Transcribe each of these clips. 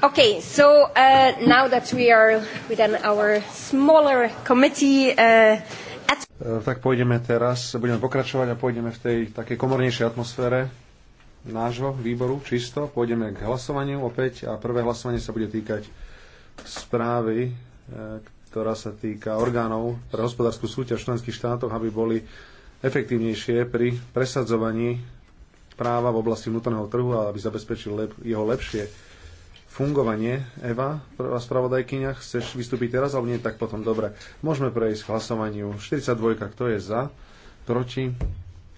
Okay, so uh, now that we are within our smaller committee, uh, at... Eh, tak pôjdeme teraz, budeme pokračovať a pôjdeme v tej takej komornejšej atmosfére nášho výboru, čisto. Pôjdeme k hlasovaniu opäť a prvé hlasovanie sa bude týkať správy, eh, ktorá sa týka orgánov pre hospodárskú súťaž členských štátoch, aby boli efektívnejšie pri presadzovaní práva v oblasti vnútorného trhu a aby zabezpečil lep- jeho lepšie fungovanie. Eva, prvá spravodajkyňa, chceš vystúpiť teraz, alebo nie, tak potom dobre. Môžeme prejsť k hlasovaniu. 42, kto je za, proti,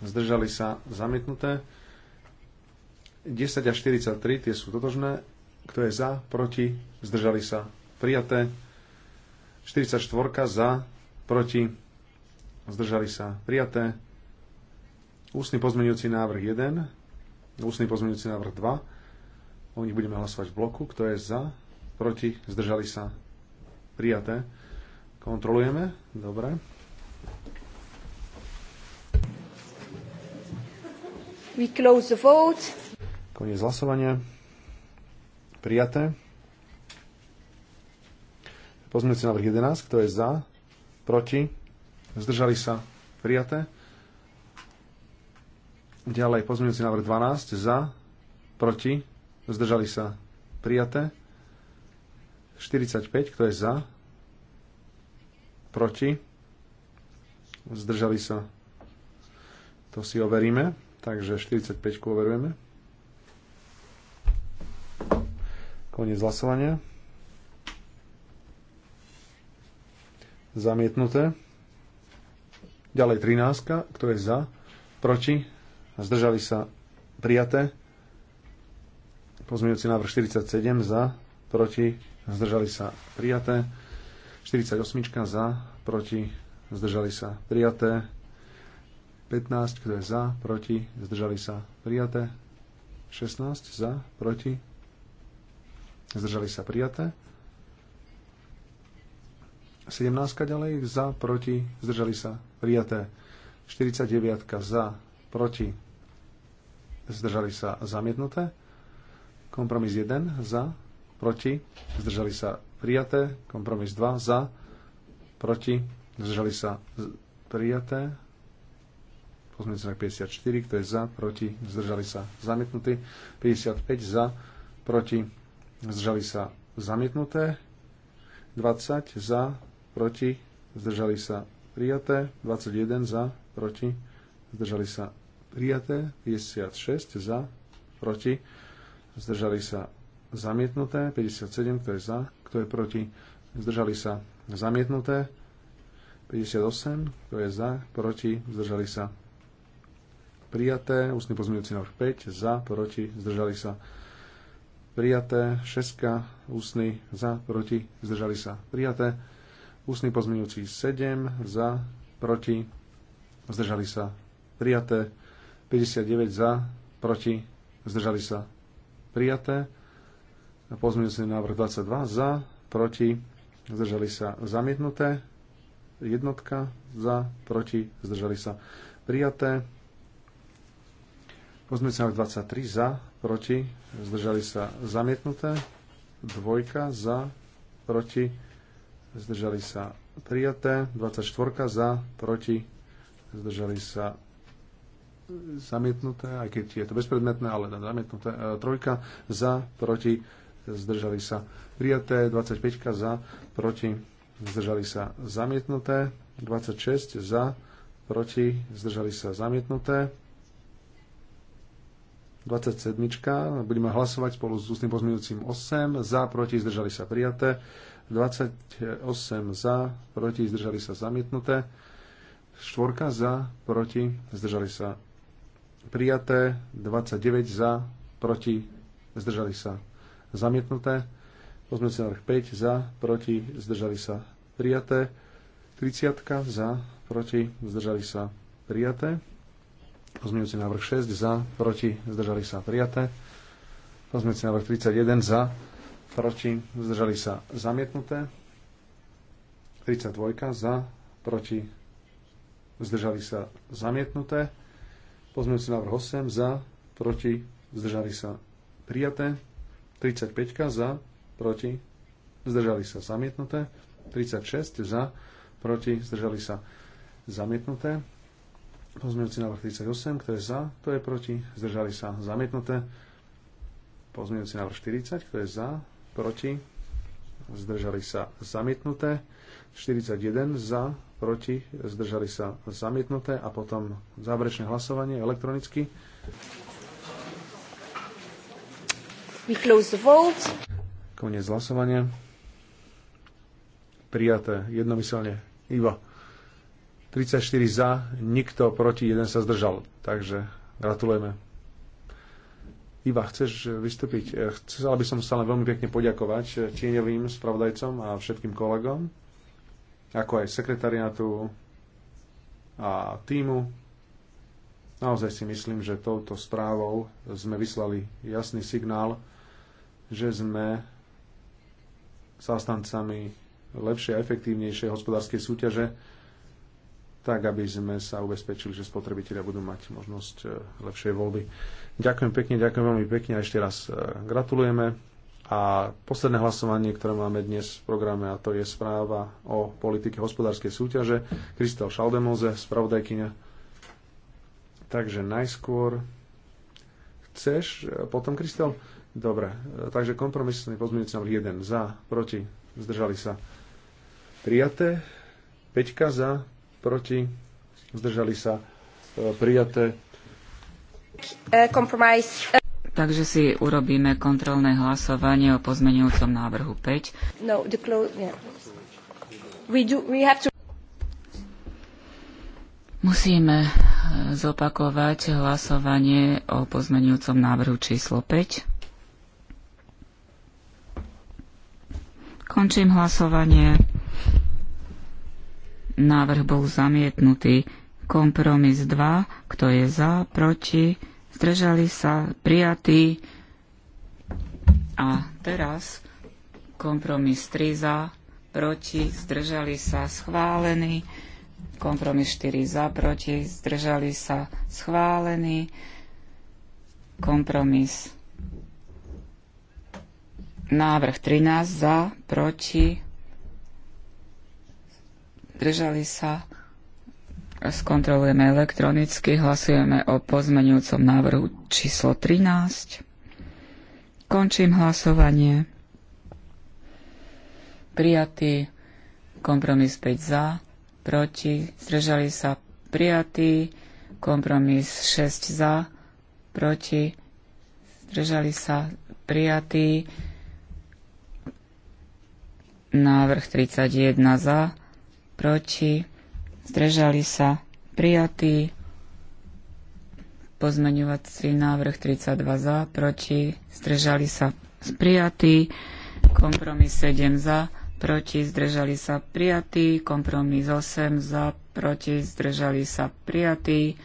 zdržali sa, zamietnuté. 10 a 43, tie sú totožné. Kto je za, proti, zdržali sa, prijaté. 44 za, proti, zdržali sa, prijaté. Ústny pozmeňujúci návrh 1, ústny pozmeňujúci návrh 2, O nich budeme hlasovať v bloku. Kto je za? Proti? Zdržali sa? Prijaté. Kontrolujeme. Dobre. We close the vote. Koniec hlasovania. Prijaté. Pozmeňujúci návrh 11. Kto je za? Proti? Zdržali sa? Prijaté. Ďalej pozmeňujúci návrh 12. Za? Proti? zdržali sa prijaté. 45, kto je za, proti, zdržali sa, to si overíme, takže 45 overujeme. Koniec hlasovania. Zamietnuté. Ďalej 13, kto je za, proti, zdržali sa, prijaté. Pozmeňujúci návrh 47 za, proti, zdržali sa prijaté. 48 za, proti, zdržali sa prijaté. 15, kto je za, proti, zdržali sa prijaté. 16 za, proti, zdržali sa prijaté. 17 ďalej, za, proti, zdržali sa prijaté. 49 za, proti, zdržali sa zamietnuté. Kompromis 1 za, proti, zdržali sa prijaté. Kompromis 2 za, proti, zdržali sa prijaté. Pozmeňujúci na 54, kto je za, proti, zdržali sa zamietnutí. 55 za, proti, zdržali sa zamietnuté. 20 za, proti, zdržali sa prijaté. 21 za, proti, zdržali sa prijaté. 56 za, proti, zdržali sa zamietnuté, 57, kto je za, kto je proti, zdržali sa zamietnuté, 58, kto je za, proti, zdržali sa prijaté, ústny pozmeňujúci návrh 5, za, proti, zdržali sa prijaté, 6, ústny, za, proti, zdržali sa prijaté, ústny pozmeňujúci 7, za, proti, zdržali sa prijaté, 59 za, proti, zdržali sa prijaté. Pozmeňujúci návrh 22 za, proti, zdržali sa zamietnuté. Jednotka za, proti, zdržali sa prijaté. Pozmeňujúci návrh 23 za, proti, zdržali sa zamietnuté. Dvojka za, proti, zdržali sa prijaté. 24 za, proti, zdržali sa zamietnuté, aj keď je to bezpredmetné, ale teda zamietnuté. E, trojka za, proti, zdržali sa prijaté. 25 za, proti, zdržali sa zamietnuté. 26 za, proti, zdržali sa zamietnuté. 27. Budeme hlasovať spolu s ústnym pozmeňujúcim 8. Za, proti, zdržali sa prijaté. 28 za, proti, zdržali sa zamietnuté. 4 za, proti, zdržali sa prijaté, 29 za, proti, zdržali sa zamietnuté, pozmeňujúci návrh 5 za, proti, zdržali sa prijaté, 30 za, proti, zdržali sa prijaté, pozmeňujúci návrh 6 za, proti, zdržali sa prijaté, pozmeňujúci návrh 31 za, proti, zdržali sa zamietnuté, 32 za, proti, zdržali sa zamietnuté, Pozmeňujúci návrh 8 za, proti, zdržali sa prijaté. 35 za, proti, zdržali sa zamietnuté. 36 za, proti, zdržali sa zamietnuté. Pozmeňujúci návrh 38, kto je za, kto je proti, zdržali sa zamietnuté. Pozmeňujúci návrh 40, kto je za, proti, zdržali sa zamietnuté. 41 za, proti, zdržali sa zamietnuté a potom záverečné hlasovanie elektronicky. We close the vote. Koniec hlasovania. Prijaté jednomyselne iba 34 za, nikto proti, jeden sa zdržal. Takže gratulujeme. Iva, chceš vystúpiť? Chcela by som sa len veľmi pekne poďakovať tieňovým spravodajcom a všetkým kolegom ako aj sekretariátu a týmu. Naozaj si myslím, že touto správou sme vyslali jasný signál, že sme zástancami lepšej a efektívnejšej hospodárskej súťaže, tak aby sme sa ubezpečili, že spotrebitelia budú mať možnosť e, lepšej voľby. Ďakujem pekne, ďakujem veľmi pekne a ešte raz e, gratulujeme. A posledné hlasovanie, ktoré máme dnes v programe, a to je správa o politike hospodárskej súťaže. Kristel Šaldemoze, spravodajkyňa. Takže najskôr... Chceš potom, Kristel? Dobre. Takže kompromisný pozmeňujúci návrh 1. Za, proti, zdržali sa. Prijaté. 5 za, proti, zdržali sa. E, prijaté. E, kompromis. Takže si urobíme kontrolné hlasovanie o pozmenujúcom návrhu 5. No, the close, yeah. we do, we have to... Musíme eh, zopakovať hlasovanie o pozmenujúcom návrhu číslo 5. Končím hlasovanie. Návrh bol zamietnutý. Kompromis 2. Kto je za? Proti? zdržali sa prijatí. A teraz kompromis 3 za, proti, zdržali sa schválený. Kompromis 4 za, proti, zdržali sa schválený. Kompromis návrh 13 za, proti, zdržali sa Skontrolujeme elektronicky, hlasujeme o pozmenujúcom návrhu číslo 13. Končím hlasovanie. Prijatý kompromis 5 za, proti, zdržali sa prijatý kompromis 6 za, proti, zdržali sa prijatý návrh 31 za, proti, zdržali sa, prijatí, Pozmeňovací návrh 32 za, proti, zdržali sa, prijatí, Kompromis 7 za, proti, zdržali sa, prijatí, Kompromis 8 za, proti, zdržali sa, prijatí,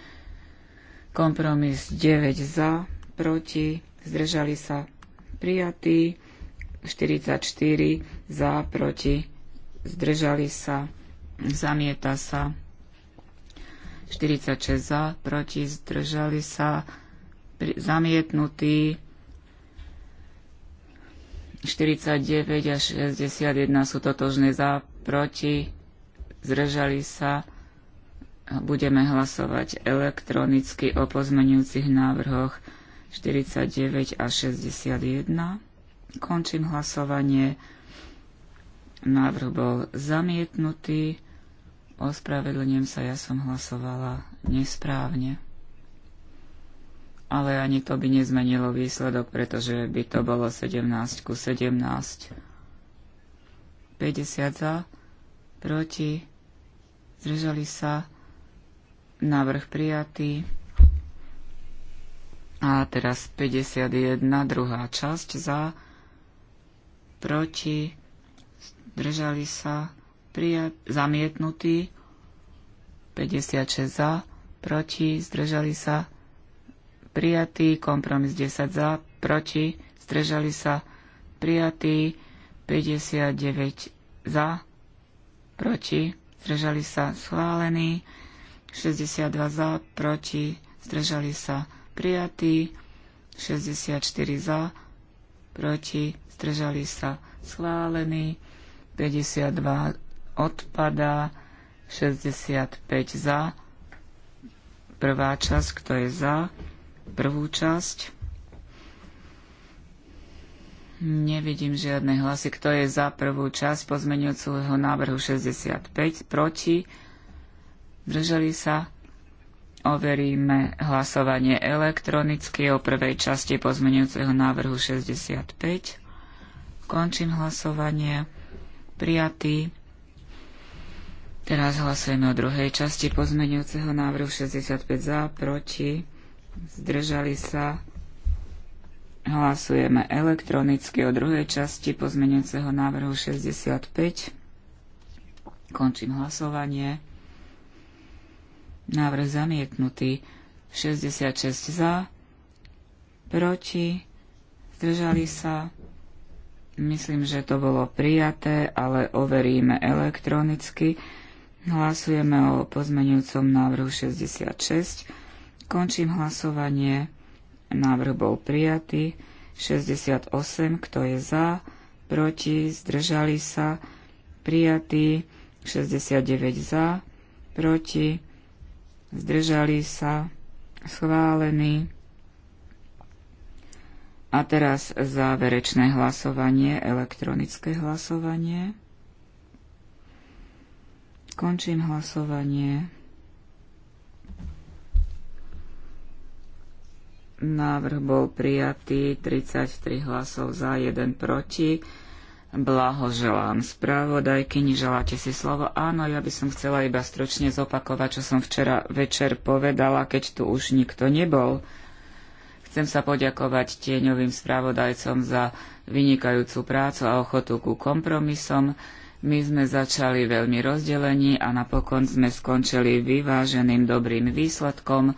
Kompromis 9 za, proti, zdržali sa, prijatí, 44 za, proti, zdržali sa, prijatí zamieta sa. 46 za, proti, zdržali sa, zamietnutí. 49 a 61 sú totožné za, proti, zdržali sa. Budeme hlasovať elektronicky o pozmenujúcich návrhoch 49 a 61. Končím hlasovanie. Návrh bol zamietnutý. Ospravedlňujem sa, ja som hlasovala nesprávne. Ale ani to by nezmenilo výsledok, pretože by to bolo 17 ku 17. 50 za, proti, zdržali sa, návrh prijatý. A teraz 51, druhá časť za, proti, zdržali sa, prijat, zamietnutý, 56 za, proti, zdržali sa, prijatý, kompromis 10 za, proti, zdržali sa, prijatý, 59 za, proti, zdržali sa, schválený, 62 za, proti, zdržali sa, prijatý, 64 za, proti, zdržali sa, schválený, 52 odpadá, 65 za, prvá časť, kto je za, prvú časť. Nevidím žiadne hlasy. Kto je za prvú časť pozmeňujúceho návrhu 65? Proti? Zdržali sa? Overíme hlasovanie elektronicky o prvej časti pozmeňujúceho návrhu 65. Končím hlasovanie. Prijatý. Teraz hlasujeme o druhej časti pozmeňujúceho návrhu 65 za, proti, zdržali sa. Hlasujeme elektronicky o druhej časti pozmeňujúceho návrhu 65. Končím hlasovanie. Návrh zamietnutý. 66 za, proti, zdržali sa. Myslím, že to bolo prijaté, ale overíme elektronicky. Hlasujeme o pozmenujúcom návrhu 66. Končím hlasovanie. Návrh bol prijatý. 68. Kto je za? Proti? Zdržali sa? Prijatý. 69 za? Proti? Zdržali sa? Schválený. A teraz záverečné hlasovanie, elektronické hlasovanie. Končím hlasovanie. Návrh bol prijatý 33 hlasov za, 1 proti. Blahoželám spravodajkyni, želáte si slovo? Áno, ja by som chcela iba stručne zopakovať, čo som včera večer povedala, keď tu už nikto nebol. Chcem sa poďakovať tieňovým spravodajcom za vynikajúcu prácu a ochotu ku kompromisom. My sme začali veľmi rozdelení a napokon sme skončili vyváženým dobrým výsledkom.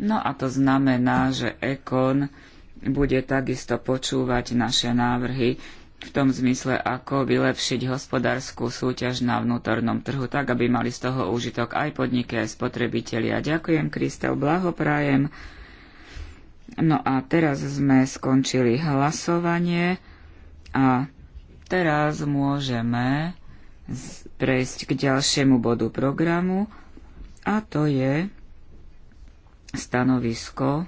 No a to znamená, že Ekon bude takisto počúvať naše návrhy v tom zmysle, ako vylepšiť hospodárskú súťaž na vnútornom trhu, tak aby mali z toho úžitok aj podniky, aj spotrebitelia. Ďakujem, Kristel, blahoprajem. No a teraz sme skončili hlasovanie a Teraz môžeme prejsť k ďalšiemu bodu programu a to je stanovisko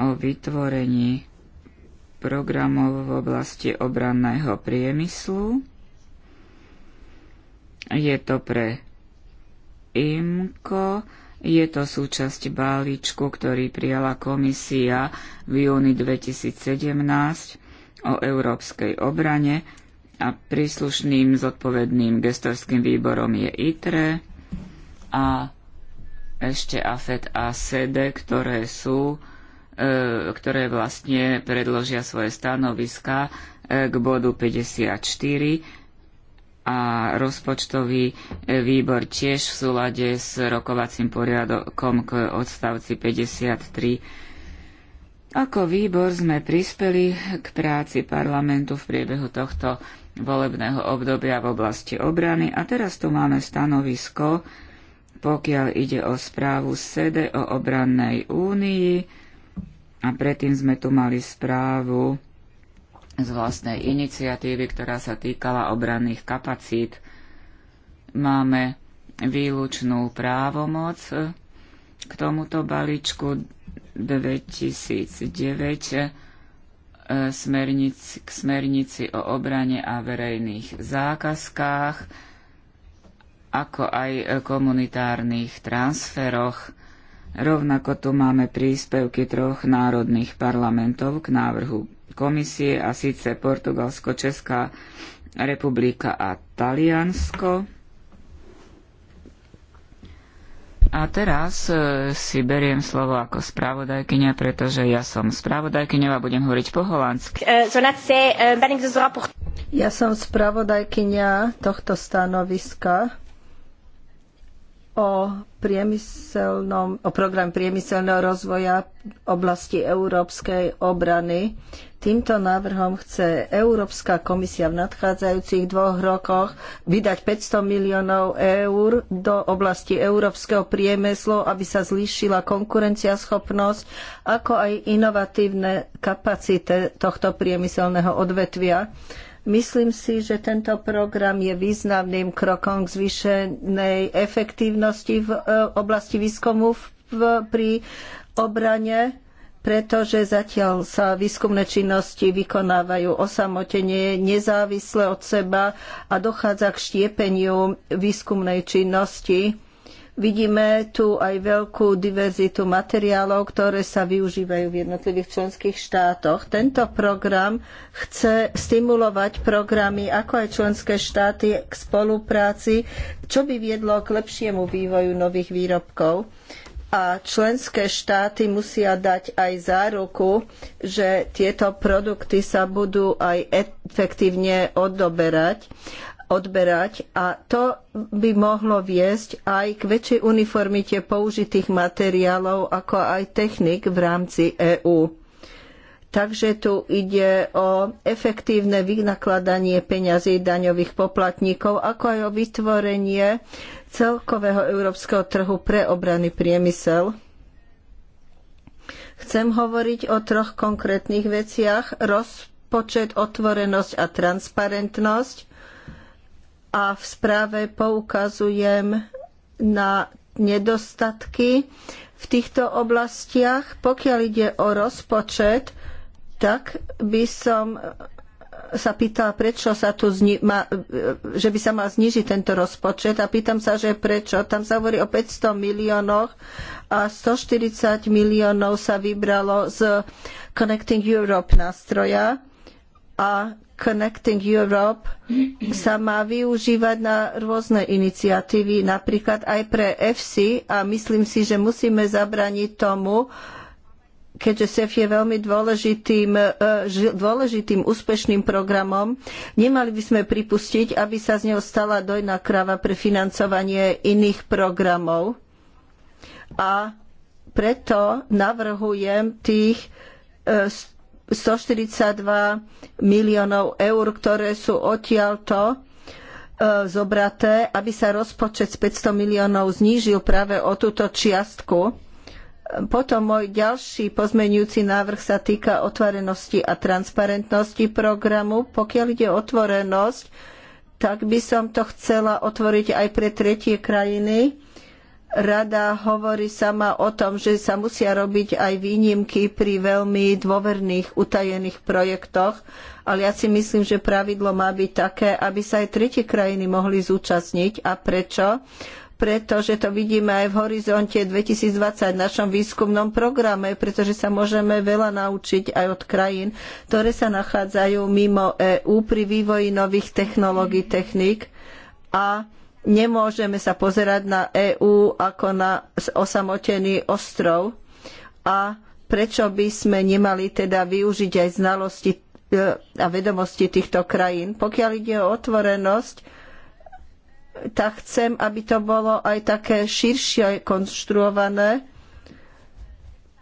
o vytvorení programov v oblasti obranného priemyslu. Je to pre IMCO, je to súčasť balíčku, ktorý prijala komisia v júni 2017 o európskej obrane a príslušným zodpovedným gestorským výborom je ITRE a ešte AFET a SEDE, ktoré sú e, ktoré vlastne predložia svoje stanoviska e, k bodu 54 a rozpočtový e, výbor tiež v súlade s rokovacím poriadokom k odstavci 53 ako výbor sme prispeli k práci parlamentu v priebehu tohto volebného obdobia v oblasti obrany a teraz tu máme stanovisko, pokiaľ ide o správu SEDE o obrannej únii a predtým sme tu mali správu z vlastnej iniciatívy, ktorá sa týkala obranných kapacít. Máme výlučnú právomoc k tomuto balíčku 2009 e, smernic, k smernici o obrane a verejných zákazkách, ako aj komunitárnych transferoch. Rovnako tu máme príspevky troch národných parlamentov k návrhu komisie, a síce Portugalsko, Česká republika a Taliansko A teraz e, si beriem slovo ako spravodajkyňa, pretože ja som spravodajkyňa a budem hovoriť po holandsky. E, e, ja som spravodajkyňa tohto stanoviska o, priemyselnom, o program priemyselného rozvoja oblasti európskej obrany. Týmto návrhom chce Európska komisia v nadchádzajúcich dvoch rokoch vydať 500 miliónov eur do oblasti európskeho priemyslu, aby sa zvýšila konkurenciaschopnosť, ako aj inovatívne kapacity tohto priemyselného odvetvia. Myslím si, že tento program je významným krokom k zvýšenej efektívnosti v e, oblasti výskumu pri obrane pretože zatiaľ sa výskumné činnosti vykonávajú osamotene, nezávisle od seba a dochádza k štiepeniu výskumnej činnosti Vidíme tu aj veľkú diverzitu materiálov, ktoré sa využívajú v jednotlivých členských štátoch. Tento program chce stimulovať programy ako aj členské štáty k spolupráci, čo by viedlo k lepšiemu vývoju nových výrobkov. A členské štáty musia dať aj záruku, že tieto produkty sa budú aj efektívne odoberať odberať a to by mohlo viesť aj k väčšej uniformite použitých materiálov ako aj technik v rámci EÚ. Takže tu ide o efektívne vynakladanie peňazí daňových poplatníkov, ako aj o vytvorenie celkového európskeho trhu pre obranný priemysel. Chcem hovoriť o troch konkrétnych veciach. Rozpočet, otvorenosť a transparentnosť a v správe poukazujem na nedostatky v týchto oblastiach. Pokiaľ ide o rozpočet, tak by som sa pýtala, prečo sa tu zni- ma, že by sa mal znižiť tento rozpočet a pýtam sa, že prečo. Tam sa hovorí o 500 miliónoch a 140 miliónov sa vybralo z Connecting Europe nástroja a Connecting Europe sa má využívať na rôzne iniciatívy, napríklad aj pre EFSI a myslím si, že musíme zabrániť tomu, keďže SEF je veľmi dôležitým, e, dôležitým úspešným programom, nemali by sme pripustiť, aby sa z neho stala dojná krava pre financovanie iných programov. A preto navrhujem tých 100 e, 142 miliónov eur, ktoré sú odtiaľto e, zobraté, aby sa rozpočet z 500 miliónov znížil práve o túto čiastku. Potom môj ďalší pozmenujúci návrh sa týka otvorenosti a transparentnosti programu. Pokiaľ ide o otvorenosť, tak by som to chcela otvoriť aj pre tretie krajiny Rada hovorí sama o tom, že sa musia robiť aj výnimky pri veľmi dôverných, utajených projektoch, ale ja si myslím, že pravidlo má byť také, aby sa aj tretie krajiny mohli zúčastniť. A prečo? pretože to vidíme aj v horizonte 2020 v našom výskumnom programe, pretože sa môžeme veľa naučiť aj od krajín, ktoré sa nachádzajú mimo EÚ pri vývoji nových technológií, techník a Nemôžeme sa pozerať na EÚ ako na osamotený ostrov a prečo by sme nemali teda využiť aj znalosti e, a vedomosti týchto krajín. Pokiaľ ide o otvorenosť, tak chcem, aby to bolo aj také širšie konštruované,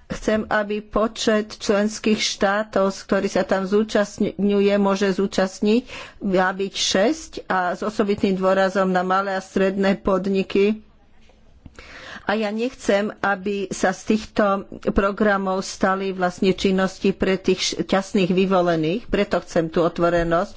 Chcem, aby počet členských štátov, z ktorých sa tam zúčastňuje, môže zúčastniť, má byť 6 a s osobitným dôrazom na malé a stredné podniky. A ja nechcem, aby sa z týchto programov stali vlastne činnosti pre tých šťastných vyvolených, preto chcem tú otvorenosť.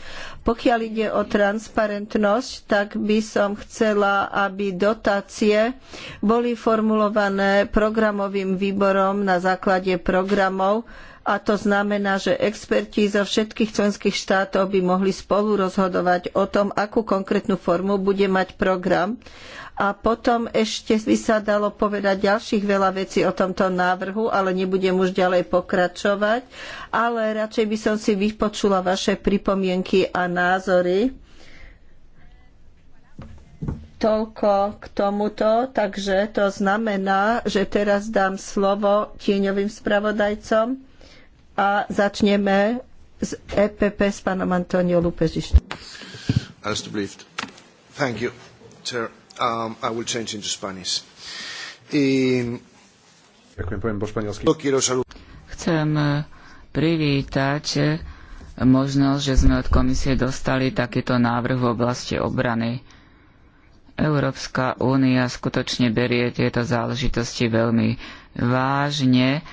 Pokiaľ ide o transparentnosť, tak by som chcela, aby dotácie boli formulované programovým výborom na základe programov a to znamená, že experti zo všetkých členských štátov by mohli spolu rozhodovať o tom, akú konkrétnu formu bude mať program. A potom ešte by sa dalo povedať ďalších veľa vecí o tomto návrhu, ale nebudem už ďalej pokračovať. Ale radšej by som si vypočula vaše pripomienky a názory. Toľko k tomuto, takže to znamená, že teraz dám slovo tieňovým spravodajcom a začneme z EPP s pánom Antonio Lupežištom. Thank you, Chair. Um, I will change into Spanish. I... Um, Ďakujem, poviem po španielsky. No Chcem uh, privítať uh, možnosť, že sme od komisie dostali takýto návrh v oblasti obrany. Európska únia skutočne berie tieto záležitosti veľmi vážne.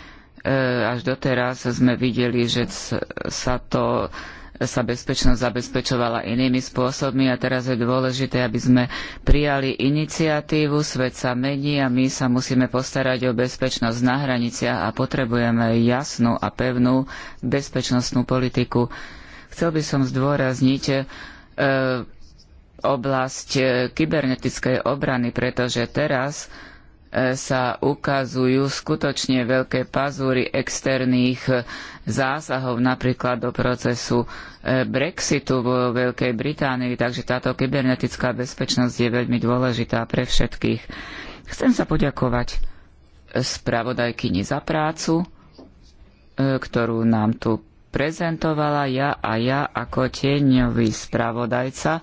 Uh, až doteraz sme videli, že sa to sa bezpečnosť zabezpečovala inými spôsobmi a teraz je dôležité, aby sme prijali iniciatívu, svet sa mení a my sa musíme postarať o bezpečnosť na hraniciach a potrebujeme jasnú a pevnú bezpečnostnú politiku. Chcel by som zdôrazniť e, oblasť e, kybernetickej obrany, pretože teraz E, sa ukazujú skutočne veľké pazúry externých e, zásahov napríklad do procesu e, Brexitu vo Veľkej Británii, takže táto kybernetická bezpečnosť je veľmi dôležitá pre všetkých. Chcem sa poďakovať spravodajkyni za prácu, ktorú nám tu prezentovala ja a ja ako tieňový spravodajca.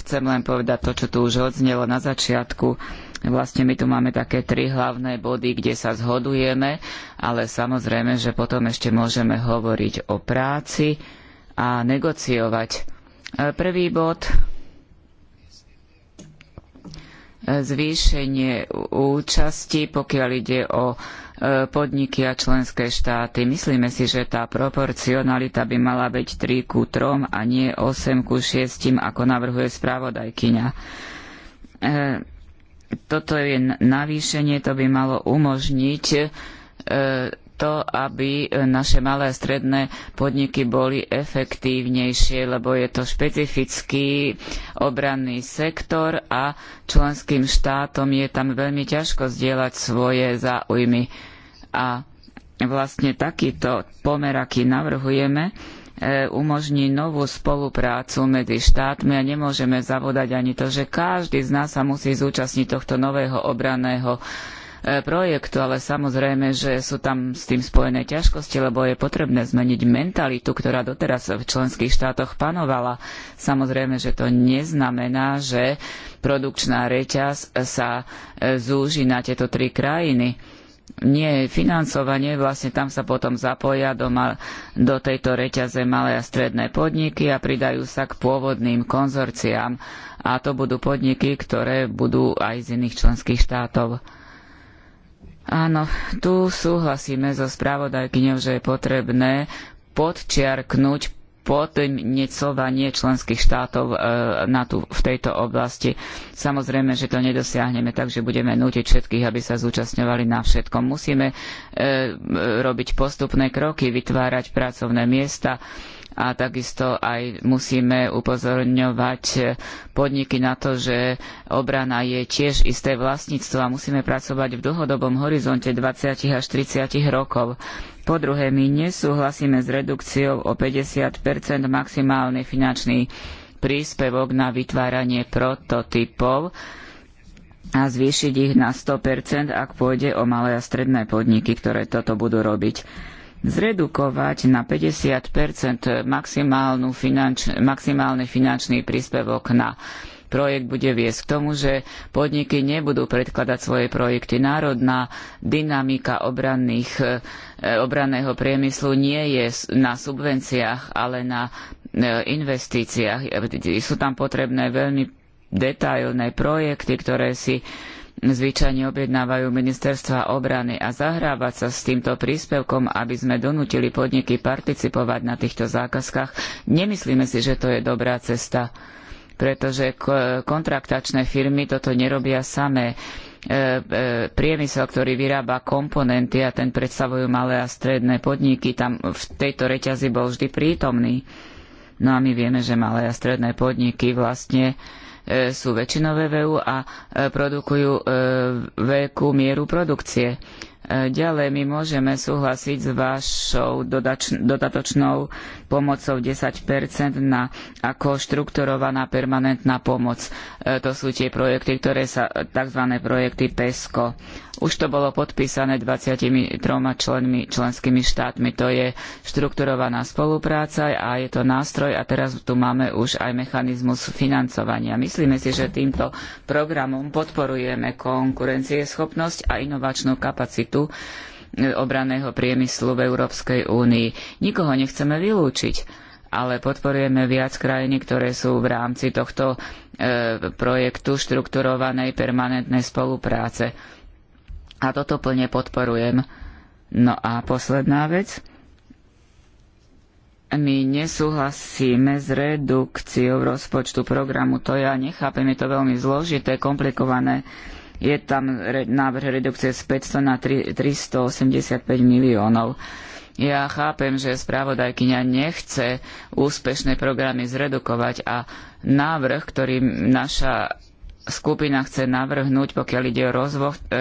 Chcem len povedať to, čo tu už odznelo na začiatku Vlastne my tu máme také tri hlavné body, kde sa zhodujeme, ale samozrejme, že potom ešte môžeme hovoriť o práci a negociovať. E, prvý bod e, zvýšenie účasti, pokiaľ ide o e, podniky a členské štáty. Myslíme si, že tá proporcionalita by mala byť 3 ku 3 a nie 8 ku 6, ako navrhuje správodajkyňa toto je navýšenie, to by malo umožniť e, to, aby e, naše malé a stredné podniky boli efektívnejšie, lebo je to špecifický obranný sektor a členským štátom je tam veľmi ťažko zdieľať svoje záujmy. A vlastne takýto pomer, aký navrhujeme, E, umožní novú spoluprácu medzi štátmi a nemôžeme zavodať ani to, že každý z nás sa musí zúčastniť tohto nového obranného e, projektu, ale samozrejme, že sú tam s tým spojené ťažkosti, lebo je potrebné zmeniť mentalitu, ktorá doteraz v členských štátoch panovala. Samozrejme, že to neznamená, že produkčná reťaz sa e, zúži na tieto tri krajiny nie je financovanie, vlastne tam sa potom zapoja do, mal, do tejto reťaze malé a stredné podniky a pridajú sa k pôvodným konzorciám a to budú podniky, ktoré budú aj z iných členských štátov. Áno, tu súhlasíme so spravodajkyňou, že je potrebné podčiarknúť necovanie členských štátov e, na tú, v tejto oblasti. Samozrejme, že to nedosiahneme tak, že budeme nútiť všetkých, aby sa zúčastňovali na všetkom. Musíme e, robiť postupné kroky, vytvárať pracovné miesta, a takisto aj musíme upozorňovať podniky na to, že obrana je tiež isté vlastníctvo a musíme pracovať v dlhodobom horizonte 20 až 30 rokov. Po druhé, my nesúhlasíme s redukciou o 50 maximálny finančný príspevok na vytváranie prototypov a zvýšiť ich na 100 ak pôjde o malé a stredné podniky, ktoré toto budú robiť zredukovať na 50 finanč, maximálny finančný príspevok na projekt bude viesť k tomu, že podniky nebudú predkladať svoje projekty. Národná dynamika obranných, eh, obranného priemyslu nie je na subvenciách, ale na eh, investíciách. Sú tam potrebné veľmi detailné projekty, ktoré si zvyčajne objednávajú ministerstva obrany a zahrávať sa s týmto príspevkom, aby sme donútili podniky participovať na týchto zákazkách, nemyslíme si, že to je dobrá cesta, pretože kontraktačné firmy toto nerobia samé. E, e, priemysel, ktorý vyrába komponenty a ten predstavujú malé a stredné podniky, tam v tejto reťazi bol vždy prítomný. No a my vieme, že malé a stredné podniky vlastne E, sú väčšinové v EÚ a e, produkujú e, veľkú mieru produkcie. Ďalej my môžeme súhlasiť s vašou dodač, dodatočnou pomocou 10% na, ako štrukturovaná permanentná pomoc. E, to sú tie projekty, ktoré sa, tzv. projekty PESCO. Už to bolo podpísané 23 členmi, členskými štátmi. To je štrukturovaná spolupráca a je to nástroj a teraz tu máme už aj mechanizmus financovania. Myslíme si, že týmto programom podporujeme konkurencieschopnosť a inovačnú kapacitu obranného obraného priemyslu v Európskej únii. Nikoho nechceme vylúčiť, ale podporujeme viac krajín, ktoré sú v rámci tohto e, projektu štrukturovanej permanentnej spolupráce. A toto plne podporujem. No a posledná vec. My nesúhlasíme s redukciou rozpočtu programu. To ja nechápem, je to veľmi zložité, komplikované je tam re, návrh redukcie z 500 na 3, 385 miliónov. Ja chápem, že spravodajkyňa nechce úspešné programy zredukovať a návrh, ktorý naša skupina chce navrhnúť, pokiaľ ide o rozvo- e, e,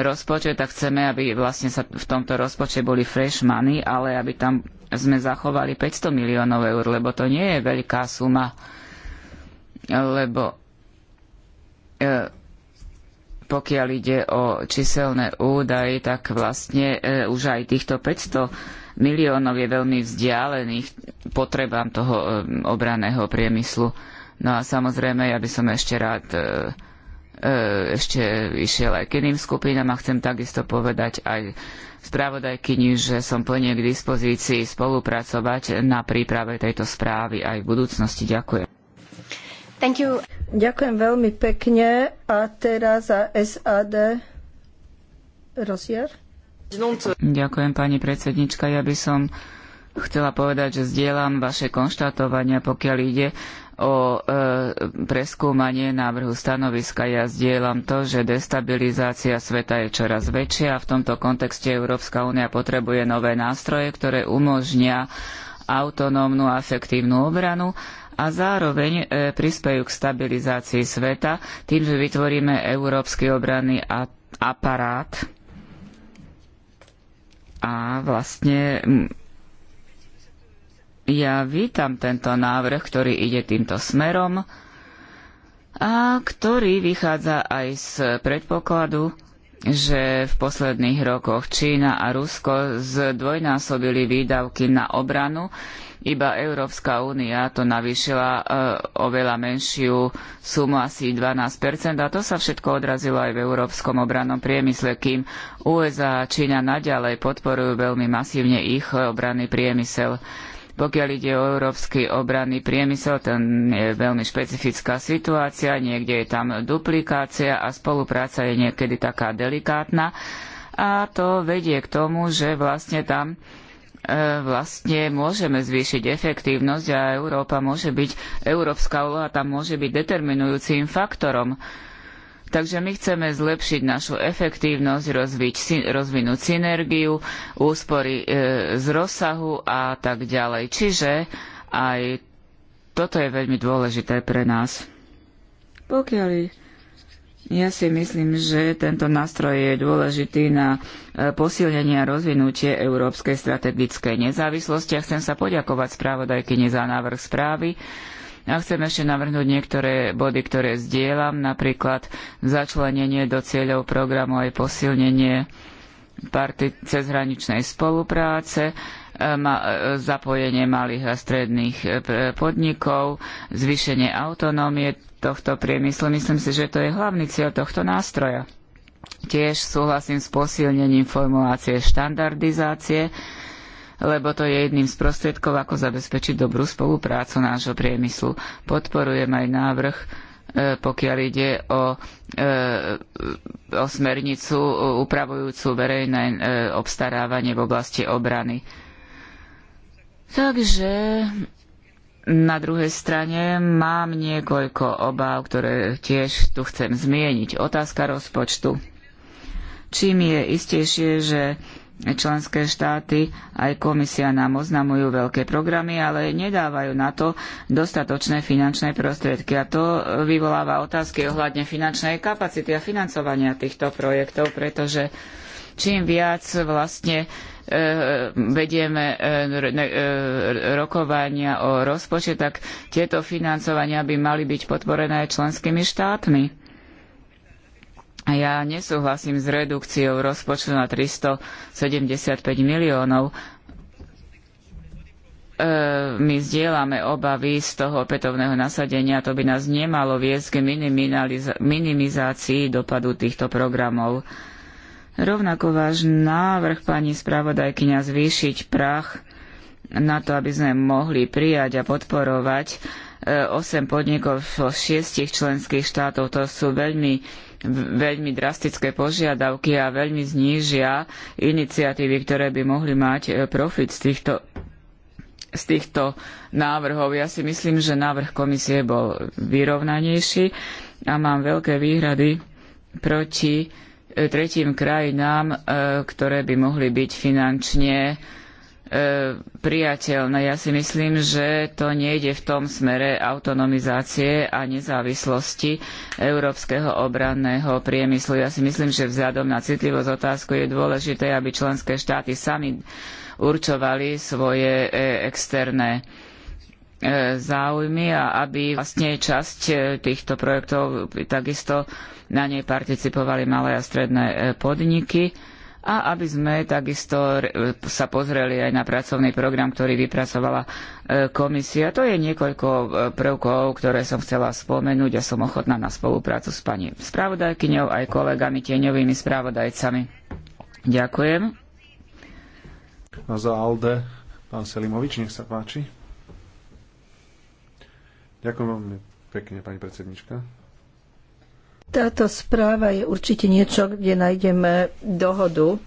rozpočet, tak chceme, aby vlastne sa v tomto rozpočte boli fresh money, ale aby tam sme zachovali 500 miliónov eur, lebo to nie je veľká suma, lebo e, pokiaľ ide o číselné údaje, tak vlastne e, už aj týchto 500 miliónov je veľmi vzdialených potrebám toho e, obraného priemyslu. No a samozrejme, ja by som ešte rád e, e, ešte išiel aj k iným skupinám a chcem takisto povedať aj spravodajkyni, že som plne k dispozícii spolupracovať na príprave tejto správy aj v budúcnosti. Ďakujem. Thank you. Ďakujem veľmi pekne a teraz za SAD Rozier. Ďakujem pani predsednička. Ja by som chcela povedať, že zdieľam vaše konštatovania, pokiaľ ide o e, preskúmanie návrhu stanoviska. Ja zdieľam to, že destabilizácia sveta je čoraz väčšia a v tomto kontexte Európska únia potrebuje nové nástroje, ktoré umožnia autonómnu a efektívnu obranu a zároveň e, prispejú k stabilizácii sveta tým, že vytvoríme európsky obranný aparát a vlastne ja vítam tento návrh, ktorý ide týmto smerom a ktorý vychádza aj z predpokladu, že v posledných rokoch Čína a Rusko zdvojnásobili výdavky na obranu iba Európska únia to navýšila e, oveľa menšiu sumu, asi 12%, a to sa všetko odrazilo aj v európskom obrannom priemysle, kým USA a Čína naďalej podporujú veľmi masívne ich obranný priemysel. Pokiaľ ide o európsky obranný priemysel, ten je veľmi špecifická situácia, niekde je tam duplikácia a spolupráca je niekedy taká delikátna a to vedie k tomu, že vlastne tam E, vlastne môžeme zvýšiť efektívnosť a Európa môže byť, európska úloha tam môže byť determinujúcim faktorom. Takže my chceme zlepšiť našu efektívnosť, rozviť, rozvinúť synergiu, úspory e, z rozsahu a tak ďalej. Čiže aj toto je veľmi dôležité pre nás. Pokiaľ ja si myslím, že tento nástroj je dôležitý na e, posilnenie a rozvinutie európskej strategickej nezávislosti. A chcem sa poďakovať správodajkyni za návrh správy. A chcem ešte navrhnúť niektoré body, ktoré zdieľam, napríklad začlenenie do cieľov programu aj posilnenie party cezhraničnej spolupráce, E, zapojenie malých a stredných e, podnikov, zvýšenie autonómie tohto priemyslu. Myslím si, že to je hlavný cieľ tohto nástroja. Tiež súhlasím s posilnením formulácie štandardizácie, lebo to je jedným z prostriedkov, ako zabezpečiť dobrú spoluprácu nášho priemyslu. Podporujem aj návrh, e, pokiaľ ide o, o smernicu upravujúcu verejné obstarávanie v oblasti obrany. Takže na druhej strane mám niekoľko obáv, ktoré tiež tu chcem zmieniť. Otázka rozpočtu. Čím je istejšie, že členské štáty aj komisia nám oznamujú veľké programy, ale nedávajú na to dostatočné finančné prostriedky. A to vyvoláva otázky ohľadne finančnej kapacity a financovania týchto projektov, pretože čím viac vlastne e, vedieme e, e, rokovania o rozpočet, tak tieto financovania by mali byť podporené aj členskými štátmi. Ja nesúhlasím s redukciou rozpočtu na 375 miliónov. My zdieľame obavy z toho opätovného nasadenia, to by nás nemalo viesť k minimizácii dopadu týchto programov. Rovnako váš návrh, pani spravodajkyňa, zvýšiť prach na to, aby sme mohli prijať a podporovať 8 e, podnikov zo 6 členských štátov, to sú veľmi veľmi drastické požiadavky a veľmi znížia iniciatívy, ktoré by mohli mať e, profit z týchto, z týchto návrhov. Ja si myslím, že návrh komisie bol vyrovnanejší a mám veľké výhrady proti tretím krajinám, e, ktoré by mohli byť finančne e, prijateľné. Ja si myslím, že to nejde v tom smere autonomizácie a nezávislosti európskeho obranného priemyslu. Ja si myslím, že vzhľadom na citlivosť otázku je dôležité, aby členské štáty sami určovali svoje e, externé E, záujmy a aby vlastne časť e, týchto projektov takisto na nej participovali malé a stredné e, podniky a aby sme takisto sa pozreli aj na pracovný program, ktorý vypracovala komisia. To je niekoľko prvkov, ktoré som chcela spomenúť a som ochotná na spoluprácu s pani spravodajkyňou aj kolegami tieňovými spravodajcami. Ďakujem. A za Alde, pán Selimovič, nech sa páči. Ďakujem veľmi pekne, pani predsednička. Táto správa je určite niečo, kde nájdeme dohodu.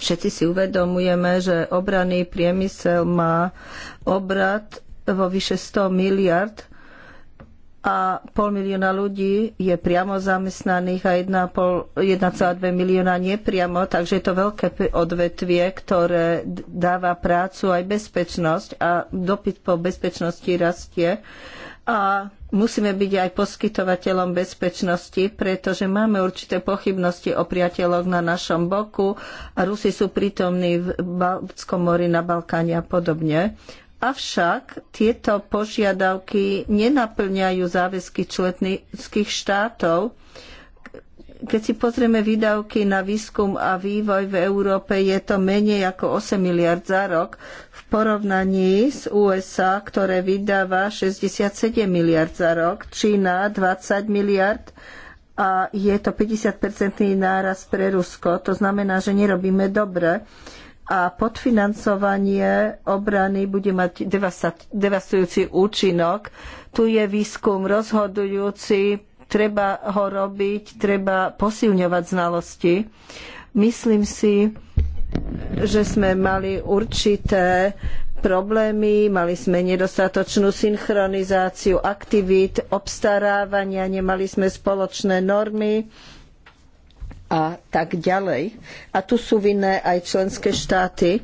Všetci si uvedomujeme, že obranný priemysel má obrad vo vyše 100 miliard a pol milióna ľudí je priamo zamestnaných a 1,2 milióna nepriamo, takže je to veľké odvetvie, ktoré dáva prácu aj bezpečnosť a dopyt po bezpečnosti rastie a musíme byť aj poskytovateľom bezpečnosti, pretože máme určité pochybnosti o priateľoch na našom boku a Rusi sú prítomní v Baltskom mori, na Balkáne a podobne. Avšak tieto požiadavky nenaplňajú záväzky členských štátov. Keď si pozrieme výdavky na výskum a vývoj v Európe, je to menej ako 8 miliard za rok porovnaní s USA, ktoré vydáva 67 miliard za rok, Čína 20 miliard a je to 50-percentný náraz pre Rusko. To znamená, že nerobíme dobre a podfinancovanie obrany bude mať devastujúci účinok. Tu je výskum rozhodujúci, treba ho robiť, treba posilňovať znalosti. Myslím si, že sme mali určité problémy, mali sme nedostatočnú synchronizáciu aktivít, obstarávania, nemali sme spoločné normy a tak ďalej. A tu sú vinné aj členské štáty.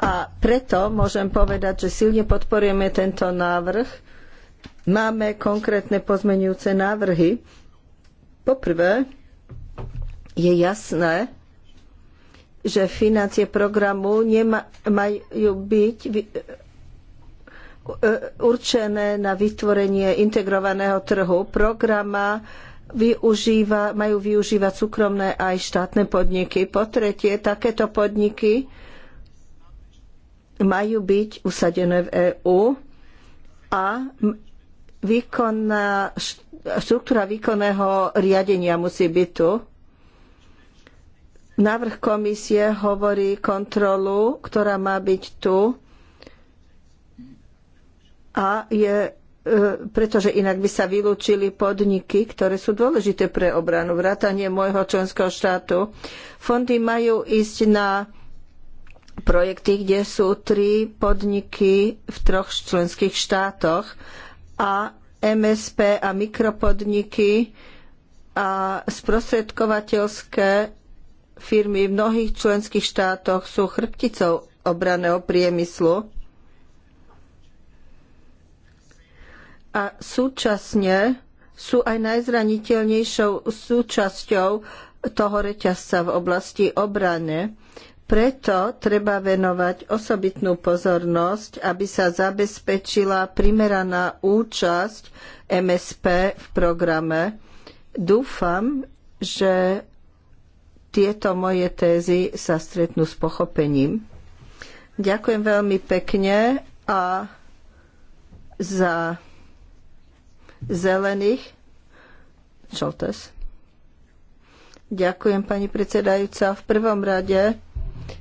A preto môžem povedať, že silne podporujeme tento návrh. Máme konkrétne pozmenujúce návrhy. Poprvé, je jasné, že financie programu nemajú byť e, určené na vytvorenie integrovaného trhu. Programa využíva, majú využívať súkromné aj štátne podniky. Po tretie, takéto podniky majú byť usadené v EÚ a výkonná, štruktúra výkonného riadenia musí byť tu. Návrh komisie hovorí kontrolu, ktorá má byť tu a je e, pretože inak by sa vylúčili podniky, ktoré sú dôležité pre obranu, vrátanie môjho členského štátu. Fondy majú ísť na projekty, kde sú tri podniky v troch členských štátoch a MSP a mikropodniky a sprostredkovateľské firmy v mnohých členských štátoch sú chrbticou obranného priemyslu. A súčasne sú aj najzraniteľnejšou súčasťou toho reťazca v oblasti obrany. Preto treba venovať osobitnú pozornosť, aby sa zabezpečila primeraná účasť MSP v programe. Dúfam, že tieto moje tézy sa stretnú s pochopením. Ďakujem veľmi pekne a za zelených. Čoltes. Ďakujem, pani predsedajúca. V prvom rade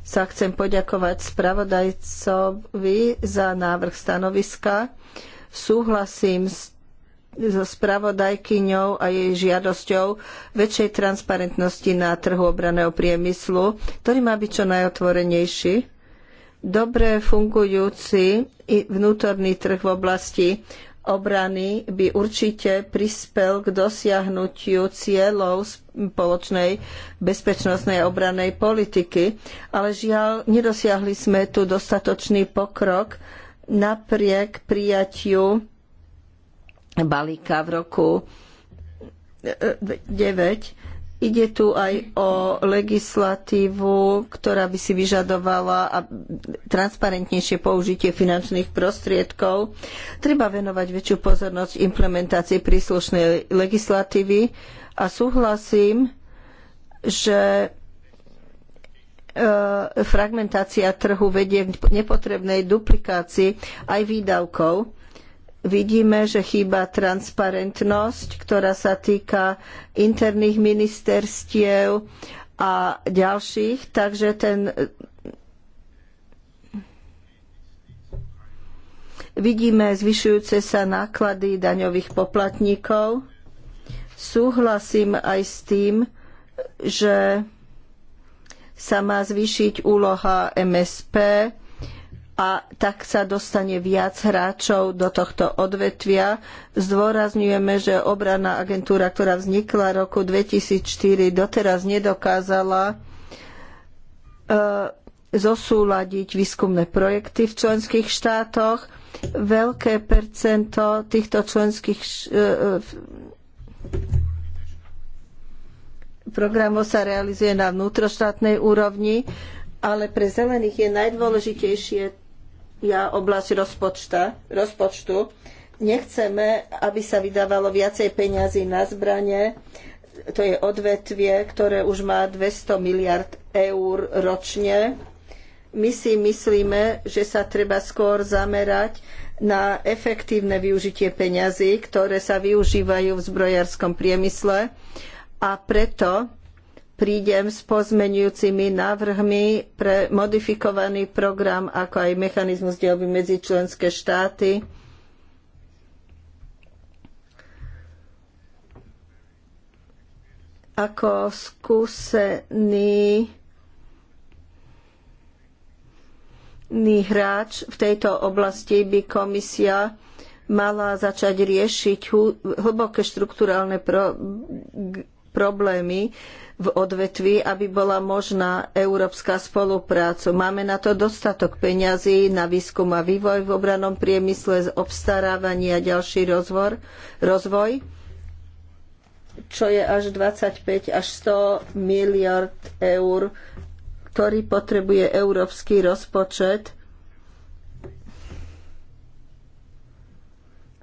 sa chcem poďakovať spravodajcovi za návrh stanoviska. Súhlasím s so spravodajkyňou a jej žiadosťou väčšej transparentnosti na trhu obraného priemyslu, ktorý má byť čo najotvorenejší. Dobre fungujúci vnútorný trh v oblasti obrany by určite prispel k dosiahnutiu cieľov spoločnej bezpečnostnej a obrannej politiky, ale žiaľ, nedosiahli sme tu dostatočný pokrok napriek prijatiu balíka v roku 9 e, e, Ide tu aj o legislatívu, ktorá by si vyžadovala transparentnejšie použitie finančných prostriedkov. Treba venovať väčšiu pozornosť implementácii príslušnej legislatívy a súhlasím, že e, fragmentácia trhu vedie k nepotrebnej duplikácii aj výdavkov vidíme, že chýba transparentnosť, ktorá sa týka interných ministerstiev a ďalších, takže ten vidíme zvyšujúce sa náklady daňových poplatníkov. Súhlasím aj s tým, že sa má zvýšiť úloha MSP, a tak sa dostane viac hráčov do tohto odvetvia. Zdôrazňujeme, že obranná agentúra, ktorá vznikla roku 2004, doteraz nedokázala e, zosúladiť výskumné projekty v členských štátoch. Veľké percento týchto členských e, e, programov sa realizuje na vnútroštátnej úrovni, ale pre zelených je najdôležitejšie ja oblasť rozpočta, rozpočtu. Nechceme, aby sa vydávalo viacej peňazí na zbranie. To je odvetvie, ktoré už má 200 miliard eur ročne. My si myslíme, že sa treba skôr zamerať na efektívne využitie peňazí, ktoré sa využívajú v zbrojárskom priemysle a preto prídem s pozmenujúcimi návrhmi pre modifikovaný program, ako aj mechanizmus dielby medzi členské štáty. Ako skúsený hráč v tejto oblasti by komisia mala začať riešiť hlboké štrukturálne pro, problémy, v odvetvi, aby bola možná európska spolupráca. Máme na to dostatok peňazí na výskum a vývoj v obranom priemysle, obstarávanie a ďalší rozvor, rozvoj, čo je až 25 až 100 miliard eur, ktorý potrebuje európsky rozpočet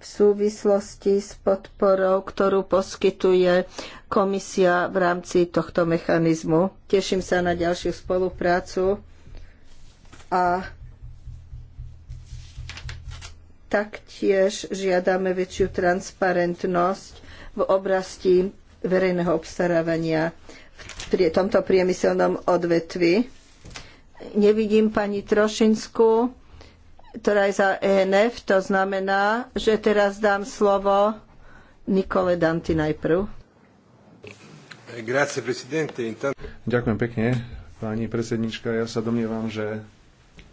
súvislosti s podporou, ktorú poskytuje komisia v rámci tohto mechanizmu. Teším sa na ďalšiu spoluprácu a taktiež žiadame väčšiu transparentnosť v oblasti verejného obstarávania v tomto priemyselnom odvetvi. Nevidím pani Trošinskú ktorá je za ENF. To znamená, že teraz dám slovo Nikole Danti najprv. Ďakujem pekne, pani predsednička. Ja sa domnievam, že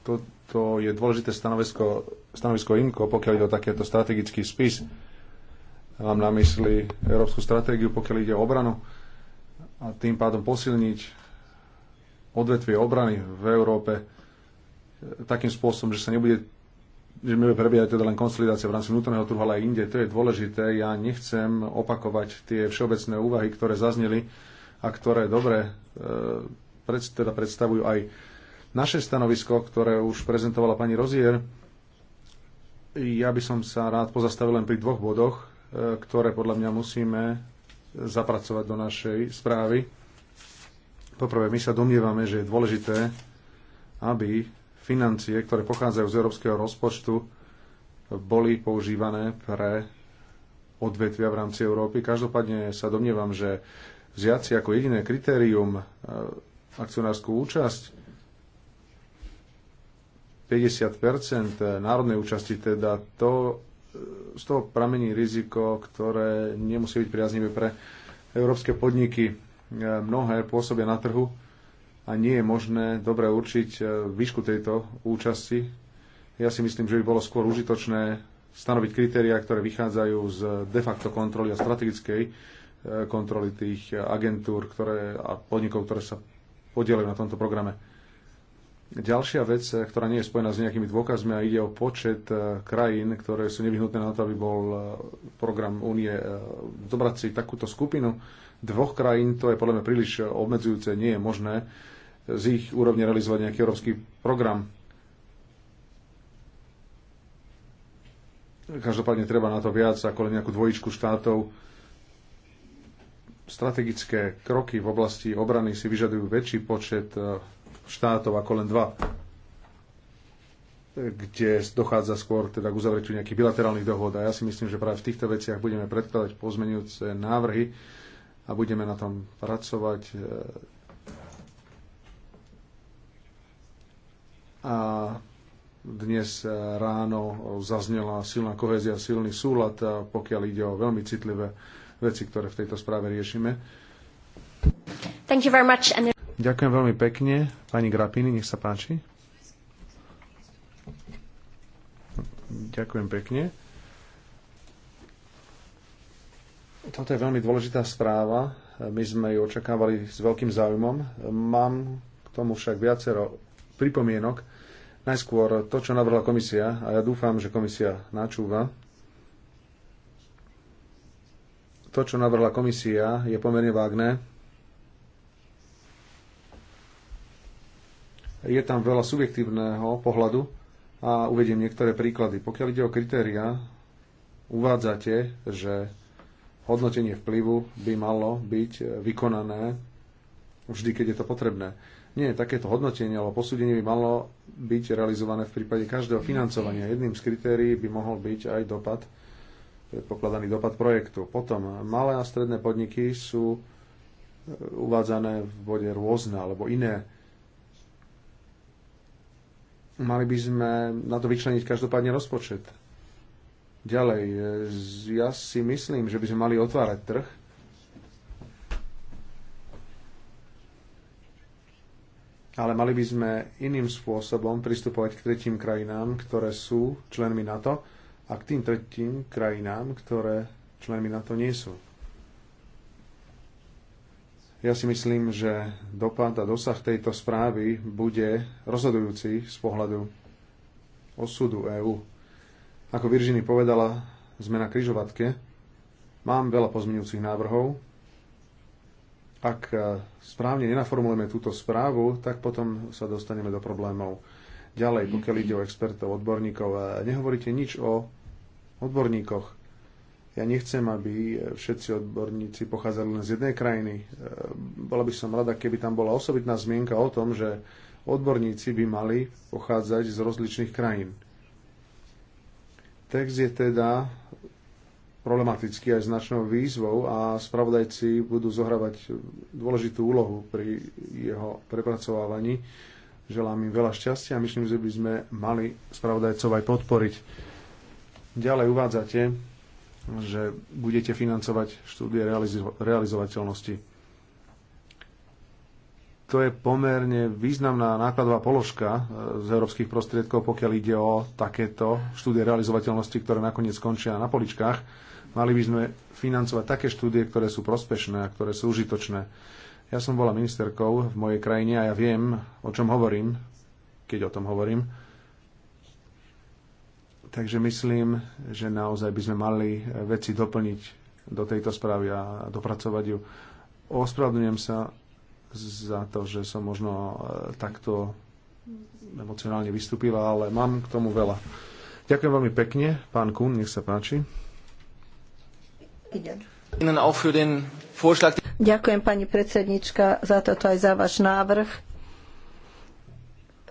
toto je dôležité stanovisko, stanovisko IMCO, pokiaľ ide o takéto strategický spis. Mám na mysli európsku stratégiu, pokiaľ ide o obranu a tým pádom posilniť odvetvie obrany v Európe takým spôsobom, že sa nebude že mi prebiehať teda len konsolidácia v rámci vnútorného trhu, ale aj inde. To je dôležité. Ja nechcem opakovať tie všeobecné úvahy, ktoré zazneli a ktoré dobre e, teda predstavujú aj naše stanovisko, ktoré už prezentovala pani Rozier. Ja by som sa rád pozastavil len pri dvoch bodoch, e, ktoré podľa mňa musíme zapracovať do našej správy. Poprvé, my sa domnievame, že je dôležité, aby financie, ktoré pochádzajú z európskeho rozpočtu, boli používané pre odvetvia v rámci Európy. Každopádne sa domnievam, že vziať si ako jediné kritérium e, akcionárskú účasť 50 národnej účasti, teda to, e, z toho pramení riziko, ktoré nemusí byť priaznivé pre európske podniky. E, mnohé pôsobia na trhu, a nie je možné dobre určiť e, výšku tejto účasti. Ja si myslím, že by bolo skôr užitočné stanoviť kritériá, ktoré vychádzajú z de facto kontroly a strategickej e, kontroly tých agentúr ktoré, a podnikov, ktoré sa podielajú na tomto programe. Ďalšia vec, e, ktorá nie je spojená s nejakými dôkazmi a ide o počet krajín, ktoré sú nevyhnutné na to, aby bol program únie zobrať si takúto skupinu dvoch krajín, to je podľa mňa príliš obmedzujúce, nie je možné z ich úrovne realizovať nejaký európsky program. Každopádne treba na to viac ako len nejakú dvojičku štátov. Strategické kroky v oblasti obrany si vyžadujú väčší počet e, štátov ako len dva kde dochádza skôr teda k uzavretiu nejakých bilaterálnych dohod. A ja si myslím, že práve v týchto veciach budeme predkladať pozmenujúce návrhy a budeme na tom pracovať. E, a dnes ráno zaznela silná kohézia, silný súlad, pokiaľ ide o veľmi citlivé veci, ktoré v tejto správe riešime. Thank you very much. Ďakujem veľmi pekne. Pani Grapini, nech sa páči. Ďakujem pekne. Toto je veľmi dôležitá správa. My sme ju očakávali s veľkým záujmom. Mám k tomu však viacero pripomienok Najskôr to, čo navrhla komisia, a ja dúfam, že komisia načúva, to, čo navrhla komisia, je pomerne vágné. Je tam veľa subjektívneho pohľadu a uvediem niektoré príklady. Pokiaľ ide o kritéria, uvádzate, že hodnotenie vplyvu by malo byť vykonané vždy, keď je to potrebné. Nie, takéto hodnotenie alebo posúdenie by malo byť realizované v prípade každého financovania. Jedným z kritérií by mohol byť aj dopad, predpokladaný dopad projektu. Potom malé a stredné podniky sú e, uvádzané v bode rôzne alebo iné. Mali by sme na to vyčleniť každopádne rozpočet. Ďalej, e, ja si myslím, že by sme mali otvárať trh ale mali by sme iným spôsobom pristupovať k tretím krajinám, ktoré sú členmi NATO a k tým tretím krajinám, ktoré členmi NATO nie sú. Ja si myslím, že dopad a dosah tejto správy bude rozhodujúci z pohľadu osudu EÚ. Ako Viržiny povedala, sme na križovatke, Mám veľa pozmeňujúcich návrhov, ak e, správne nenaformulujeme túto správu, tak potom sa dostaneme do problémov. Ďalej, pokiaľ ide o expertov, odborníkov, e, nehovoríte nič o odborníkoch. Ja nechcem, aby všetci odborníci pochádzali len z jednej krajiny. E, bola by som rada, keby tam bola osobitná zmienka o tom, že odborníci by mali pochádzať z rozličných krajín. Text je teda problematický aj značnou výzvou a spravodajci budú zohrávať dôležitú úlohu pri jeho prepracovávaní. Želám im veľa šťastia a myslím, že by sme mali spravodajcov aj podporiť. Ďalej uvádzate, že budete financovať štúdie realizo- realizovateľnosti. To je pomerne významná nákladová položka e, z európskych prostriedkov, pokiaľ ide o takéto štúdie realizovateľnosti, ktoré nakoniec skončia na poličkách Mali by sme financovať také štúdie, ktoré sú prospešné a ktoré sú užitočné. Ja som bola ministerkou v mojej krajine a ja viem, o čom hovorím, keď o tom hovorím. Takže myslím, že naozaj by sme mali veci doplniť do tejto správy a dopracovať ju. Ospravedlňujem sa za to, že som možno e, takto emocionálne vystúpila, ale mám k tomu veľa. Ďakujem veľmi pekne. Pán Kun, nech sa páči. Ďakujem pani predsednička za toto aj za váš návrh.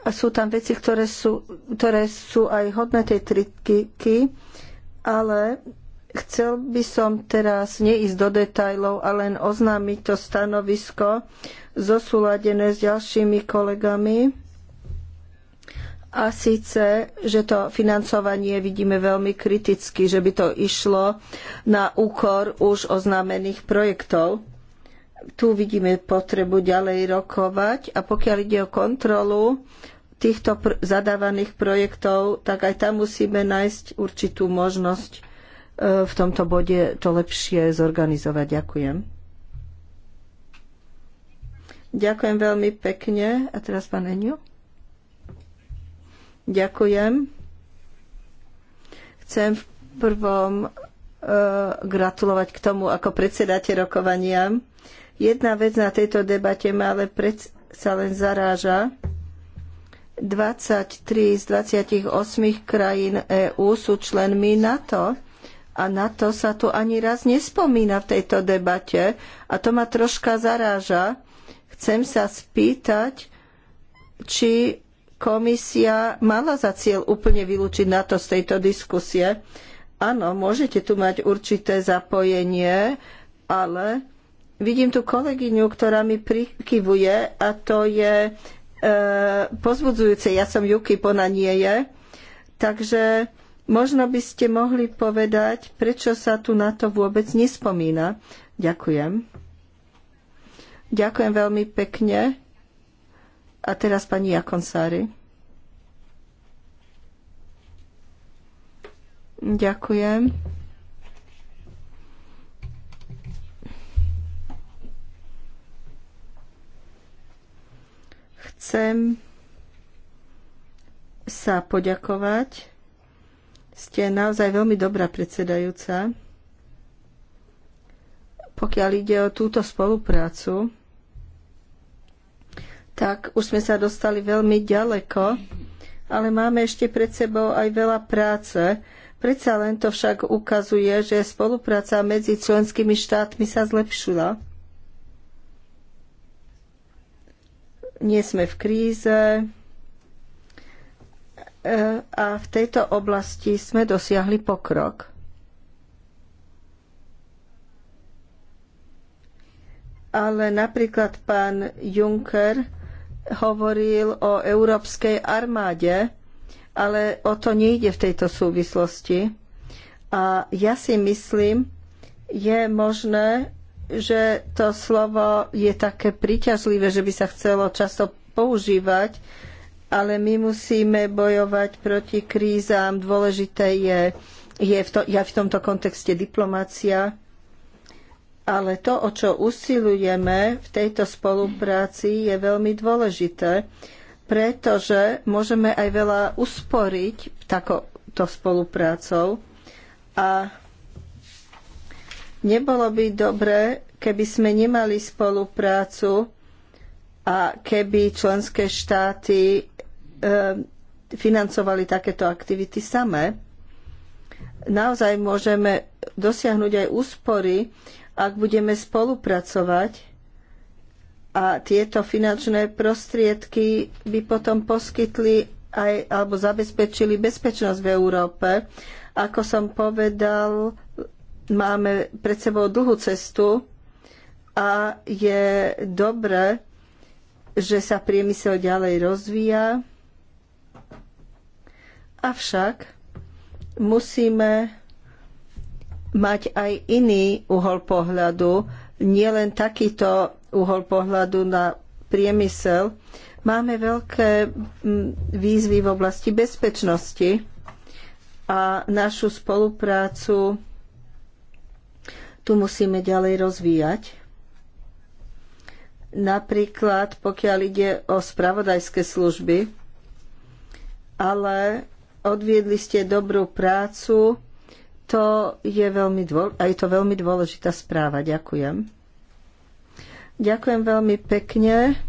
A sú tam veci, ktoré sú, ktoré sú aj hodné tej triky, ale chcel by som teraz neísť do detajlov a len oznámiť to stanovisko zosúladené s ďalšími kolegami a síce, že to financovanie vidíme veľmi kriticky, že by to išlo na úkor už oznámených projektov. Tu vidíme potrebu ďalej rokovať a pokiaľ ide o kontrolu týchto zadávaných projektov, tak aj tam musíme nájsť určitú možnosť e, v tomto bode to lepšie zorganizovať. Ďakujem. Ďakujem veľmi pekne. A teraz pán Eniu. Ďakujem. Chcem v prvom e, gratulovať k tomu, ako predsedáte rokovania. Jedna vec na tejto debate ma ale predsa len zaráža. 23 z 28 krajín EÚ sú členmi NATO a NATO sa tu ani raz nespomína v tejto debate a to ma troška zaráža. Chcem sa spýtať, či komisia mala za cieľ úplne vylúčiť NATO z tejto diskusie. Áno, môžete tu mať určité zapojenie, ale vidím tu kolegyňu, ktorá mi prikyvuje a to je e, pozbudzujúce. Ja som Juky, ona nie je. Takže možno by ste mohli povedať, prečo sa tu na to vôbec nespomína. Ďakujem. Ďakujem veľmi pekne. A teraz pani Jakonsári. Ďakujem. Chcem sa poďakovať. Ste naozaj veľmi dobrá predsedajúca. Pokiaľ ide o túto spoluprácu, tak už sme sa dostali veľmi ďaleko, ale máme ešte pred sebou aj veľa práce. Predsa len to však ukazuje, že spolupráca medzi členskými štátmi sa zlepšila. Nie sme v kríze e, a v tejto oblasti sme dosiahli pokrok. Ale napríklad pán Juncker hovoril o európskej armáde, ale o to nejde v tejto súvislosti. A ja si myslím, je možné, že to slovo je také príťažlivé, že by sa chcelo často používať, ale my musíme bojovať proti krízam. Dôležité je, je v to, ja v tomto kontexte diplomácia, ale to, o čo usilujeme v tejto spolupráci, je veľmi dôležité, pretože môžeme aj veľa usporiť takouto spoluprácou. A nebolo by dobre, keby sme nemali spoluprácu a keby členské štáty eh, financovali takéto aktivity samé. Naozaj môžeme dosiahnuť aj úspory, ak budeme spolupracovať a tieto finančné prostriedky by potom poskytli aj, alebo zabezpečili bezpečnosť v Európe. Ako som povedal, máme pred sebou dlhú cestu a je dobré, že sa priemysel ďalej rozvíja. Avšak musíme mať aj iný uhol pohľadu, nielen takýto uhol pohľadu na priemysel. Máme veľké mm, výzvy v oblasti bezpečnosti a našu spoluprácu tu musíme ďalej rozvíjať. Napríklad pokiaľ ide o spravodajské služby, ale odviedli ste dobrú prácu to je veľmi dôl- a je to veľmi dôležitá správa. Ďakujem. Ďakujem veľmi pekne.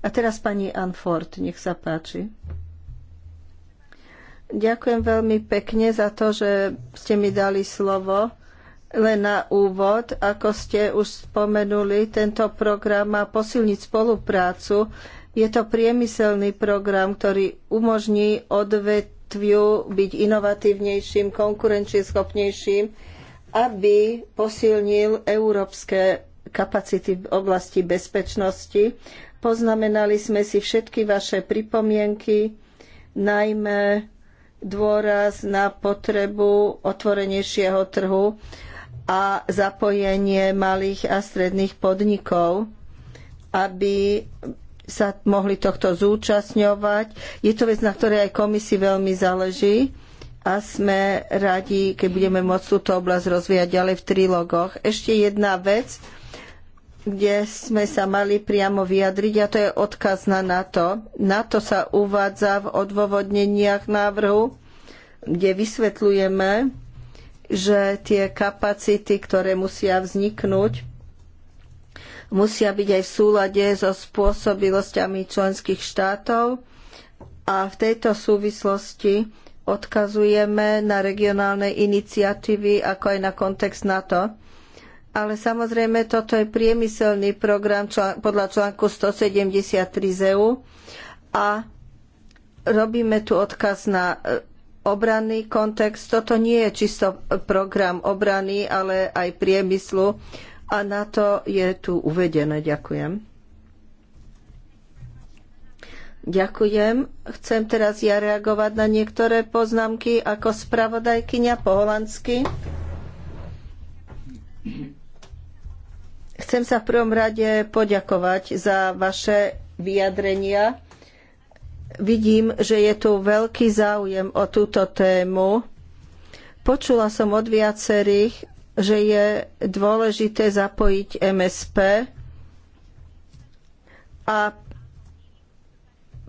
A teraz pani Anford, nech sa páči. Ďakujem veľmi pekne za to, že ste mi dali slovo. Len na úvod, ako ste už spomenuli, tento program má posilniť spoluprácu. Je to priemyselný program, ktorý umožní odvet odvetviu byť inovatívnejším, konkurencieschopnejším, aby posilnil európske kapacity v oblasti bezpečnosti. Poznamenali sme si všetky vaše pripomienky, najmä dôraz na potrebu otvorenejšieho trhu a zapojenie malých a stredných podnikov, aby sa mohli tohto zúčastňovať. Je to vec, na ktorej aj komisii veľmi záleží a sme radi, keď budeme môcť túto oblasť rozvíjať ďalej v trilógoch. Ešte jedna vec, kde sme sa mali priamo vyjadriť, a to je odkaz na NATO. NATO sa uvádza v odôvodneniach návrhu, kde vysvetľujeme, že tie kapacity, ktoré musia vzniknúť, musia byť aj v súlade so spôsobilosťami členských štátov a v tejto súvislosti odkazujeme na regionálne iniciatívy ako aj na kontext NATO. Ale samozrejme, toto je priemyselný program podľa článku 173 Zeu. a robíme tu odkaz na e, obranný kontext. Toto nie je čisto program obrany, ale aj priemyslu a na to je tu uvedené. Ďakujem. Ďakujem. Chcem teraz ja reagovať na niektoré poznámky ako spravodajkyňa po holandsky. Chcem sa v prvom rade poďakovať za vaše vyjadrenia. Vidím, že je tu veľký záujem o túto tému. Počula som od viacerých, že je dôležité zapojiť MSP a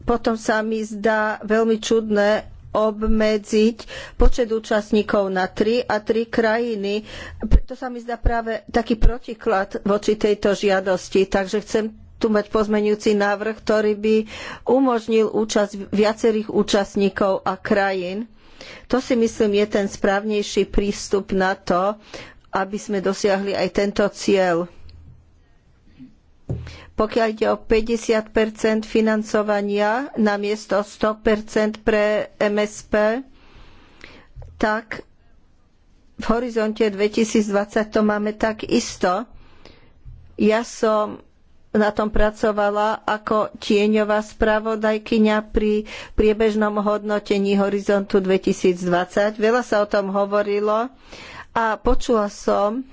potom sa mi zdá veľmi čudné obmedziť počet účastníkov na tri a tri krajiny. To sa mi zdá práve taký protiklad voči tejto žiadosti. Takže chcem tu mať pozmenujúci návrh, ktorý by umožnil účasť viacerých účastníkov a krajín. To si myslím je ten správnejší prístup na to, aby sme dosiahli aj tento cieľ. Pokiaľ ide o 50 financovania na miesto 100 pre MSP, tak v horizonte 2020 to máme tak isto. Ja som na tom pracovala ako tieňová spravodajkyňa pri priebežnom hodnotení horizontu 2020. Veľa sa o tom hovorilo a počula som,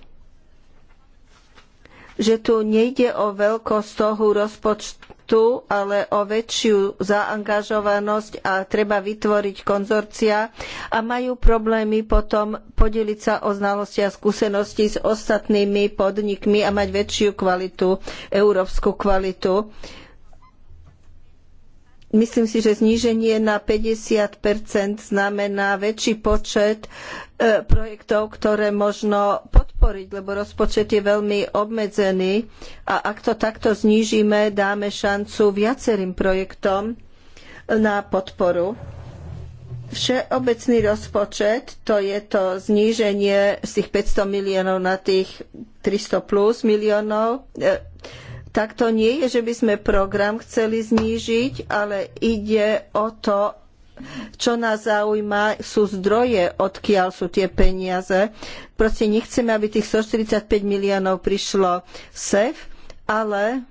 že tu nejde o veľkosť toho rozpočtu, ale o väčšiu zaangažovanosť a treba vytvoriť konzorcia a majú problémy potom podeliť sa o znalosti a skúsenosti s ostatnými podnikmi a mať väčšiu kvalitu, európsku kvalitu. Uh, Myslím si, že zníženie na 50 znamená väčší počet e, projektov, ktoré možno podporiť, lebo rozpočet je veľmi obmedzený a ak to takto znížime, dáme šancu viacerým projektom na podporu. Všeobecný rozpočet, to je to zníženie z tých 500 miliónov na tých 300 plus miliónov, e, tak to nie je, že by sme program chceli znížiť, ale ide o to, čo nás zaujíma, sú zdroje, odkiaľ sú tie peniaze. Proste nechceme, aby tých 145 miliónov prišlo SEF, ale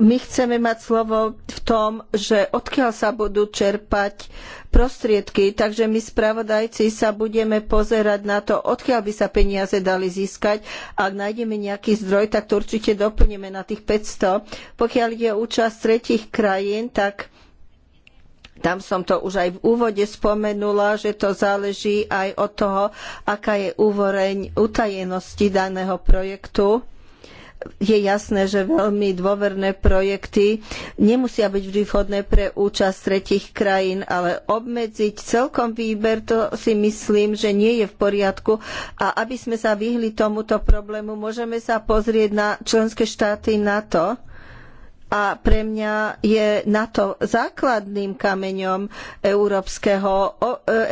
my chceme mať slovo v tom, že odkiaľ sa budú čerpať prostriedky, takže my spravodajci sa budeme pozerať na to, odkiaľ by sa peniaze dali získať. Ak nájdeme nejaký zdroj, tak to určite doplníme na tých 500. Pokiaľ ide o účasť tretich krajín, tak tam som to už aj v úvode spomenula, že to záleží aj od toho, aká je úvoreň utajenosti daného projektu je jasné, že veľmi dôverné projekty nemusia byť vždy vhodné pre účasť tretich krajín, ale obmedziť celkom výber, to si myslím, že nie je v poriadku. A aby sme sa vyhli tomuto problému, môžeme sa pozrieť na členské štáty NATO, a pre mňa je NATO základným kameňom e,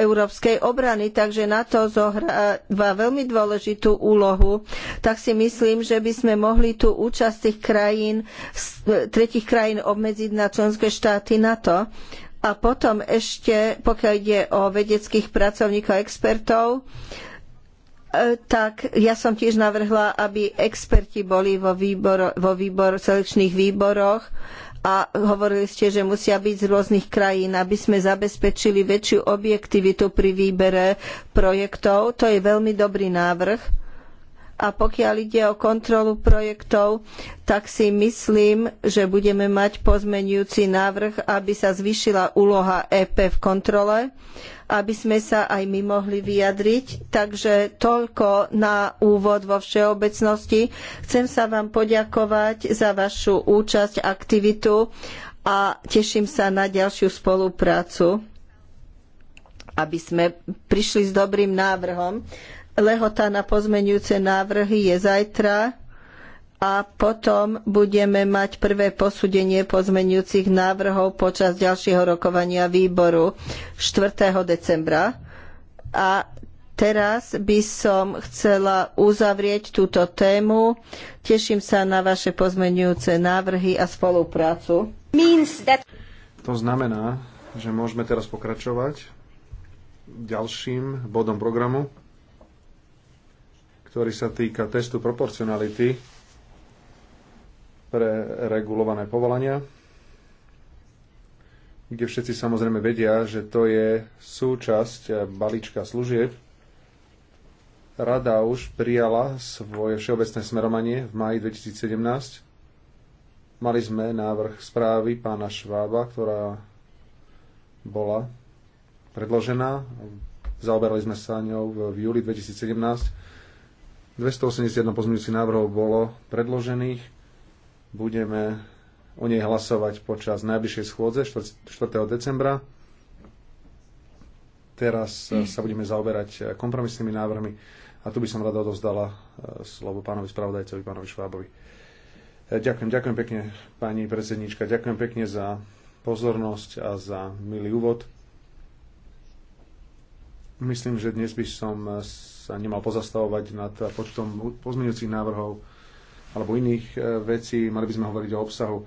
európskej obrany, takže NATO zohráva veľmi dôležitú úlohu. Tak si myslím, že by sme mohli tú účasť tých krajín, e, tretich krajín obmedziť na členské štáty NATO. A potom ešte, pokiaľ ide o vedeckých pracovníkov a expertov, uh, E, tak ja som tiež navrhla, aby experti boli vo, výbor, vo výbor, selekčných výboroch a hovorili ste, že musia byť z rôznych krajín, aby sme zabezpečili väčšiu objektivitu pri výbere projektov. To je veľmi dobrý návrh a pokiaľ ide o kontrolu projektov, tak si myslím, že budeme mať pozmenujúci návrh, aby sa zvýšila úloha EP v kontrole, aby sme sa aj my mohli vyjadriť. Takže toľko na úvod vo všeobecnosti. Chcem sa vám poďakovať za vašu účasť, aktivitu a teším sa na ďalšiu spoluprácu aby sme prišli s dobrým návrhom. Lehota na pozmenujúce návrhy je zajtra a potom budeme mať prvé posúdenie pozmenujúcich návrhov počas ďalšieho rokovania výboru 4. decembra. A teraz by som chcela uzavrieť túto tému. Teším sa na vaše pozmenujúce návrhy a spoluprácu. To znamená, že môžeme teraz pokračovať ďalším bodom programu ktorý sa týka testu proporcionality pre regulované povolania, kde všetci samozrejme vedia, že to je súčasť balíčka služieb. Rada už prijala svoje všeobecné smerovanie v maji 2017. Mali sme návrh správy pána Švába, ktorá bola predložená. Zaoberali sme sa ňou v júli 2017 281 pozmeňujúcich návrhov bolo predložených. Budeme o nej hlasovať počas najbližšej schôdze 4. decembra. Teraz eh, sa budeme zaoberať eh, kompromisnými návrhmi a tu by som rada odovzdala eh, slovo pánovi spravodajcovi, pánovi Švábovi. Ďakujem, ďakujem pekne, pani predsednička, ďakujem pekne za pozornosť a za milý úvod. Myslím, že dnes by som sa nemal pozastavovať nad počtom pozmeňujúcich návrhov alebo iných e, vecí. Mali by sme hovoriť o obsahu.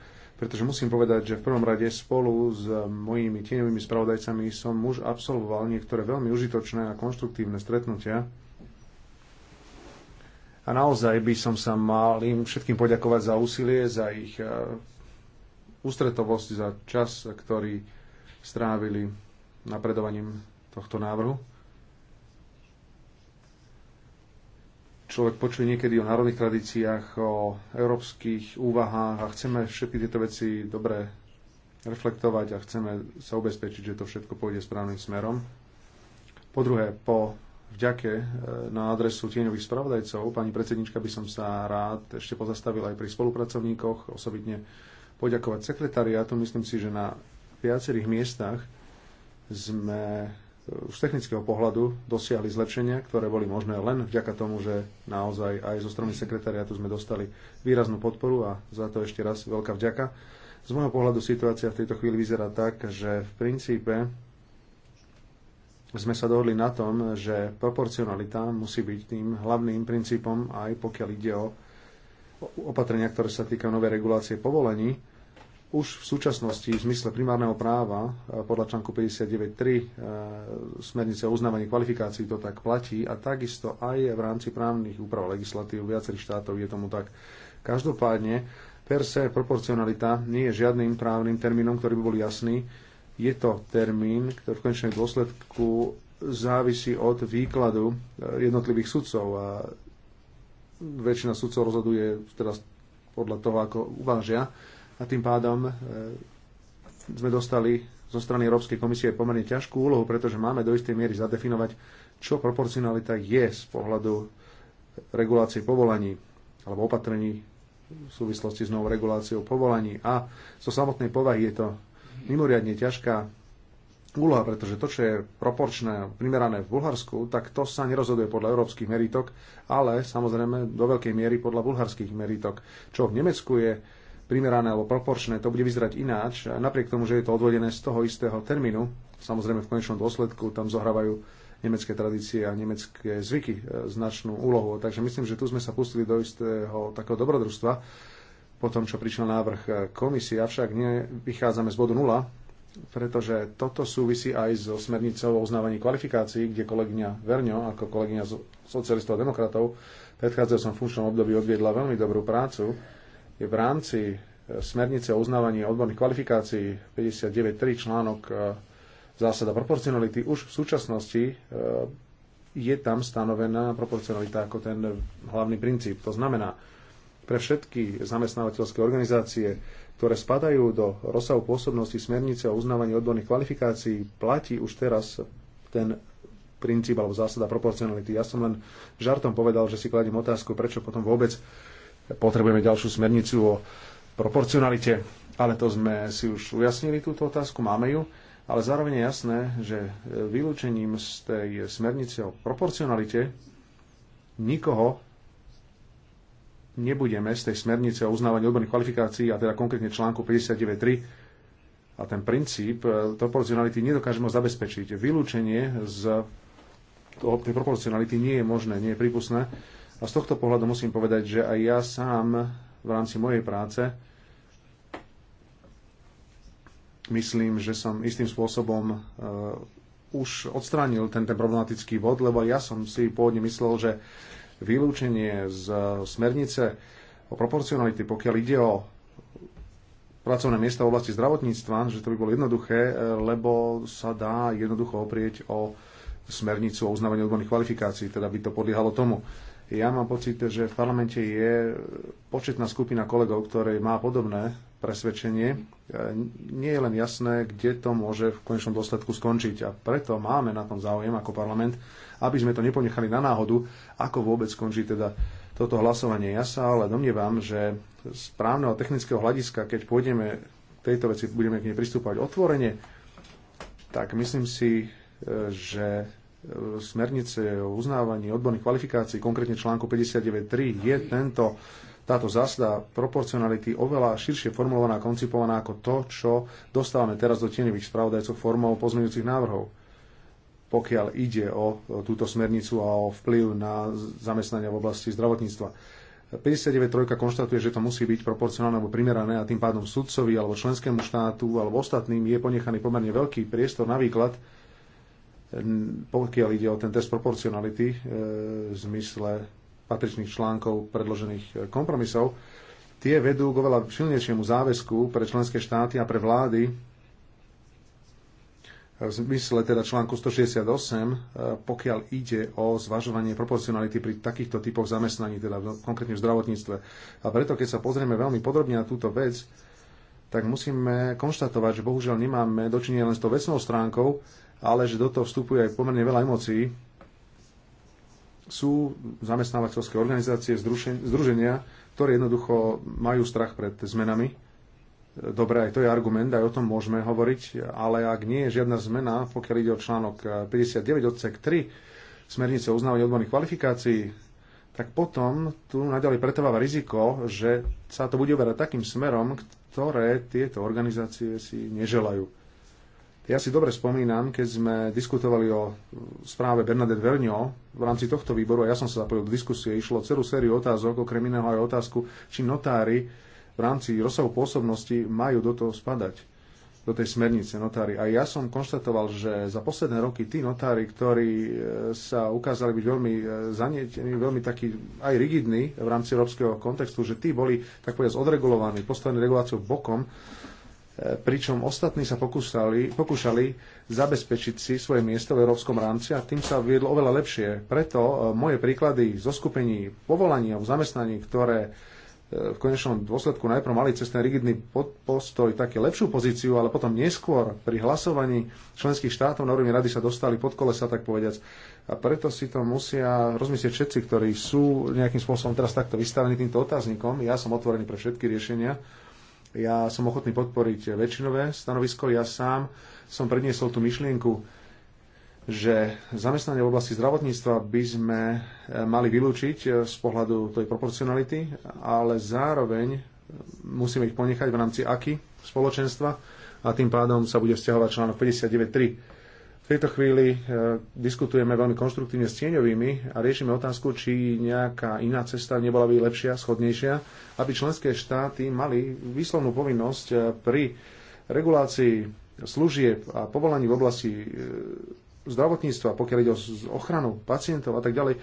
Pretože musím povedať, že v prvom rade spolu s mojimi tieňovými spravodajcami som už absolvoval niektoré veľmi užitočné a konštruktívne stretnutia. A naozaj by som sa mal im všetkým poďakovať za úsilie, za ich e, ústretovosť, za čas, ktorý strávili napredovaním tohto návrhu. človek počuje niekedy o národných tradíciách, o európskych úvahách a chceme všetky tieto veci dobre reflektovať a chceme sa ubezpečiť, že to všetko pôjde správnym smerom. Po druhé, po vďake e, na adresu tieňových spravodajcov, pani predsednička, by som sa rád ešte pozastavil aj pri spolupracovníkoch, osobitne poďakovať sekretariátu. Myslím si, že na viacerých miestach sme z technického pohľadu dosiahli zlepšenia, ktoré boli možné len vďaka tomu, že naozaj aj zo strany sekretariatu sme dostali výraznú podporu a za to ešte raz veľká vďaka. Z môjho pohľadu situácia v tejto chvíli vyzerá tak, že v princípe sme sa dohodli na tom, že proporcionalita musí byť tým hlavným princípom, aj pokiaľ ide o opatrenia, ktoré sa týkajú novej regulácie povolení už v súčasnosti v zmysle primárneho práva e, podľa článku 59.3 e, smernice o uznávaní kvalifikácií to tak platí a takisto aj v rámci právnych úprav legislatív viacerých štátov je tomu tak. Každopádne per se proporcionalita nie je žiadnym právnym termínom, ktorý by bol jasný. Je to termín, ktorý v konečnej dôsledku závisí od výkladu e, jednotlivých sudcov a väčšina sudcov rozhoduje teraz podľa toho, ako uvážia a tým pádom e, sme dostali zo strany Európskej komisie pomerne ťažkú úlohu, pretože máme do istej miery zadefinovať, čo proporcionalita je z pohľadu regulácie povolaní alebo opatrení v súvislosti s novou reguláciou povolaní. A zo so samotnej povahy je to mimoriadne ťažká úloha, pretože to, čo je proporčné, a primerané v Bulharsku, tak to sa nerozhoduje podľa európskych meritok, ale samozrejme do veľkej miery podľa bulharských meritok. Čo v Nemecku je primerané alebo proporčné, to bude vyzerať ináč. Napriek tomu, že je to odvodené z toho istého termínu, samozrejme v konečnom dôsledku tam zohrávajú nemecké tradície a nemecké zvyky e, značnú úlohu. Takže myslím, že tu sme sa pustili do istého takého dobrodružstva po tom, čo prišiel návrh komisie. Avšak nevychádzame z bodu nula, pretože toto súvisí aj so smernicou o uznávaní kvalifikácií, kde kolegyňa Verňo, ako kolegyňa socialistov a demokratov, v predchádzajúcom funkčnom období odviedla veľmi dobrú prácu v rámci e, smernice o uznávaní odborných kvalifikácií 59.3 článok e, zásada proporcionality už v súčasnosti e, je tam stanovená proporcionalita ako ten hlavný princíp. To znamená, pre všetky zamestnávateľské organizácie, ktoré spadajú do rozsahu pôsobnosti smernice o uznávaní odborných kvalifikácií, platí už teraz ten princíp alebo zásada proporcionality. Ja som len žartom povedal, že si kladím otázku, prečo potom vôbec potrebujeme ďalšiu smernicu o proporcionalite, ale to sme si už ujasnili túto otázku, máme ju, ale zároveň je jasné, že vylúčením z tej smernice o proporcionalite nikoho nebudeme z tej smernice o uznávaní odborných kvalifikácií, a teda konkrétne článku 59.3, a ten princíp e, proporcionality nedokážeme zabezpečiť. Vylúčenie z toho, tej proporcionality nie je možné, nie je prípustné a z tohto pohľadu musím povedať, že aj ja sám v rámci mojej práce myslím, že som istým spôsobom e, už odstránil ten, ten problematický bod, lebo ja som si pôvodne myslel, že vylúčenie z e, smernice o proporcionality, pokiaľ ide o pracovné miesta v oblasti zdravotníctva, že to by bolo jednoduché, e, lebo sa dá jednoducho oprieť o smernicu o uznávaní odborných kvalifikácií, teda by to podliehalo tomu. Ja mám pocit, že v parlamente je početná skupina kolegov, ktorej má podobné presvedčenie. E, nie je len jasné, kde to môže v konečnom dôsledku skončiť. A preto máme na tom záujem ako parlament, aby sme to neponechali na náhodu, ako vôbec skončí teda toto hlasovanie. Ja sa ale domnievam, že z právneho technického hľadiska, keď pôjdeme tejto veci, budeme k nej pristúpať otvorene, tak myslím si, e, že smernice o uznávaní odborných kvalifikácií, konkrétne článku 59.3, je tento, táto zásada proporcionality oveľa širšie formulovaná a koncipovaná ako to, čo dostávame teraz do tieňových spravodajcov formou pozmeňujúcich návrhov pokiaľ ide o túto smernicu a o vplyv na zamestnania v oblasti zdravotníctva. 59.3 konštatuje, že to musí byť proporcionálne alebo primerané a tým pádom sudcovi alebo členskému štátu alebo ostatným je ponechaný pomerne veľký priestor na výklad, pokiaľ ide o ten test proporcionality e, v zmysle patričných článkov predložených e, kompromisov, tie vedú k oveľa silnejšiemu záväzku pre členské štáty a pre vlády e, v zmysle teda článku 168, pokiaľ ide o zvažovanie proporcionality pri takýchto typoch zamestnaní, teda konkrétne v zdravotníctve. A preto, keď sa pozrieme veľmi podrobne na túto vec, tak musíme konštatovať, že bohužiaľ nemáme dočinenia len s tou vecnou stránkou, ale že do toho vstupuje aj pomerne veľa emócií. Sú zamestnávateľské organizácie, združenia, ktoré jednoducho majú strach pred zmenami. Dobre, aj to je argument, aj o tom môžeme hovoriť, ale ak nie je žiadna zmena, pokiaľ ide o článok 59 odsek 3 smernice o uznávaní odborných kvalifikácií, tak potom tu naďalej pretrváva riziko, že sa to bude uberať takým smerom, ktoré tieto organizácie si neželajú ja si dobre spomínam, keď sme diskutovali o správe Bernadette Verňo v rámci tohto výboru, a ja som sa zapojil do diskusie, išlo celú sériu otázok, okrem iného aj otázku, či notári v rámci rozsahu pôsobnosti majú do toho spadať do tej smernice notári. A ja som konštatoval, že za posledné roky tí notári, ktorí e, sa ukázali byť veľmi e, zanietení, veľmi takí aj rigidní v rámci európskeho kontextu, že tí boli, tak povedať, odregulovaní, postavení reguláciou bokom, pričom ostatní sa pokúšali, pokúšali zabezpečiť si svoje miesto v európskom rámci a tým sa viedlo oveľa lepšie. Preto e, moje príklady zo skupení povolaní a zamestnaní, ktoré e, v konečnom dôsledku najprv mali cez ten rigidný postoj také lepšiu pozíciu, ale potom neskôr pri hlasovaní členských štátov na úrovni rady sa dostali pod kolesa, tak povediac. A preto si to musia rozmyslieť všetci, ktorí sú nejakým spôsobom teraz takto vystavení týmto otáznikom. Ja som otvorený pre všetky riešenia ja som ochotný podporiť väčšinové stanovisko. Ja sám som predniesol tú myšlienku, že zamestnanie v oblasti zdravotníctva by sme eh, mali vylúčiť eh, z pohľadu tej proporcionality, ale zároveň musíme ich ponechať v rámci AKI spoločenstva a tým pádom sa bude vzťahovať článok 59.3 tejto chvíli e, diskutujeme veľmi konštruktívne s tieňovými a riešime otázku, či nejaká iná cesta nebola by lepšia, schodnejšia, aby členské štáty mali výslovnú povinnosť e, pri regulácii služieb a povolaní v oblasti e, zdravotníctva, pokiaľ ide o ochranu pacientov a tak ďalej,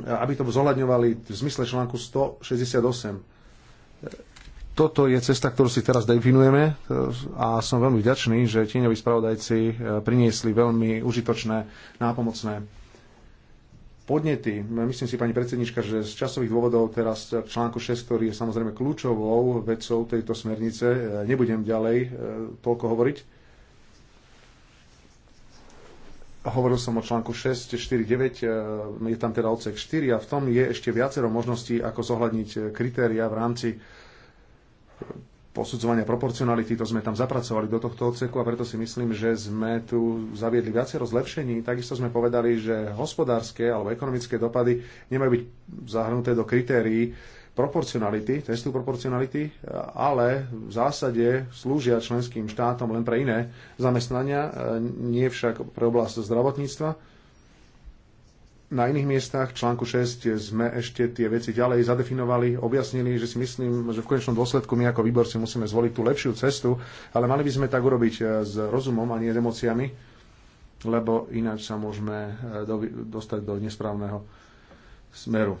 aby to zohľadňovali v zmysle článku 168 toto je cesta, ktorú si teraz definujeme e, a som veľmi vďačný, že tieňoví spravodajci e, priniesli veľmi užitočné, nápomocné podnety. Myslím si, pani predsednička, že z časových dôvodov teraz k článku 6, ktorý je samozrejme kľúčovou vecou tejto smernice, e, nebudem ďalej toľko hovoriť. Hovoril som o článku 6, 4, 9, je tam teda odsek 4 a v tom je ešte viacero možností, ako zohľadniť kritéria v rámci posudzovania proporcionality, to sme tam zapracovali do tohto odseku a preto si myslím, že sme tu zaviedli viacero zlepšení. Takisto sme povedali, že hospodárske alebo ekonomické dopady nemajú byť zahrnuté do kritérií proporcionality, testu proporcionality, ale v zásade slúžia členským štátom len pre iné zamestnania, nie však pre oblasť zdravotníctva na iných miestach článku 6 sme ešte tie veci ďalej zadefinovali, objasnili, že si myslím, že v konečnom dôsledku my ako výbor si musíme zvoliť tú lepšiu cestu, ale mali by sme tak urobiť eh, s rozumom a nie s emóciami, lebo ináč sa môžeme eh, dostať do nesprávneho smeru.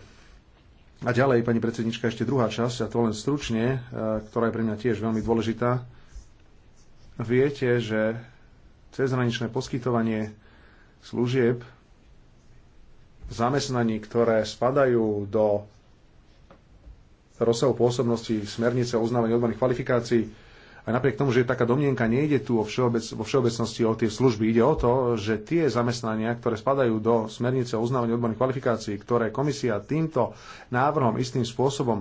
A ďalej, pani predsednička, ešte druhá časť, a to len stručne, eh, ktorá je pre mňa tiež veľmi dôležitá. Viete, že cezhraničné poskytovanie služieb zamestnaní, ktoré spadajú do rozsahu pôsobnosti smernice o uznávaní odborných kvalifikácií, aj napriek tomu, že taká domnienka, nejde tu vo, všeobec, vo všeobecnosti o tie služby. Ide o to, že tie zamestnania, ktoré spadajú do smernice o uznávaní odborných kvalifikácií, ktoré komisia týmto návrhom istým spôsobom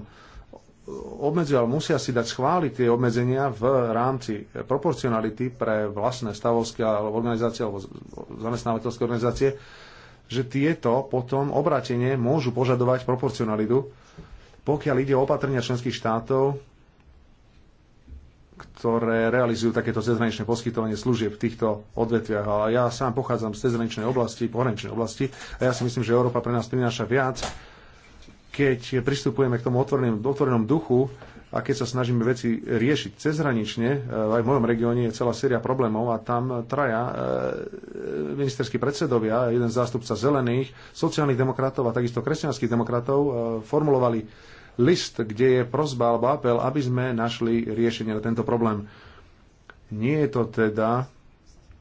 obmedzila, musia si dať schváliť tie obmedzenia v rámci proporcionality pre vlastné stavovské alebo organizácie alebo zamestnávateľské organizácie, že tieto potom obratenie môžu požadovať proporcionalitu, pokiaľ ide o opatrenia členských štátov, ktoré realizujú takéto cezhraničné poskytovanie služieb v týchto odvetviach. A ja sám pochádzam z cezhraničnej oblasti, pohraničnej oblasti a ja si myslím, že Európa pre nás prináša viac, keď pristupujeme k tomu otvorenom, otvorenom duchu, a keď sa snažíme veci riešiť cezhranične, e, aj v mojom regióne je celá séria problémov a tam traja e, ministerskí predsedovia, jeden zástupca zelených, sociálnych demokratov a takisto kresťanských demokratov e, formulovali list, kde je prozba alebo apel, aby sme našli riešenie na tento problém. Nie je to teda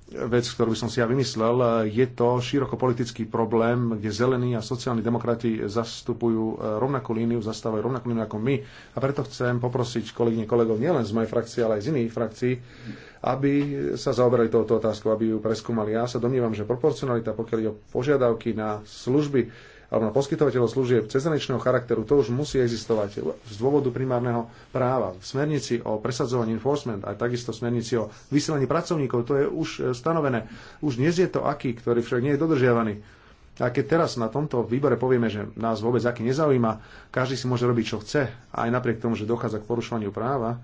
vec, ktorú by som si ja vymyslel. E, je to širokopolitický problém, kde zelení a sociálni demokrati zastupujú e, rovnakú líniu, zastávajú rovnakú líniu ako my. A preto chcem poprosiť kolegyne kolegov nielen z mojej frakcie, ale aj z iných frakcií, aby sa zaoberali touto otázkou, aby ju preskúmali. Ja sa domnívam, že proporcionalita, pokiaľ je o požiadavky na služby, alebo na poskytovateľov služieb cezhraničného charakteru, to už musí existovať z dôvodu primárneho práva. V smernici o presadzovaní enforcement a takisto smernici o vysielaní pracovníkov, to je už e, stanovené. Už dnes je to aký, ktorý však nie je dodržiavaný. A keď teraz na tomto výbore povieme, že nás vôbec aký nezaujíma, každý si môže robiť, čo chce, aj napriek tomu, že dochádza k porušovaniu práva,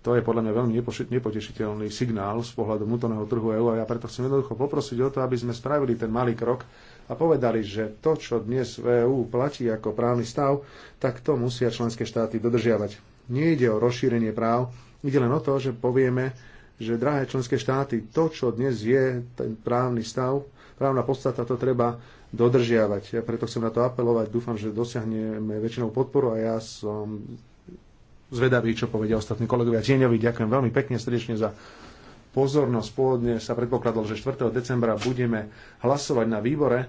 to je podľa mňa veľmi nepotešiteľný signál z pohľadu vnútorného trhu EÚ a ja preto chcem jednoducho poprosiť o to, aby sme spravili ten malý krok a povedali, že to, čo dnes v EÚ platí ako právny stav, tak to musia členské štáty dodržiavať. Nie ide o rozšírenie práv, ide len o to, že povieme, že drahé členské štáty, to, čo dnes je ten právny stav, právna podstata, to treba dodržiavať. Ja preto chcem na to apelovať, dúfam, že dosiahneme väčšinou podporu a ja som zvedavý, čo povedia ostatní kolegovia. Tieňovi ďakujem veľmi pekne, srdečne za pozornosť. Pôvodne sa predpokladalo, že 4. decembra budeme hlasovať na výbore.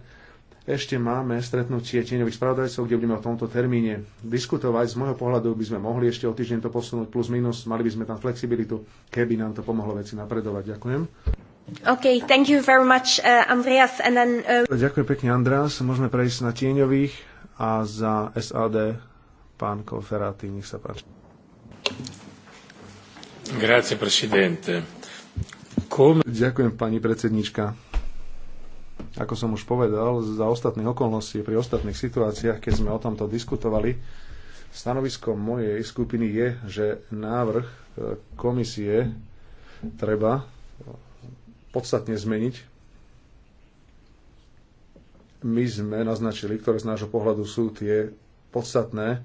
Ešte máme stretnutie tieňových spravodajcov, kde budeme o tomto termíne diskutovať. Z môjho pohľadu by sme mohli ešte o týždeň to posunúť plus minus. Mali by sme tam flexibilitu, keby nám to pomohlo veci napredovať. Ďakujem. Okay, thank you very much, uh, Andreas. And then, uh... Ďakujem pekne, Andreas. Môžeme prejsť na tieňových a za SAD pán Koferati, nech sa páči. Grazie, presidente. Ďakujem, pani predsednička. Ako som už povedal, za ostatných okolností, pri ostatných situáciách, keď sme o tomto diskutovali, stanovisko mojej skupiny je, že návrh e, komisie treba podstatne zmeniť. My sme naznačili, ktoré z nášho pohľadu sú tie podstatné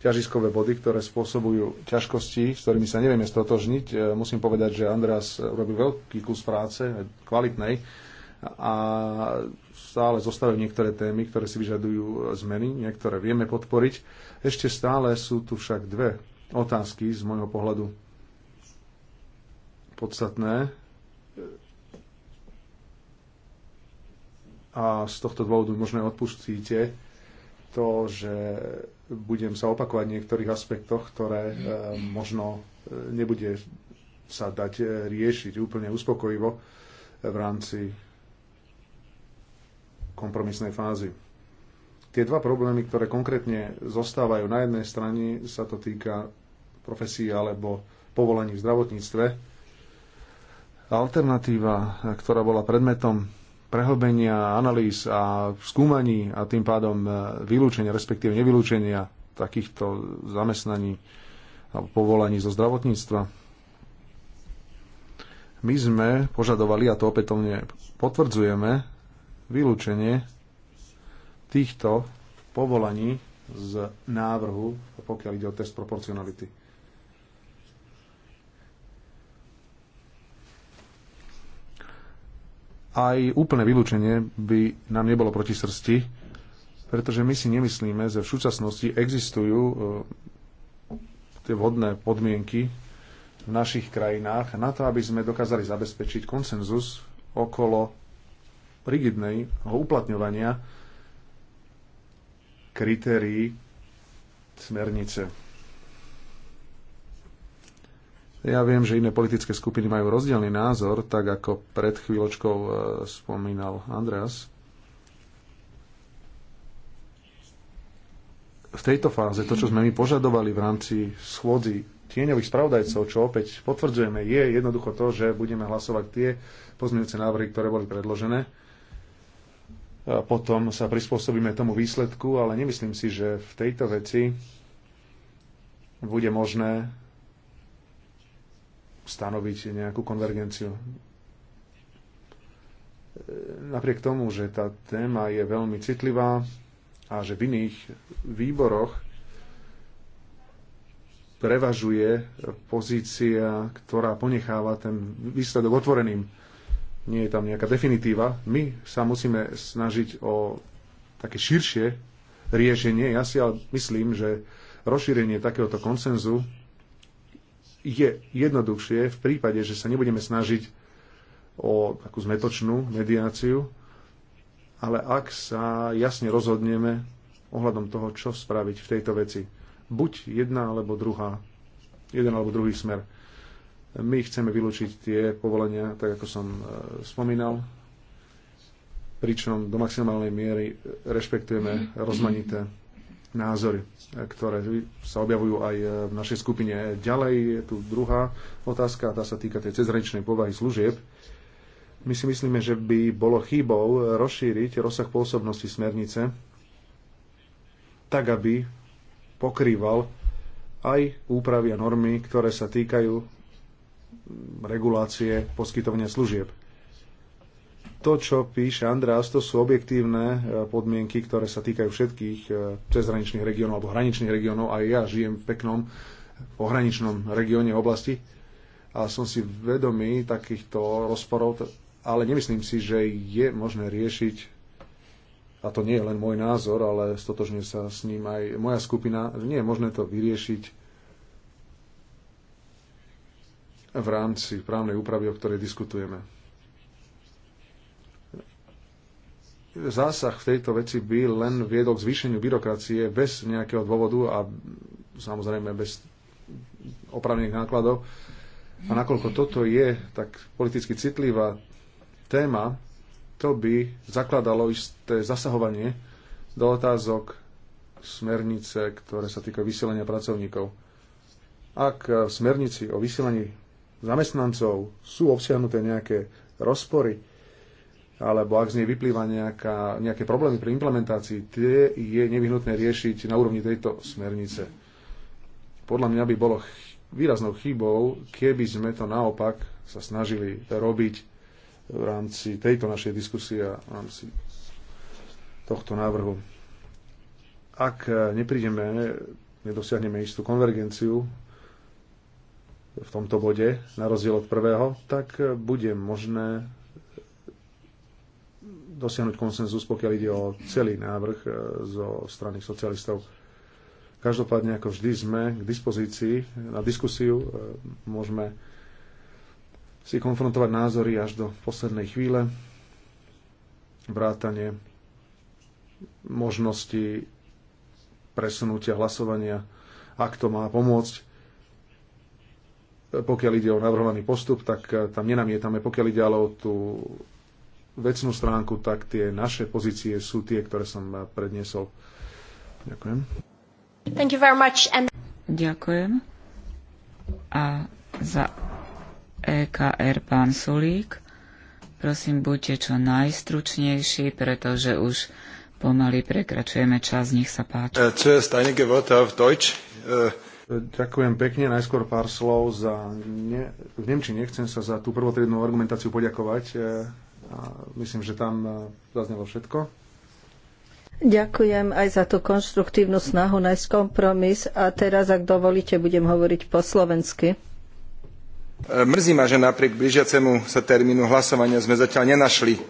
ťažiskové body, ktoré spôsobujú ťažkosti, s ktorými sa nevieme stotožniť. E, musím povedať, že Andreas robil veľký kus práce, kvalitnej, a stále zostávajú niektoré témy, ktoré si vyžadujú zmeny, niektoré vieme podporiť. Ešte stále sú tu však dve otázky z môjho pohľadu podstatné. A z tohto dôvodu možno odpustíte to, že budem sa opakovať v niektorých aspektoch, ktoré e, možno e, nebude sa dať e, riešiť úplne uspokojivo v rámci kompromisnej fázy. Tie dva problémy, ktoré konkrétne zostávajú na jednej strane, sa to týka profesí alebo povolaní v zdravotníctve. Alternatíva, ktorá bola predmetom prehlbenia, analýz a skúmaní a tým pádom e, vylúčenia, respektíve nevylúčenia takýchto zamestnaní alebo povolaní zo zdravotníctva. My sme požadovali, a to opätovne potvrdzujeme, vylúčenie týchto povolaní z návrhu, pokiaľ ide o test proporcionality. Aj úplné vylúčenie by nám nebolo proti srsti, pretože my si nemyslíme, že v súčasnosti existujú e, tie vhodné podmienky v našich krajinách na to, aby sme dokázali zabezpečiť konsenzus okolo rigidnej uplatňovania kritérií smernice. Ja viem, že iné politické skupiny majú rozdielny názor, tak ako pred chvíľočkou e, spomínal Andreas. V tejto fáze to, čo sme my požadovali v rámci schôdzi tieňových spravodajcov, čo opäť potvrdzujeme, je jednoducho to, že budeme hlasovať tie pozmeňujúce návrhy, ktoré boli predložené. A potom sa prispôsobíme tomu výsledku, ale nemyslím si, že v tejto veci bude možné stanoviť nejakú konvergenciu. Napriek tomu, že tá téma je veľmi citlivá a že v iných výboroch prevažuje pozícia, ktorá ponecháva ten výsledok otvoreným. Nie je tam nejaká definitíva. My sa musíme snažiť o také širšie riešenie. Ja si ale myslím, že rozšírenie takéhoto konsenzu je jednoduchšie v prípade, že sa nebudeme snažiť o takú zmetočnú mediáciu, ale ak sa jasne rozhodneme ohľadom toho, čo spraviť v tejto veci. Buď jedna alebo druhá, jeden alebo druhý smer. My chceme vylúčiť tie povolenia, tak ako som e, spomínal, pričom do maximálnej miery rešpektujeme rozmanité názory, ktoré sa objavujú aj e, v našej skupine. Ďalej je tu druhá otázka, tá sa týka tej cezhraničnej povahy služieb. My si myslíme, že by bolo chybou rozšíriť rozsah pôsobnosti smernice tak, aby pokrýval aj úpravy a normy, ktoré sa týkajú regulácie poskytovania služieb. To, čo píše Andreas, to sú objektívne e, podmienky, ktoré sa týkajú všetkých e, cezhraničných regiónov alebo hraničných regiónov. Aj ja žijem v peknom pohraničnom regióne oblasti a som si vedomý takýchto rozporov, ale nemyslím si, že je možné riešiť a to nie je len môj názor, ale stotožne sa s ním aj moja skupina, nie je možné to vyriešiť v rámci právnej úpravy, o ktorej diskutujeme. zásah v tejto veci by len viedol k zvýšeniu byrokracie bez nejakého dôvodu a samozrejme bez opravných nákladov. A nakoľko toto je tak politicky citlivá téma, to by zakladalo isté zasahovanie do otázok smernice, ktoré sa týka vysielania pracovníkov. Ak v smernici o vysielaní zamestnancov sú obsiahnuté nejaké rozpory, alebo ak z nej vyplýva nejaká, nejaké problémy pri implementácii, tie je nevyhnutné riešiť na úrovni tejto smernice. Podľa mňa by bolo výraznou chybou, keby sme to naopak sa snažili robiť v rámci tejto našej diskusie a v rámci tohto návrhu. Ak neprídeme, nedosiahneme istú konvergenciu v tomto bode, na rozdiel od prvého, tak bude možné dosiahnuť konsenzus, pokiaľ ide o celý návrh e, zo strany socialistov. Každopádne, ako vždy, sme k dispozícii na diskusiu. E, môžeme si konfrontovať názory až do poslednej chvíle. Vrátanie možnosti presunutia hlasovania, ak to má pomôcť. E, pokiaľ ide o navrhovaný postup, tak tam nenamietame. Pokiaľ ide ale o tú vecnú stránku, tak tie naše pozície sú tie, ktoré som predniesol. Ďakujem. Thank you very much. And... Ďakujem. A za EKR pán Sulík. Prosím, buďte čo najstručnejší, pretože už pomaly prekračujeme čas. Nech sa páči. E, zuerst einige Wörter v Deutsch. E, Ďakujem pekne. Najskôr pár slov za... Ne... V Nemčine chcem sa za tú prvotriednú argumentáciu poďakovať e, a myslím, že tam e, zaznelo všetko. Ďakujem aj za tú konštruktívnu snahu nájsť kompromis a teraz, ak dovolíte, budem hovoriť po slovensky. E, mrzí ma, že napriek blížiacemu sa termínu hlasovania sme zatiaľ nenašli e,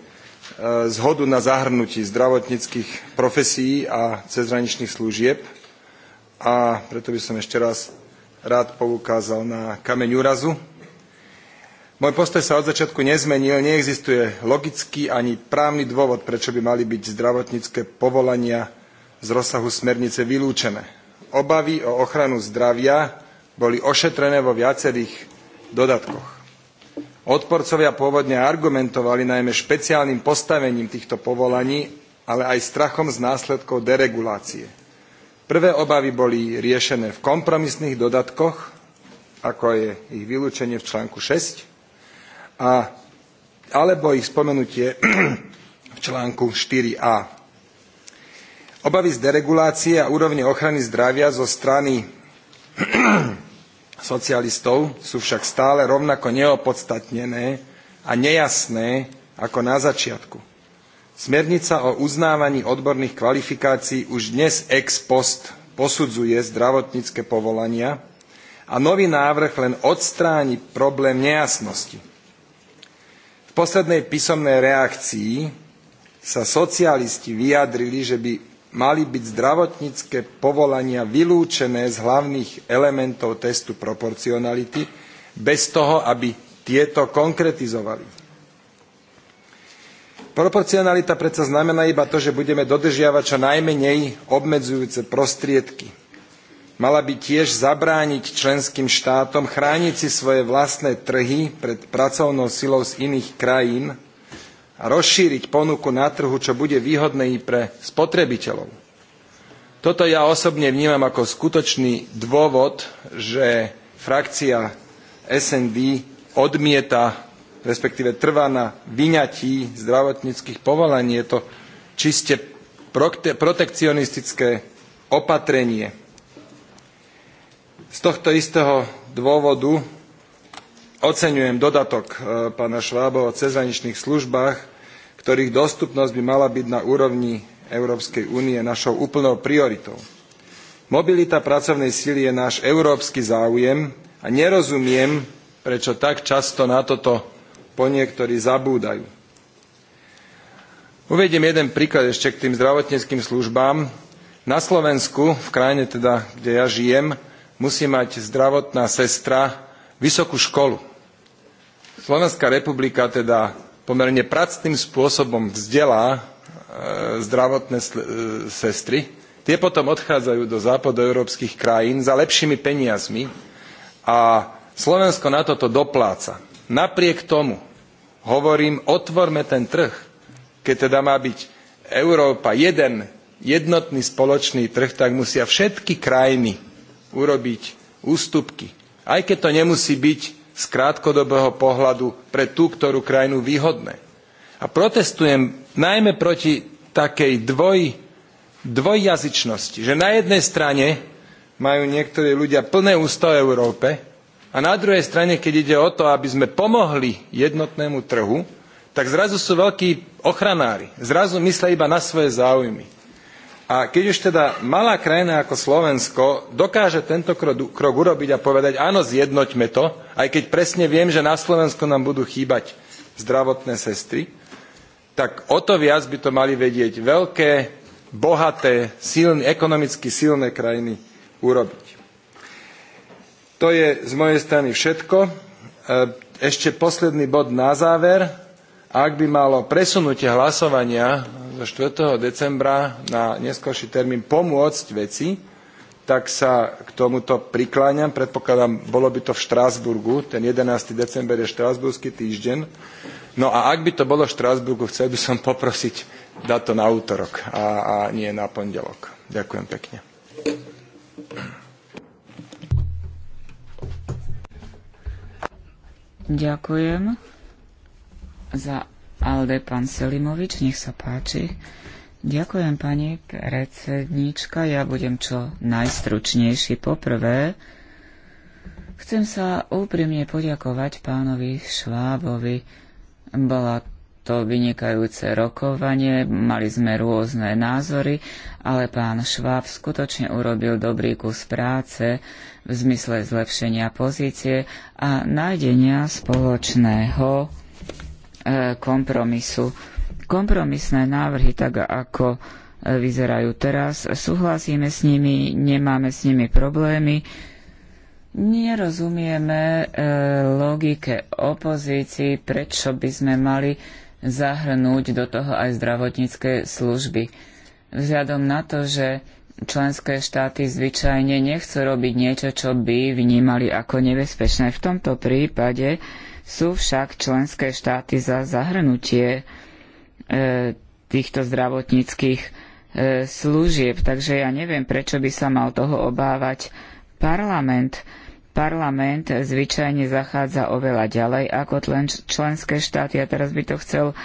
zhodu na zahrnutí zdravotníckých profesí a cezhraničných služieb a preto by som ešte raz rád poukázal na kameň úrazu, môj postoj sa od začiatku nezmenil, neexistuje logický ani právny dôvod, prečo by mali byť zdravotnícke povolania z rozsahu smernice vylúčené. Obavy o ochranu zdravia boli ošetrené vo viacerých dodatkoch. Odporcovia pôvodne argumentovali najmä špeciálnym postavením týchto povolaní, ale aj strachom z následkov deregulácie. Prvé obavy boli riešené v kompromisných dodatkoch, ako je ich vylúčenie v článku 6 a, alebo ich spomenutie v článku 4a. Obavy z deregulácie a úrovne ochrany zdravia zo strany socialistov sú však stále rovnako neopodstatnené a nejasné ako na začiatku. Smernica o uznávaní odborných kvalifikácií už dnes ex post posudzuje zdravotnícke povolania a nový návrh len odstráni problém nejasnosti poslednej písomnej reakcii sa socialisti vyjadrili, že by mali byť zdravotnícke povolania vylúčené z hlavných elementov testu proporcionality bez toho, aby tieto konkretizovali. Proporcionalita predsa znamená iba to, že budeme dodržiavať čo najmenej obmedzujúce prostriedky mala by tiež zabrániť členským štátom chrániť si svoje vlastné trhy pred pracovnou silou z iných krajín a rozšíriť ponuku na trhu, čo bude výhodné i pre spotrebiteľov. Toto ja osobne vnímam ako skutočný dôvod, že frakcia SND odmieta, respektíve trvá na vyňatí zdravotníckých povolaní. Je to čiste protekcionistické opatrenie. Z tohto istého dôvodu oceňujem dodatok e, pána Švába o cezhraničných službách, ktorých dostupnosť by mala byť na úrovni Európskej únie našou úplnou prioritou. Mobilita pracovnej sily je náš európsky záujem a nerozumiem, prečo tak často na toto poniektorí zabúdajú. Uvediem jeden príklad ešte k tým zdravotníckým službám. Na Slovensku, v krajine teda, kde ja žijem, musí mať zdravotná sestra vysokú školu. Slovenská republika teda pomerne pracným spôsobom vzdelá e, zdravotné e, sestry. Tie potom odchádzajú do západoeurópskych krajín za lepšími peniazmi a Slovensko na toto dopláca. Napriek tomu hovorím, otvorme ten trh, keď teda má byť Európa jeden jednotný spoločný trh, tak musia všetky krajiny urobiť ústupky. Aj keď to nemusí byť z krátkodobého pohľadu pre tú, ktorú krajinu výhodné. A protestujem najmä proti takej dvoj, dvojjazyčnosti, že na jednej strane majú niektorí ľudia plné ústa o Európe a na druhej strane, keď ide o to, aby sme pomohli jednotnému trhu, tak zrazu sú veľkí ochranári. Zrazu myslia iba na svoje záujmy. A keď už teda malá krajina ako Slovensko dokáže tento krok, urobiť a povedať áno, zjednoťme to, aj keď presne viem, že na Slovensku nám budú chýbať zdravotné sestry, tak o to viac by to mali vedieť veľké, bohaté, ekonomicky silné krajiny urobiť. To je z mojej strany všetko. E, ešte posledný bod na záver ak by malo presunutie hlasovania zo 4. decembra na neskorší termín pomôcť veci, tak sa k tomuto prikláňam. Predpokladám, bolo by to v Štrásburgu, ten 11. december je štrásburský týždeň. No a ak by to bolo v Štrásburgu, chcel by som poprosiť dať to na útorok a, a nie na pondelok. Ďakujem pekne. Ďakujem za Alde pán Selimovič, nech sa páči. Ďakujem, pani predsednička. Ja budem čo najstručnejší. Poprvé, chcem sa úprimne poďakovať pánovi Švábovi. Bola to vynikajúce rokovanie, mali sme rôzne názory, ale pán Šváb skutočne urobil dobrý kus práce v zmysle zlepšenia pozície a nájdenia spoločného kompromisu. Kompromisné návrhy, tak ako e, vyzerajú teraz, súhlasíme s nimi, nemáme s nimi problémy, nerozumieme e, logike opozícii, prečo by sme mali zahrnúť do toho aj zdravotnícke služby. Vzhľadom na to, že členské štáty zvyčajne nechcú robiť niečo, čo by vnímali ako nebezpečné. V tomto prípade sú však členské štáty za zahrnutie e, týchto zdravotníckých e, služieb, takže ja neviem, prečo by sa mal toho obávať parlament. Parlament zvyčajne zachádza oveľa ďalej ako členské štáty a teraz by to chcel e,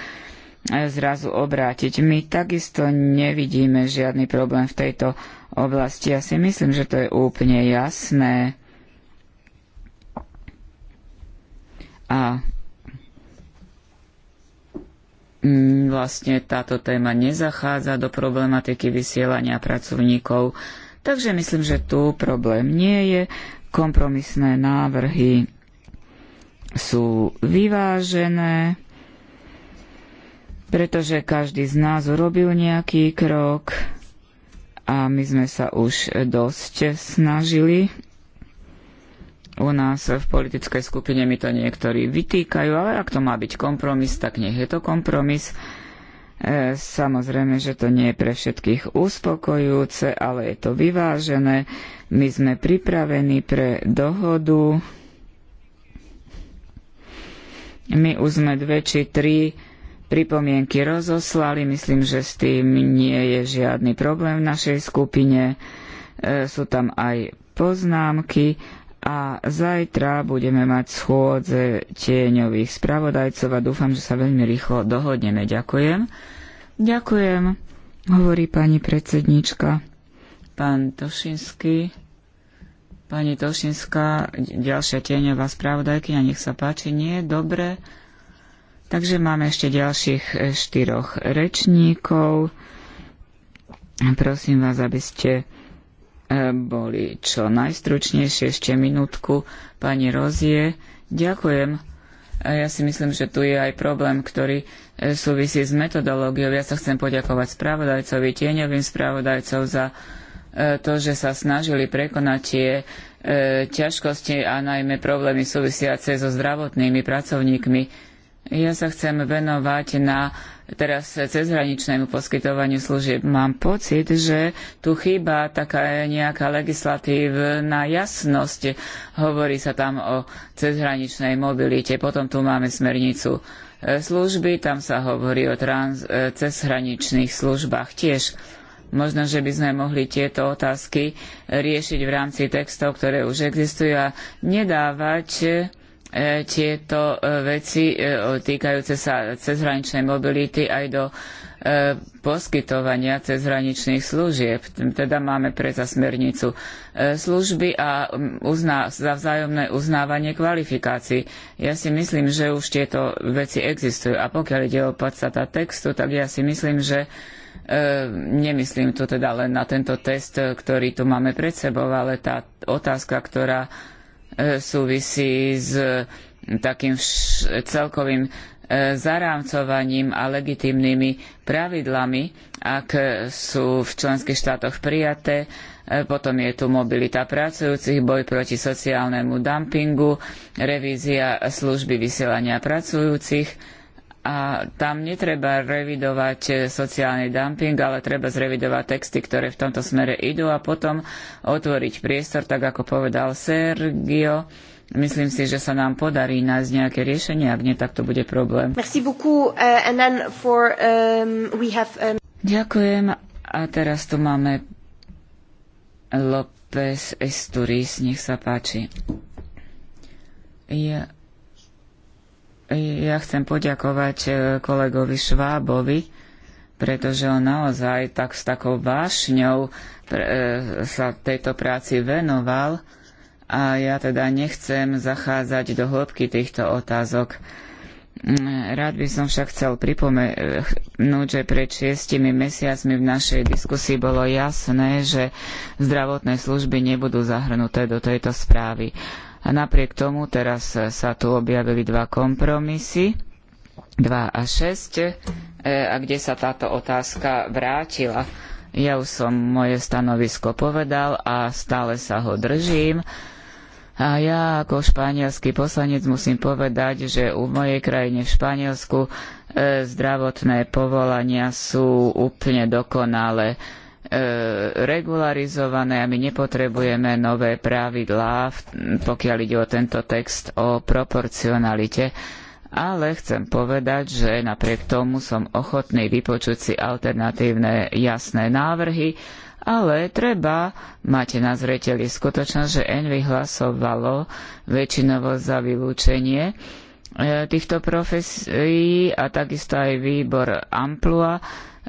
zrazu obrátiť. My takisto nevidíme žiadny problém v tejto oblasti. Ja si myslím, že to je úplne jasné. A mm, vlastne táto téma nezachádza do problematiky vysielania pracovníkov. Takže myslím, že tu problém nie je. Kompromisné návrhy sú vyvážené, pretože každý z nás urobil nejaký krok a my sme sa už dosť snažili u nás v politickej skupine mi to niektorí vytýkajú, ale ak to má byť kompromis, tak nech je to kompromis. E, samozrejme, že to nie je pre všetkých uspokojujúce, ale je to vyvážené. My sme pripravení pre dohodu. My už sme dve či tri pripomienky rozoslali. Myslím, že s tým nie je žiadny problém v našej skupine. E, sú tam aj poznámky a zajtra budeme mať schôdze tieňových spravodajcov a dúfam, že sa veľmi rýchlo dohodneme. Ďakujem. Ďakujem, hovorí pani predsednička. Pán Tošinský, pani Tošinská, ďalšia tieňová spravodajkyňa, nech sa páči. Nie, dobre. Takže máme ešte ďalších e, štyroch rečníkov. Prosím vás, aby ste boli čo najstručnejšie. Ešte minútku, pani Rozie. Ďakujem. Ja si myslím, že tu je aj problém, ktorý e, súvisí s metodológiou. Ja sa chcem poďakovať spravodajcovi, tieňovým spravodajcov za e, to, že sa snažili prekonať tie e, ťažkosti a najmä problémy súvisiace so zdravotnými pracovníkmi. Ja sa chcem venovať na teraz cezhraničnému poskytovaniu služieb. Mám pocit, že tu chýba taká nejaká legislatívna jasnosť. Hovorí sa tam o cezhraničnej mobilite. Potom tu máme smernicu e, služby, tam sa hovorí o trans, e, cezhraničných službách tiež. Možno, že by sme mohli tieto otázky riešiť v rámci textov, ktoré už existujú a nedávať E, tieto e, veci e, týkajúce sa cezhraničnej mobility aj do poskytovania cezhraničných služieb. Teda máme predsa smernicu služby a uzná, za vzájomné uznávanie kvalifikácií. Ja si myslím, že už tieto veci existujú. A pokiaľ ide o podstata textu, tak ja si myslím, že nemyslím tu teda len na tento test, ktorý tu máme pred sebou, ale tá otázka, ktorá E, súvisí s e, takým celkovým e, zarámcovaním a legitímnymi pravidlami, ak sú v členských štátoch prijaté. Potom je tu mobilita pracujúcich, boj proti sociálnemu dumpingu, revízia služby vysielania pracujúcich a tam netreba revidovať eh, sociálny dumping, ale treba zrevidovať texty, ktoré v tomto smere idú a potom otvoriť priestor, tak ako povedal Sergio. Myslím si, že sa nám podarí nájsť nejaké riešenie, ak nie, tak to bude problém. Beaucoup, uh, for, um, have, um... Ďakujem. A teraz tu máme López Esturis, nech sa páči. Ja ja chcem poďakovať e, kolegovi Švábovi, pretože on naozaj tak s takou vášňou e, sa tejto práci venoval a ja teda nechcem zachádzať do hĺbky týchto otázok. Mm, rád by som však chcel pripomenúť, e, že pred šiestimi mesiacmi v našej diskusii bolo jasné, že zdravotné služby nebudú zahrnuté do tejto správy. A napriek tomu teraz sa tu objavili dva kompromisy, 2 a 6, e, a kde sa táto otázka vrátila. Ja už som moje stanovisko povedal a stále sa ho držím. A ja ako španielský poslanec musím povedať, že u mojej krajine v Španielsku e, zdravotné povolania sú úplne dokonalé E, regularizované a my nepotrebujeme nové pravidlá, pokiaľ ide o tento text o proporcionalite. Ale chcem povedať, že napriek tomu som ochotný vypočuť si alternatívne jasné návrhy, ale treba mať na zreteli skutočnosť, že Envy hlasovalo väčšinovo za vylúčenie e, týchto profesí a takisto aj výbor Amplua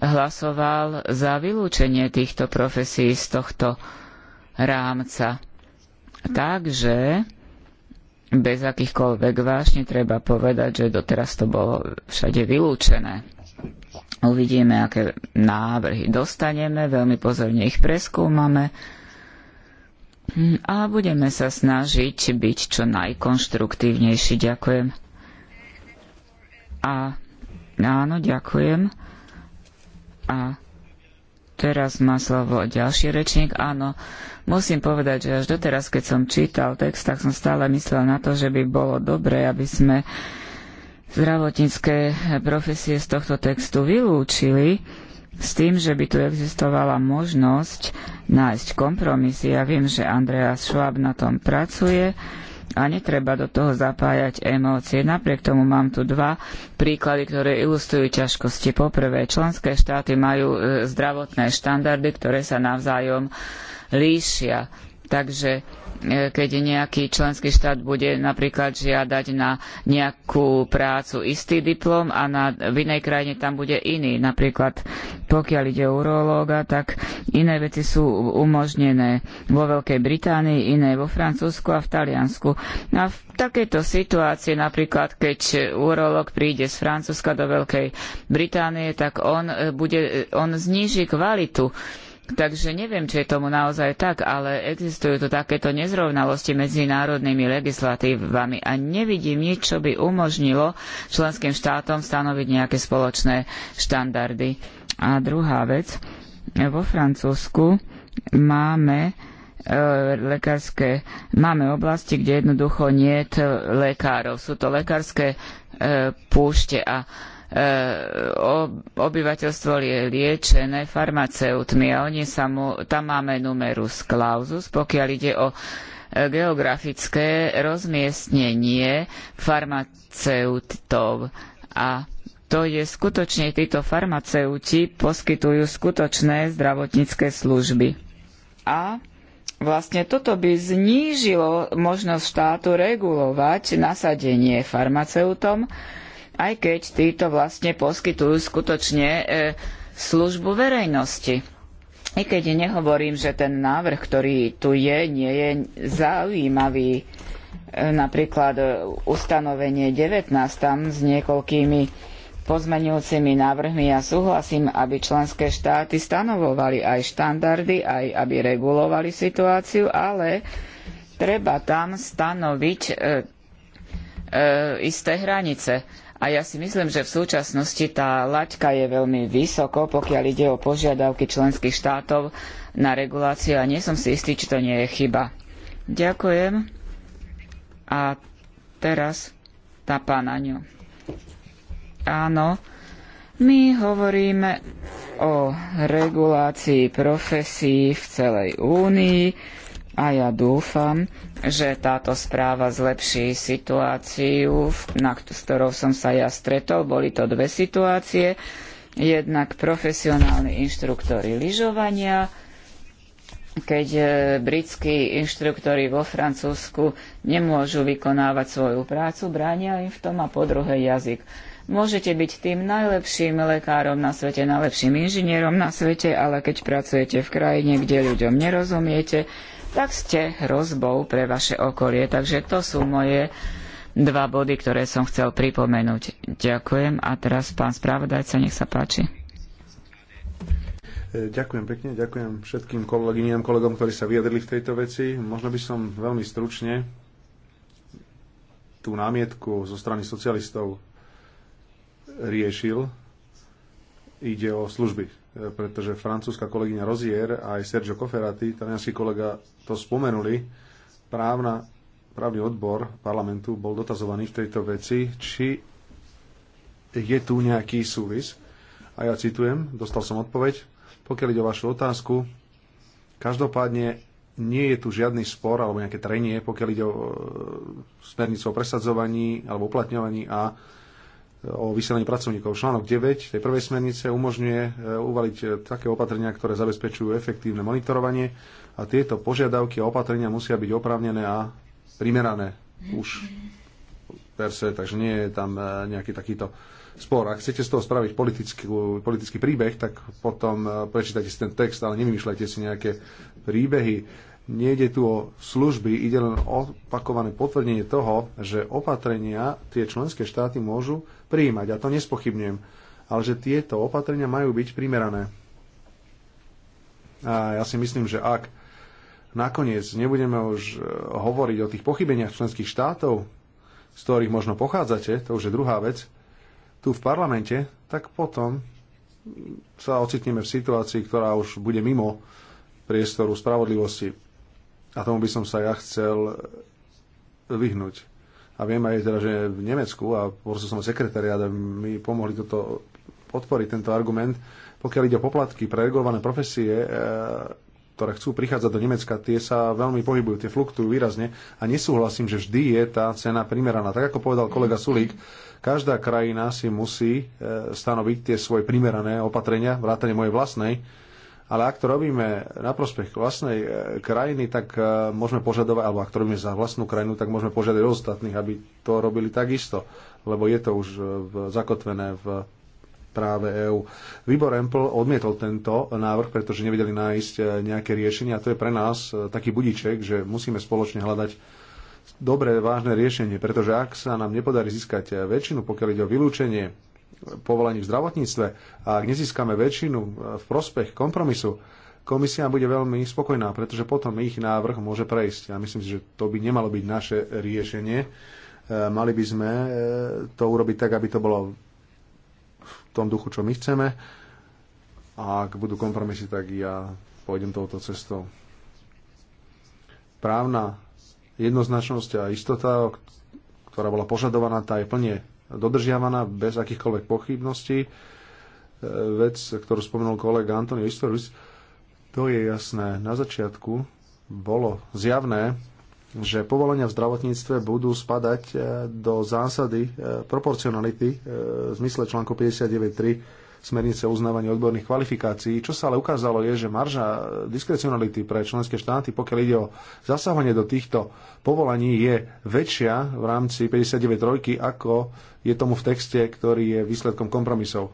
hlasoval za vylúčenie týchto profesí z tohto rámca. Takže bez akýchkoľvek vášne, treba povedať, že doteraz to bolo všade vylúčené. Uvidíme, aké návrhy dostaneme, veľmi pozorne ich preskúmame a budeme sa snažiť byť čo najkonštruktívnejší. Ďakujem. A áno, ďakujem. A teraz má slovo ďalší rečník. Áno, musím povedať, že až doteraz, keď som čítal text, tak som stále myslel na to, že by bolo dobré, aby sme zdravotnícke profesie z tohto textu vylúčili s tým, že by tu existovala možnosť nájsť kompromisy. Ja viem, že Andreas Schwab na tom pracuje a netreba do toho zapájať emócie. Napriek tomu mám tu dva príklady, ktoré ilustrujú ťažkosti. Poprvé, členské štáty majú e, zdravotné štandardy, ktoré sa navzájom líšia Takže e, keď nejaký členský štát bude napríklad žiadať na nejakú prácu istý diplom a na, v inej krajine tam bude iný. Napríklad pokiaľ ide o urológa, tak iné veci sú umožnené vo Veľkej Británii, iné vo Francúzsku a v Taliansku. A v takejto situácii napríklad, keď urológ príde z Francúzska do Veľkej Británie, tak on, e, bude, e, on zníži kvalitu Takže neviem, či je tomu naozaj tak, ale existujú tu takéto nezrovnalosti medzi národnými legislatívami a nevidím nič, čo by umožnilo členským štátom stanoviť nejaké spoločné štandardy. A druhá vec, vo Francúzsku máme e, lekárske, máme oblasti, kde jednoducho nie je lekárov. Sú to lekárske e, púšte a Eh, obyvateľstvo je liečené farmaceutmi a oni sa mu, tam máme numerus clausus, pokiaľ ide o eh, geografické rozmiestnenie farmaceutov. A to je skutočne, títo farmaceuti poskytujú skutočné zdravotnícke služby. A Vlastne toto by znížilo možnosť štátu regulovať nasadenie farmaceutom aj keď títo vlastne poskytujú skutočne e, službu verejnosti. I keď nehovorím, že ten návrh, ktorý tu je, nie je zaujímavý, e, napríklad e, ustanovenie 19 tam s niekoľkými pozmenujúcimi návrhmi ja súhlasím, aby členské štáty stanovovali aj štandardy, aj aby regulovali situáciu, ale treba tam stanoviť e, e, isté hranice a ja si myslím, že v súčasnosti tá laťka je veľmi vysoko, pokiaľ ide o požiadavky členských štátov na reguláciu a nie som si istý, či to nie je chyba. Ďakujem. A teraz tá pán ňu. Áno, my hovoríme o regulácii profesí v celej únii a ja dúfam, že táto správa zlepší situáciu, na, s ktorou som sa ja stretol. Boli to dve situácie. Jednak profesionálni inštruktori lyžovania, keď e, britskí inštruktori vo Francúzsku nemôžu vykonávať svoju prácu, bránia im v tom a po druhé jazyk. Môžete byť tým najlepším lekárom na svete, najlepším inžinierom na svete, ale keď pracujete v krajine, kde ľuďom nerozumiete, tak ste hrozbou pre vaše okolie. Takže to sú moje dva body, ktoré som chcel pripomenúť. Ďakujem. A teraz pán spravodajca, nech sa páči. Ďakujem pekne, ďakujem všetkým kolegyniam, kolegom, ktorí sa vyjadrili v tejto veci. Možno by som veľmi stručne tú námietku zo strany socialistov riešil. Ide o služby pretože francúzska kolegyňa Rozier a aj Sergio Koferati, talianský kolega, to spomenuli. Právna, právny odbor parlamentu bol dotazovaný v tejto veci, či je tu nejaký súvis. A ja citujem, dostal som odpoveď, pokiaľ ide o vašu otázku, každopádne nie je tu žiadny spor alebo nejaké trenie, pokiaľ ide o e, smernicu o presadzovaní alebo uplatňovaní a o vysielaní pracovníkov. Článok 9 tej prvej smernice umožňuje e, uvaliť e, také opatrenia, ktoré zabezpečujú efektívne monitorovanie a tieto požiadavky a opatrenia musia byť oprávnené a primerané už per se, takže nie je tam e, nejaký takýto spor. Ak chcete z toho spraviť politický, politický príbeh, tak potom prečítajte si ten text, ale nevymýšľajte si nejaké príbehy. Nejde tu o služby, ide len o opakované potvrdenie toho, že opatrenia tie členské štáty môžu prijímať. A to nespochybnem, Ale že tieto opatrenia majú byť primerané. A ja si myslím, že ak nakoniec nebudeme už e, hovoriť o tých pochybeniach členských štátov, z ktorých možno pochádzate, to už je druhá vec, tu v parlamente, tak potom sa ocitneme v situácii, ktorá už bude mimo priestoru spravodlivosti. A tomu by som sa ja chcel e, vyhnúť. A viem aj teda, že v Nemecku, a prosil som aby mi pomohli toto podporiť, tento argument, pokiaľ ide o poplatky pre regulované profesie, e, ktoré chcú prichádzať do Nemecka, tie sa veľmi pohybujú, tie fluktujú výrazne a nesúhlasím, že vždy je tá cena primeraná. Tak ako povedal kolega Sulík, každá krajina si musí e, stanoviť tie svoje primerané opatrenia, vrátane mojej vlastnej, ale ak to robíme na prospech vlastnej e, krajiny, tak e, môžeme požadovať, alebo ak to robíme za vlastnú krajinu, tak môžeme požiadať ostatných, aby to robili takisto, lebo je to už e, zakotvené v práve EÚ. Výbor EMPL odmietol tento návrh, pretože nevedeli nájsť nejaké riešenie a to je pre nás taký budiček, že musíme spoločne hľadať dobré, vážne riešenie, pretože ak sa nám nepodarí získať väčšinu, pokiaľ ide o vylúčenie povolení v zdravotníctve a ak nezískame väčšinu e, v prospech kompromisu, komisia bude veľmi spokojná, pretože potom ich návrh môže prejsť. Ja myslím si, že to by nemalo byť naše riešenie. E, mali by sme e, to urobiť tak, aby to bolo v tom duchu, čo my chceme. A ak budú kompromisy, tak ja pôjdem touto cestou. Právna jednoznačnosť a istota, ktorá bola požadovaná, tá je plne dodržiavaná bez akýchkoľvek pochybností. E, vec, ktorú spomenul kolega Antonio Istorius, to je jasné. Na začiatku bolo zjavné, že povolenia v zdravotníctve budú spadať e, do zásady e, proporcionality v zmysle článku 59.3 smernice o uznávaní odborných kvalifikácií. Čo sa ale ukázalo je, že marža diskrecionality pre členské štáty, pokiaľ ide o zasahovanie do týchto povolaní, je väčšia v rámci 59.3 ako je tomu v texte, ktorý je výsledkom kompromisov.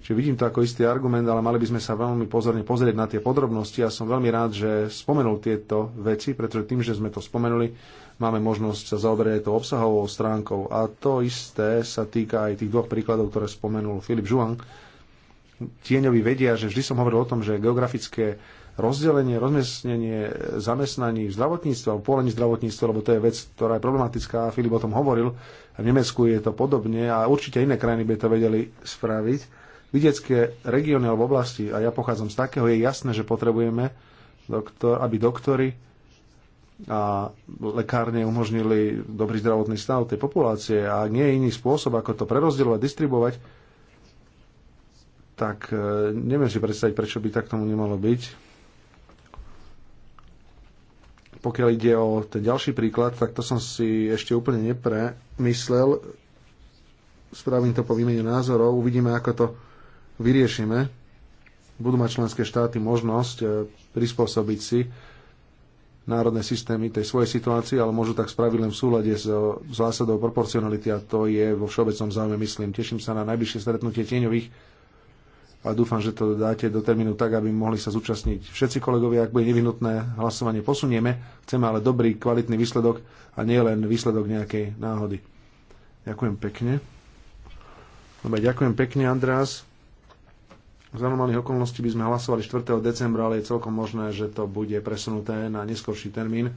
Čiže vidím to ako istý argument, ale mali by sme sa veľmi pozorne pozrieť na tie podrobnosti a som veľmi rád, že spomenul tieto veci, pretože tým, že sme to spomenuli, máme možnosť sa zaoberať aj tou obsahovou stránkou. A to isté sa týka aj tých dvoch príkladov, ktoré spomenul Filip Žuan. Tieňovi vedia, že vždy som hovoril o tom, že geografické rozdelenie, rozmiestnenie zamestnaní v zdravotníctve, v polení zdravotníctva, lebo to je vec, ktorá je problematická a Filip o tom hovoril. V Nemecku je to podobne a určite iné krajiny by to vedeli spraviť. Vidiecké regióny alebo oblasti, a ja pochádzam z takého, je jasné, že potrebujeme, doktor, aby doktory a lekárne umožnili dobrý zdravotný stav tej populácie a nie je iný spôsob, ako to prerozdeľovať, distribuovať, tak eh, neviem si predstaviť, prečo by tak tomu nemalo byť pokiaľ ide o ten ďalší príklad, tak to som si ešte úplne nepremyslel. Spravím to po výmene názorov, uvidíme, ako to vyriešime. Budú mať členské štáty možnosť e, prispôsobiť si národné systémy tej svojej situácii, ale môžu tak spraviť len v súlade s so zásadou proporcionality a to je vo všeobecnom záujme, myslím. Teším sa na najbližšie stretnutie tieňových a dúfam, že to dáte do termínu tak, aby mohli sa zúčastniť všetci kolegovia. Ak bude nevyhnutné, hlasovanie posunieme. Chceme ale dobrý, kvalitný výsledok a nie len výsledok nejakej náhody. Ďakujem pekne. Dobre, ďakujem pekne, András. Za normálnych okolností by sme hlasovali 4. decembra, ale je celkom možné, že to bude presunuté na neskorší termín.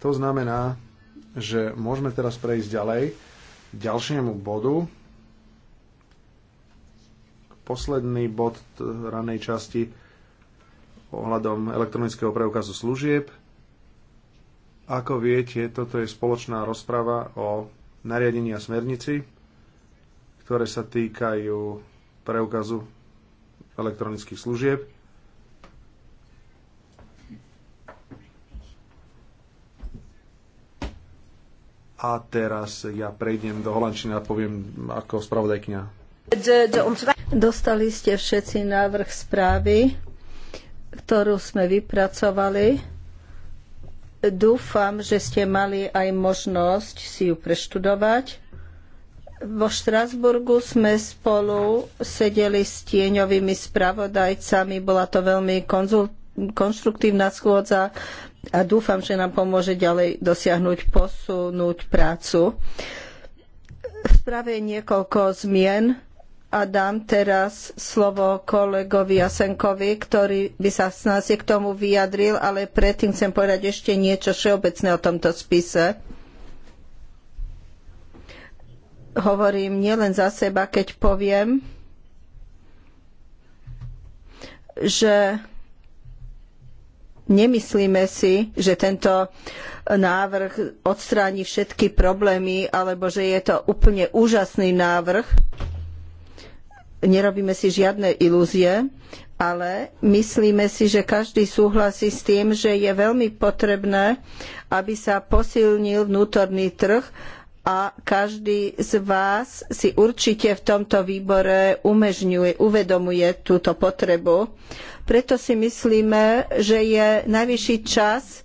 To znamená, že môžeme teraz prejsť ďalej k ďalšiemu bodu, posledný bod ranej časti ohľadom elektronického preukazu služieb. Ako viete, toto je spoločná rozprava o nariadení a smernici, ktoré sa týkajú preukazu elektronických služieb. A teraz ja prejdem do holandčiny a poviem ako spravodajkňa. Dostali ste všetci návrh správy, ktorú sme vypracovali. Dúfam, že ste mali aj možnosť si ju preštudovať. Vo Štrasburgu sme spolu sedeli s tieňovými spravodajcami. Bola to veľmi konzult- konštruktívna schôdza a dúfam, že nám pomôže ďalej dosiahnuť, posunúť prácu. V správe je niekoľko zmien a dám teraz slovo kolegovi Jasenkovi, ktorý by sa s nás k tomu vyjadril, ale predtým chcem povedať ešte niečo všeobecné o tomto spise. Hovorím nielen za seba, keď poviem, že nemyslíme si, že tento návrh odstráni všetky problémy alebo že je to úplne úžasný návrh nerobíme si žiadne ilúzie, ale myslíme si, že každý súhlasí s tým, že je veľmi potrebné, aby sa posilnil vnútorný trh a každý z vás si určite v tomto výbore umežňuje, uvedomuje túto potrebu. Preto si myslíme, že je najvyšší čas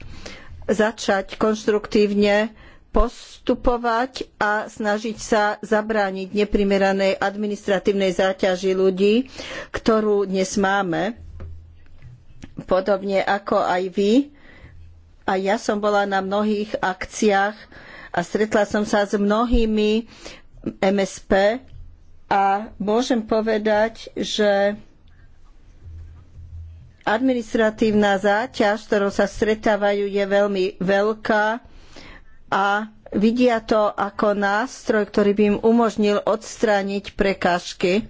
začať konštruktívne postupovať a snažiť sa zabrániť neprimeranej administratívnej záťaži ľudí, ktorú dnes máme. Podobne ako aj vy. A ja som bola na mnohých akciách a stretla som sa s mnohými MSP a môžem povedať, že administratívna záťaž, s ktorou sa stretávajú, je veľmi veľká a vidia to ako nástroj, ktorý by im umožnil odstrániť prekážky.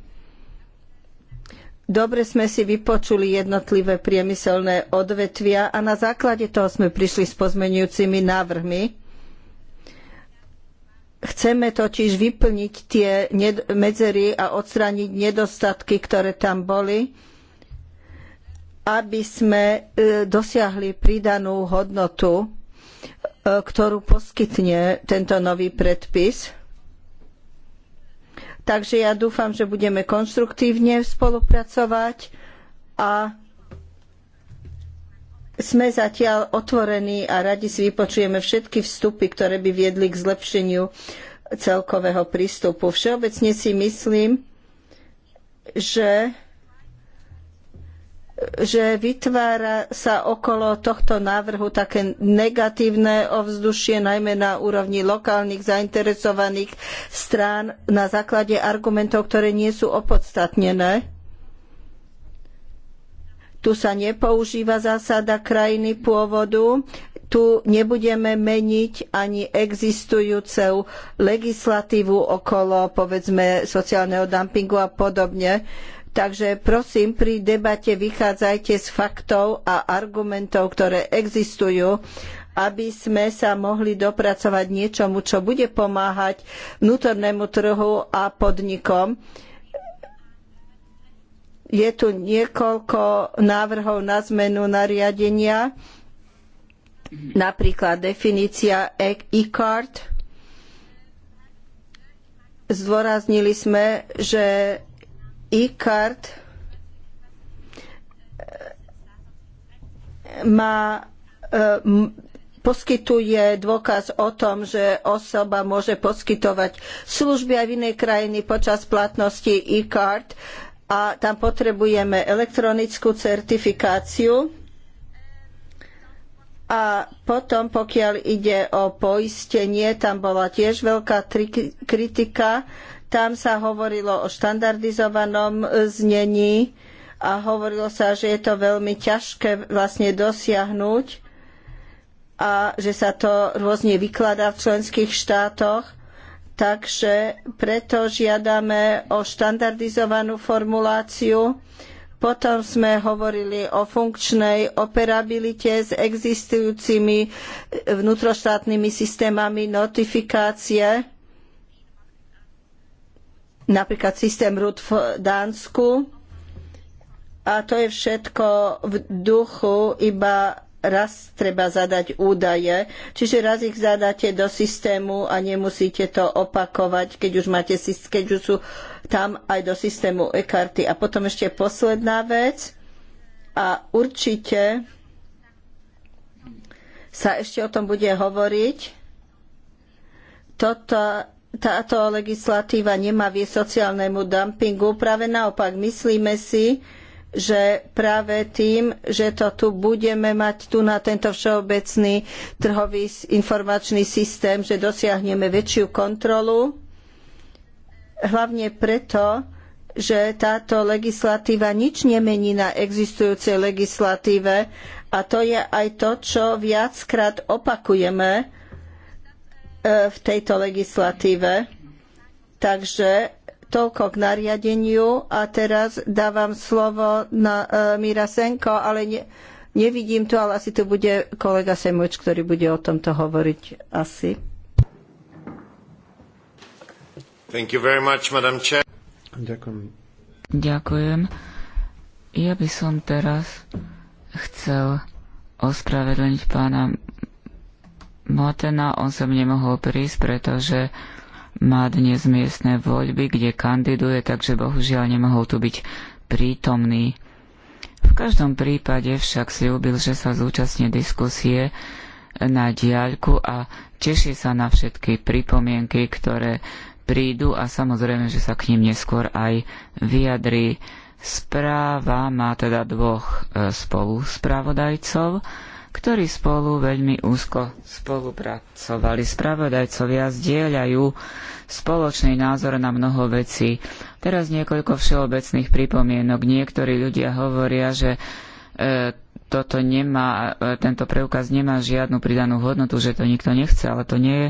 Dobre sme si vypočuli jednotlivé priemyselné odvetvia a na základe toho sme prišli s pozmenujúcimi návrhmi. Chceme totiž vyplniť tie medzery a odstrániť nedostatky, ktoré tam boli, aby sme e, dosiahli pridanú hodnotu E, ktorú poskytne tento nový predpis. Takže ja dúfam, že budeme konštruktívne spolupracovať a sme zatiaľ otvorení a radi si vypočujeme všetky vstupy, ktoré by viedli k zlepšeniu celkového prístupu. Všeobecne si myslím, že že vytvára sa okolo tohto návrhu také negatívne ovzdušie, najmä na úrovni lokálnych zainteresovaných strán na základe argumentov, ktoré nie sú opodstatnené. Tu sa nepoužíva zásada krajiny pôvodu, tu nebudeme meniť ani existujúcu legislatívu okolo povedzme sociálneho dumpingu a podobne. Takže prosím, pri debate vychádzajte z faktov a argumentov, ktoré existujú, aby sme sa mohli dopracovať niečomu, čo bude pomáhať vnútornému trhu a podnikom. Je tu niekoľko návrhov na zmenu nariadenia, napríklad definícia e-card. Zdôraznili sme, že e-card má e, poskytuje dôkaz o tom, že osoba môže poskytovať služby aj v inej krajiny počas platnosti e-card a tam potrebujeme elektronickú certifikáciu. A potom, pokiaľ ide o poistenie, tam bola tiež veľká kritika. Uh, tam sa hovorilo o štandardizovanom e, znení a hovorilo sa, že je to veľmi ťažké vlastne dosiahnuť a že sa to rôzne vykladá v členských štátoch. Takže preto žiadame o štandardizovanú formuláciu. Potom sme hovorili o funkčnej operabilite s existujúcimi e, vnútroštátnymi systémami notifikácie napríklad systém RUD v Dánsku. A to je všetko v duchu iba raz treba zadať údaje, čiže raz ich zadáte do systému a nemusíte to opakovať, keď už, máte, keď už sú tam aj do systému e-karty. A potom ešte posledná vec a určite sa ešte o tom bude hovoriť. Toto táto legislatíva nemá viesť sociálnemu dumpingu. Práve naopak, myslíme si, že práve tým, že to tu budeme mať tu na tento všeobecný trhový informačný systém, že dosiahneme väčšiu kontrolu. Hlavne preto, že táto legislatíva nič nemení na existujúcej legislatíve a to je aj to, čo viackrát opakujeme, E, v tejto legislatíve. Takže toľko k nariadeniu a teraz dávam slovo na e, Mira Senko, ale ne, nevidím tu, ale asi tu bude kolega Semoč, ktorý bude o tomto hovoriť asi. Much, Ďakujem. Ďakujem. Ja by som teraz chcel ospravedlniť pána Motena, on som nemohol prísť, pretože má dnes miestne voľby, kde kandiduje, takže bohužiaľ nemohol tu byť prítomný. V každom prípade však slúbil, že sa zúčastní diskusie na diaľku a teší sa na všetky pripomienky, ktoré prídu a samozrejme, že sa k ním neskôr aj vyjadrí. Správa má teda dvoch e, spoluspravodajcov. spravodajcov ktorí spolu veľmi úzko spolupracovali. Spravodajcovia zdieľajú spoločný názor na mnoho vecí. Teraz niekoľko všeobecných pripomienok. Niektorí ľudia hovoria, že e, toto nemá, e, tento preukaz nemá žiadnu pridanú hodnotu, že to nikto nechce, ale to nie je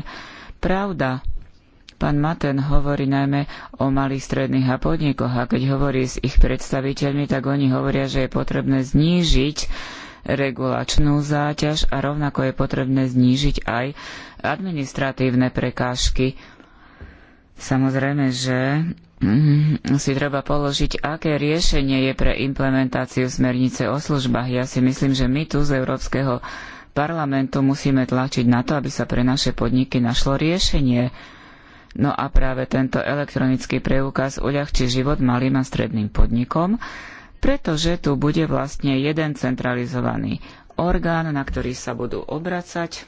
pravda. Pán Maten hovorí najmä o malých stredných a podnikoch a keď hovorí s ich predstaviteľmi, tak oni hovoria, že je potrebné znížiť regulačnú záťaž a rovnako je potrebné znížiť aj administratívne prekážky. Samozrejme, že mm, si treba položiť, aké riešenie je pre implementáciu smernice o službách. Ja si myslím, že my tu z Európskeho parlamentu musíme tlačiť na to, aby sa pre naše podniky našlo riešenie. No a práve tento elektronický preukaz uľahčí život malým a stredným podnikom, pretože tu bude vlastne jeden centralizovaný orgán, na ktorý sa budú obracať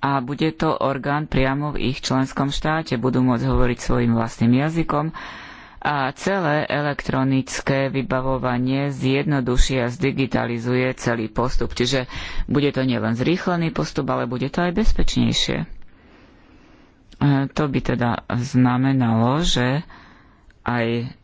a bude to orgán priamo v ich členskom štáte, budú môcť hovoriť svojim vlastným jazykom a celé elektronické vybavovanie zjednoduší a zdigitalizuje celý postup. Čiže bude to nielen zrýchlený postup, ale bude to aj bezpečnejšie. E, to by teda znamenalo, že aj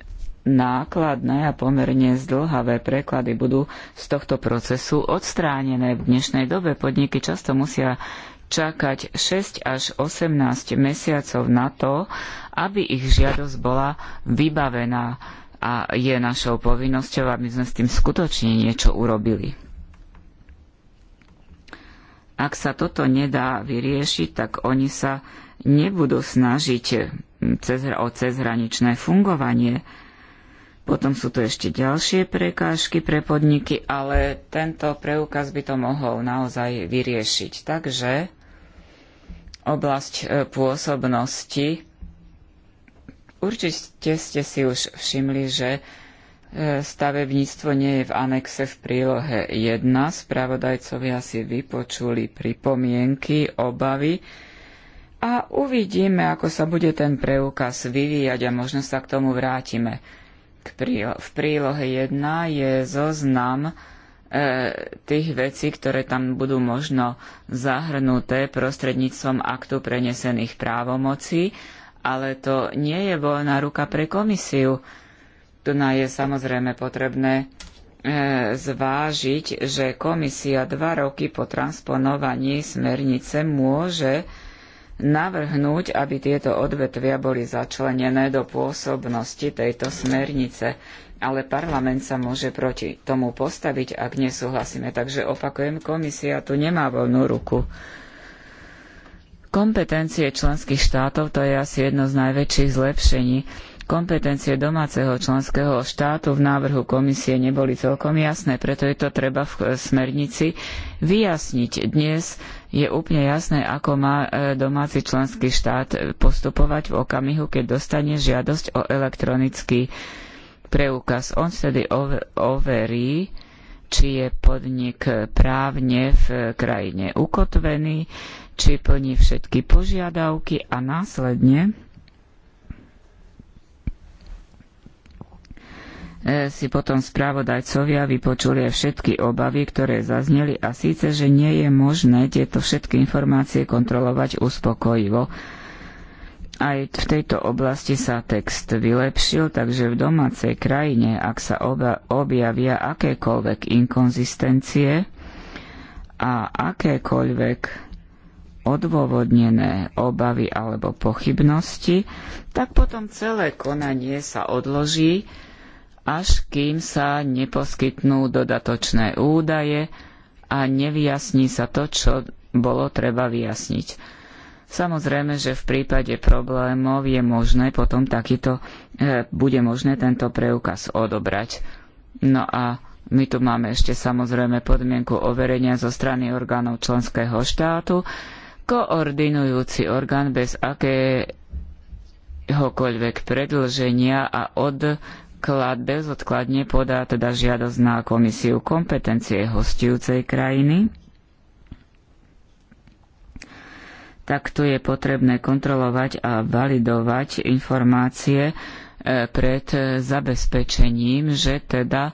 nákladné a pomerne zdlhavé preklady budú z tohto procesu odstránené. V dnešnej dobe podniky často musia čakať 6 až 18 mesiacov na to, aby ich žiadosť bola vybavená a je našou povinnosťou, aby sme s tým skutočne niečo urobili. Ak sa toto nedá vyriešiť, tak oni sa nebudú snažiť cez, o cezhraničné fungovanie potom sú tu ešte ďalšie prekážky pre podniky, ale tento preukaz by to mohol naozaj vyriešiť. Takže oblasť e, pôsobnosti. Určite ste si už všimli, že e, stavebníctvo nie je v anexe v prílohe 1. Spravodajcovia si vypočuli pripomienky, obavy a uvidíme, ako sa bude ten preukaz vyvíjať a možno sa k tomu vrátime v prílohe 1 je zoznam e, tých vecí, ktoré tam budú možno zahrnuté prostredníctvom aktu prenesených právomocí, ale to nie je voľná ruka pre komisiu. Tu je samozrejme potrebné e, zvážiť, že komisia dva roky po transponovaní smernice môže navrhnúť, aby tieto odvetvia boli začlenené do pôsobnosti tejto smernice, ale parlament sa môže proti tomu postaviť, ak nesúhlasíme. Takže opakujem, komisia tu nemá voľnú ruku. Kompetencie členských štátov to je asi jedno z najväčších zlepšení kompetencie domáceho členského štátu v návrhu komisie neboli celkom jasné, preto je to treba v smernici vyjasniť. Dnes je úplne jasné, ako má e, domáci členský štát postupovať v okamihu, keď dostane žiadosť o elektronický preukaz. On vtedy overí, či je podnik právne v krajine ukotvený, či plní všetky požiadavky a následne E, si potom správodajcovia vypočuli aj všetky obavy, ktoré zazneli a síce, že nie je možné tieto všetky informácie kontrolovať uspokojivo. Aj v tejto oblasti sa text vylepšil, takže v domácej krajine, ak sa objavia akékoľvek inkonzistencie a akékoľvek odôvodnené obavy alebo pochybnosti, tak potom celé konanie sa odloží až kým sa neposkytnú dodatočné údaje a nevyjasní sa to, čo bolo treba vyjasniť. Samozrejme, že v prípade problémov je možné potom takýto, e, bude možné tento preukaz odobrať. No a my tu máme ešte samozrejme podmienku overenia zo strany orgánov členského štátu, koordinujúci orgán bez akéhokoľvek predlženia a od odklad, bezodkladne podá teda žiadosť na komisiu kompetencie hostujúcej krajiny, tak tu je potrebné kontrolovať a validovať informácie e, pred zabezpečením, že teda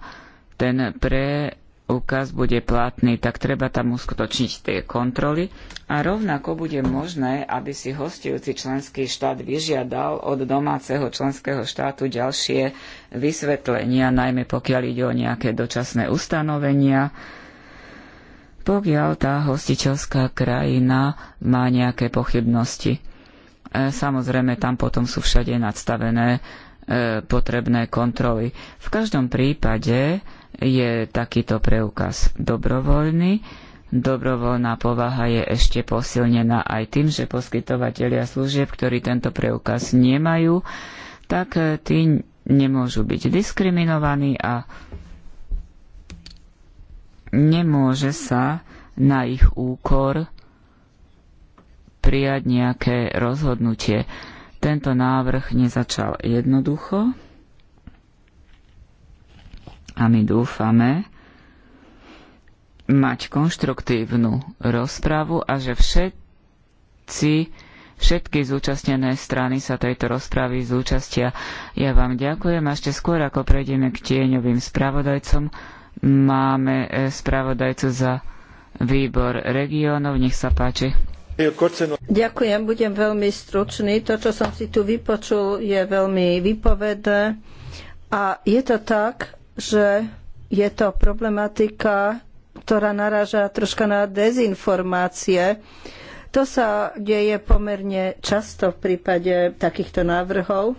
ten pre úkaz bude platný, tak treba tam uskutočniť tie kontroly a rovnako bude možné, aby si hostujúci členský štát vyžiadal od domáceho členského štátu ďalšie vysvetlenia, najmä pokiaľ ide o nejaké dočasné ustanovenia, pokiaľ tá hostiteľská krajina má nejaké pochybnosti. E, samozrejme, tam potom sú všade nadstavené e, potrebné kontroly. V každom prípade je takýto preukaz dobrovoľný. Dobrovoľná povaha je ešte posilnená aj tým, že poskytovateľia služieb, ktorí tento preukaz nemajú, tak eh, tí nemôžu byť diskriminovaní a nemôže sa na ich úkor prijať nejaké rozhodnutie. Tento návrh nezačal jednoducho a my dúfame mať konštruktívnu rozpravu a že všetci Všetky zúčastnené strany sa tejto rozpravy zúčastia. Ja vám ďakujem a ešte skôr, ako prejdeme k tieňovým spravodajcom, máme e, spravodajcu za výbor regiónov. Nech sa páči. Ďakujem, budem veľmi stručný. To, čo som si tu vypočul, je veľmi vypovedné. A je to tak, že je to problematika, ktorá naráža troška na dezinformácie. To sa deje pomerne často v prípade takýchto návrhov.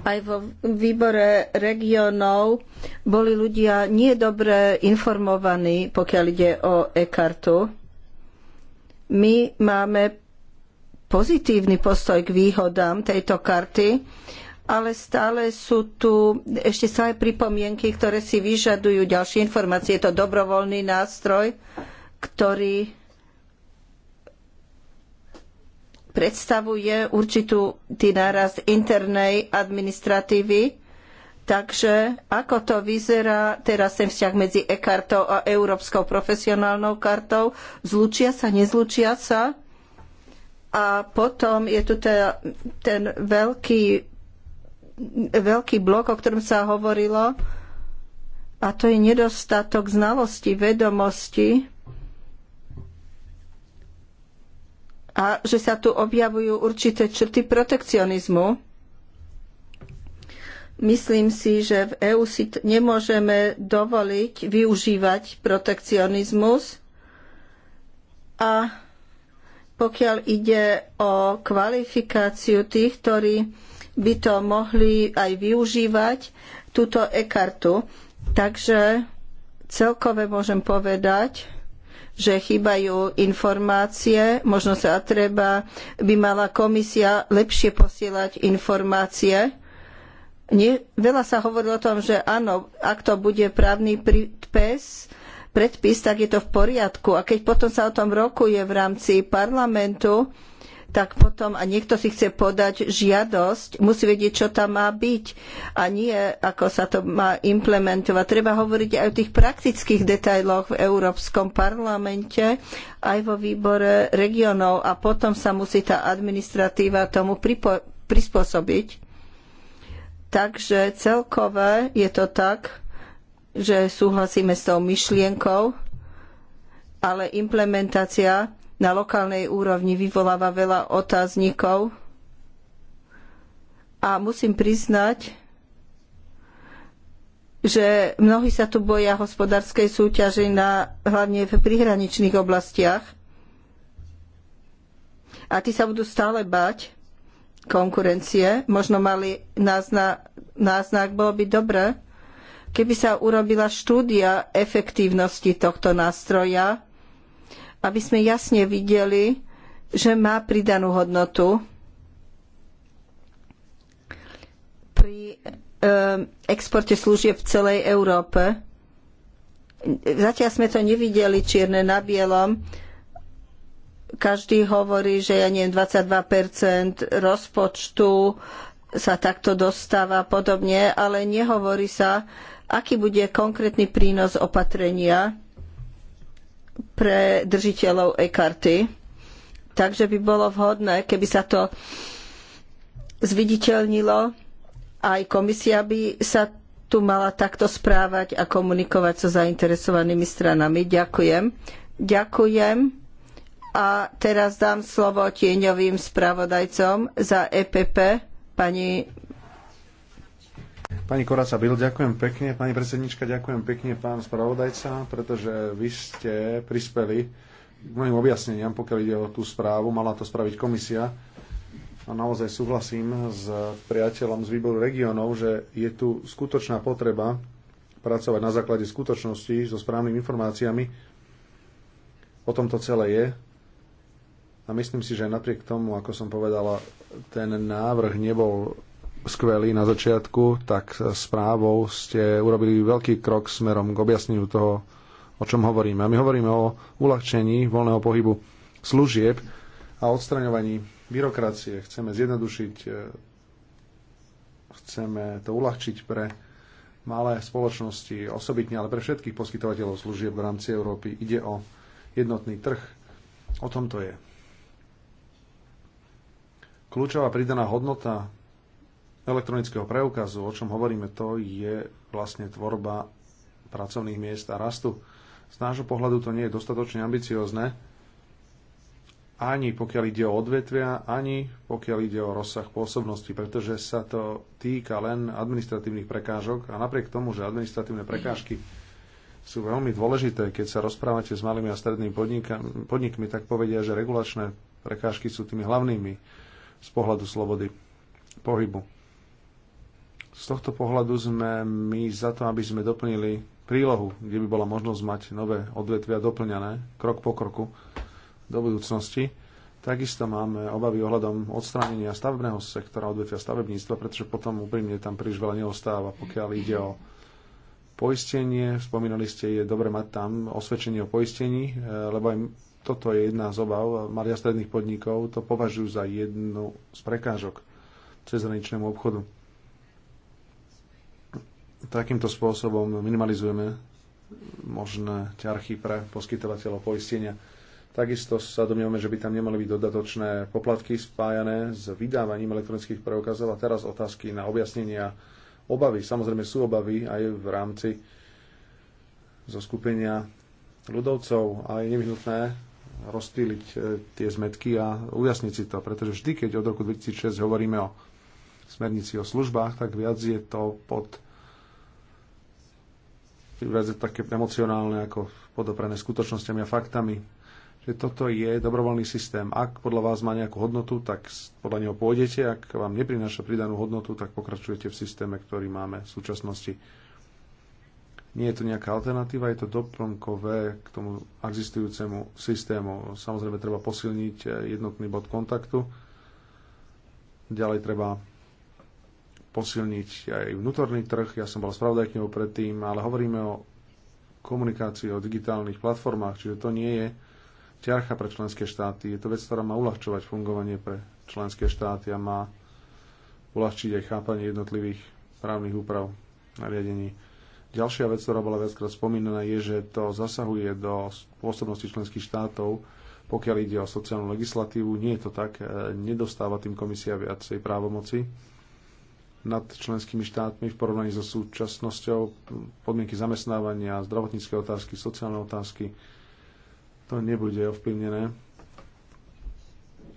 Aj vo výbore regiónov boli ľudia nie dobre informovaní, pokiaľ ide o e-kartu. My máme pozitívny postoj k výhodám tejto karty, ale stále sú tu ešte stále pripomienky, ktoré si vyžadujú ďalšie informácie. Je to dobrovoľný nástroj, ktorý predstavuje určitú nárast internej administratívy. Takže ako to vyzerá teraz ten vzťah medzi e-kartou a Európskou profesionálnou kartou? Zlučia sa, nezlučia sa? A potom je tu ten, ten veľký veľký blok, o ktorom sa hovorilo, a to je nedostatok znalosti, vedomosti a že sa tu objavujú určité črty protekcionizmu. Myslím si, že v EÚ si nemôžeme dovoliť využívať protekcionizmus a pokiaľ ide o kvalifikáciu tých, ktorí by to mohli aj využívať, túto e-kartu. Takže celkové môžem povedať, že chýbajú informácie, možno sa treba, by mala komisia lepšie posielať informácie. Nie, veľa sa hovorilo o tom, že áno, ak to bude právny predpis, predpis, tak je to v poriadku. A keď potom sa o tom rokuje v rámci parlamentu, tak potom a niekto si chce podať žiadosť, musí vedieť, čo tam má byť a nie, ako sa to má implementovať. Treba hovoriť aj o tých praktických detailoch v Európskom parlamente, aj vo výbore regionov a potom sa musí tá administratíva tomu prispôsobiť. Takže celkové je to tak, že súhlasíme s tou myšlienkou, ale implementácia na lokálnej úrovni vyvoláva veľa otáznikov. A musím priznať, že mnohí sa tu boja hospodárskej súťaže na, hlavne v prihraničných oblastiach. A tí sa budú stále bať konkurencie. Možno mali náznak, náznak bolo by dobré, keby sa urobila štúdia efektívnosti tohto nástroja aby sme jasne videli, že má pridanú hodnotu pri eh, exporte služieb v celej Európe. Zatiaľ sme to nevideli čierne na bielom, každý hovorí, že ja neviem, 22% rozpočtu sa takto dostáva a podobne, ale nehovorí sa, aký bude konkrétny prínos opatrenia pre držiteľov e-karty. Takže by bolo vhodné, keby sa to zviditeľnilo. Aj komisia by sa tu mala takto správať a komunikovať so zainteresovanými stranami. Ďakujem. Ďakujem. A teraz dám slovo tieňovým spravodajcom za EPP, pani Pani Koraca Bil, ďakujem pekne. Pani predsednička, ďakujem pekne, pán spravodajca, pretože vy ste prispeli k mojim objasneniam, pokiaľ ide o tú správu. Mala to spraviť komisia. A naozaj súhlasím s priateľom z výboru regionov, že je tu skutočná potreba pracovať na základe skutočnosti so správnymi informáciami. O tom to celé je. A myslím si, že napriek tomu, ako som povedala, ten návrh nebol skvelý na začiatku, tak správou ste urobili veľký krok smerom k objasneniu toho, o čom hovoríme. A my hovoríme o uľahčení voľného pohybu služieb a odstraňovaní byrokracie. Chceme zjednodušiť, e, chceme to uľahčiť pre malé spoločnosti, osobitne, ale pre všetkých poskytovateľov služieb v rámci Európy. Ide o jednotný trh. O tom to je. Kľúčová pridaná hodnota elektronického preukazu, o čom hovoríme, to je vlastne tvorba pracovných miest a rastu. Z nášho pohľadu to nie je dostatočne ambiciozne, ani pokiaľ ide o odvetvia, ani pokiaľ ide o rozsah pôsobnosti, pretože sa to týka len administratívnych prekážok a napriek tomu, že administratívne prekážky sú veľmi dôležité, keď sa rozprávate s malými a strednými podnikami, podnikmi, tak povedia, že regulačné prekážky sú tými hlavnými z pohľadu slobody pohybu. Z tohto pohľadu sme my za to, aby sme doplnili prílohu, kde by bola možnosť mať nové odvetvia doplňané krok po kroku do budúcnosti. Takisto máme obavy ohľadom odstránenia stavebného sektora odvetvia stavebníctva, pretože potom úprimne tam príliš veľa neostáva, pokiaľ ide o poistenie. Spomínali ste, je dobre mať tam osvedčenie o poistení, eh, lebo aj toto je jedna z obav malých a stredných podnikov, to považujú za jednu z prekážok cezhraničnému obchodu takýmto spôsobom minimalizujeme možné ťarchy pre poskytovateľov poistenia. Takisto sa domnievame, že by tam nemali byť dodatočné poplatky spájané s vydávaním elektronických preukazov. A teraz otázky na objasnenia obavy. Samozrejme sú obavy aj v rámci zo skupenia ľudovcov a je nevyhnutné rozstýliť e, tie zmetky a ujasniť si to, pretože vždy, keď od roku 2006 hovoríme o smernici o službách, tak viac je to pod viac také emocionálne ako podoprené skutočnosťami a faktami. Že toto je dobrovoľný systém. Ak podľa vás má nejakú hodnotu, tak podľa neho pôjdete. Ak vám neprináša pridanú hodnotu, tak pokračujete v systéme, ktorý máme v súčasnosti. Nie je to nejaká alternatíva, je to doplnkové k tomu existujúcemu systému. Samozrejme, treba posilniť eh, jednotný bod kontaktu. Ďalej treba posilniť aj vnútorný trh. Ja som bol spravodajkňou predtým, ale hovoríme o komunikácii, o digitálnych platformách, čiže to nie je ťarcha pre členské štáty. Je to vec, ktorá má uľahčovať fungovanie pre členské štáty a má uľahčiť aj chápanie jednotlivých právnych úprav a riadení. Ďalšia vec, ktorá bola viackrát spomínaná, je, že to zasahuje do pôsobnosti členských štátov, pokiaľ ide o sociálnu legislatívu. Nie je to tak, nedostáva tým komisia viacej právomoci nad členskými štátmi v porovnaní so súčasnosťou, podmienky zamestnávania, zdravotnícke otázky, sociálne otázky, to nebude ovplyvnené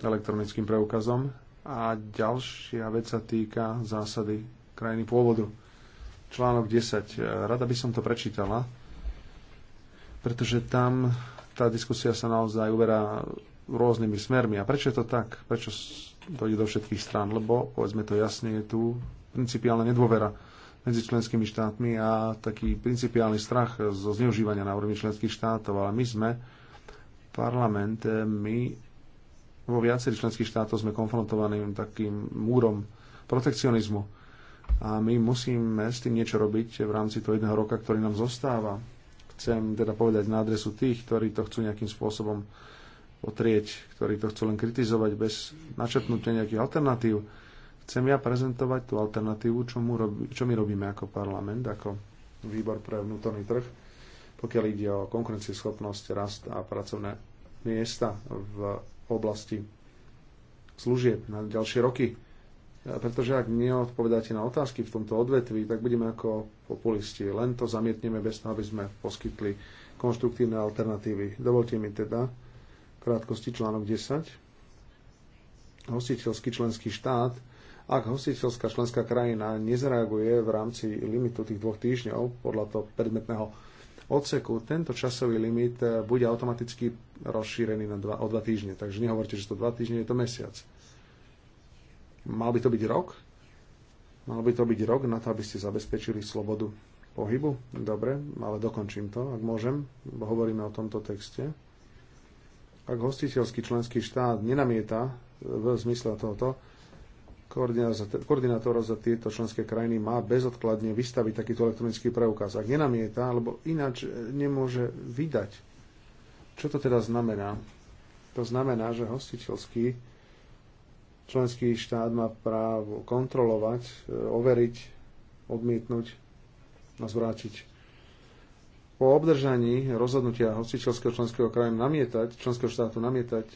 elektronickým preukazom. A ďalšia vec sa týka zásady krajiny pôvodu. Článok 10. Rada by som to prečítala, pretože tam tá diskusia sa naozaj uverá rôznymi smermi. A prečo je to tak? Prečo dojde do všetkých strán, lebo, povedzme to jasne, je tu principiálna nedôvera medzi členskými štátmi a taký principiálny strach zo zneužívania na úrovni členských štátov. Ale my sme parlament, my vo viacerých členských štátoch sme konfrontovaní takým múrom protekcionizmu. A my musíme s tým niečo robiť v rámci toho jedného roka, ktorý nám zostáva. Chcem teda povedať na adresu tých, ktorí to chcú nejakým spôsobom otrieť, ktorí to chcú len kritizovať bez načrtnutia nejakých alternatív. Chcem ja prezentovať tú alternatívu, čo, mu robi, čo my robíme ako parlament, ako výbor pre vnútorný trh, pokiaľ ide o konkurencieschopnosť, rast a pracovné miesta v oblasti služieb na ďalšie roky. Pretože ak neodpovedáte na otázky v tomto odvetví, tak budeme ako populisti. Len to zamietneme bez toho, aby sme poskytli konštruktívne alternatívy. Dovolte mi teda krátkosti článok 10. Hostiteľský členský štát, ak hostiteľská členská krajina nezareaguje v rámci limitu tých dvoch týždňov podľa toho predmetného odseku, tento časový limit eh, bude automaticky rozšírený na dva, o dva týždne. Takže nehovorte, že to dva týždne, je to mesiac. Mal by to byť rok? Mal by to byť rok na to, aby ste zabezpečili slobodu pohybu? Dobre, ale dokončím to, ak môžem. Hovoríme o tomto texte. Ak hostiteľský členský štát nenamieta e, v zmysle tohoto, koordinátora za tieto členské krajiny má bezodkladne vystaviť takýto elektronický preukaz. Ak nenamieta, alebo ináč e, nemôže vydať. Čo to teda znamená? To znamená, že hostiteľský členský štát má právo kontrolovať, e, overiť, odmietnúť a zvrátiť po obdržaní rozhodnutia hostiteľského členského kraja namietať, členského štátu namietať,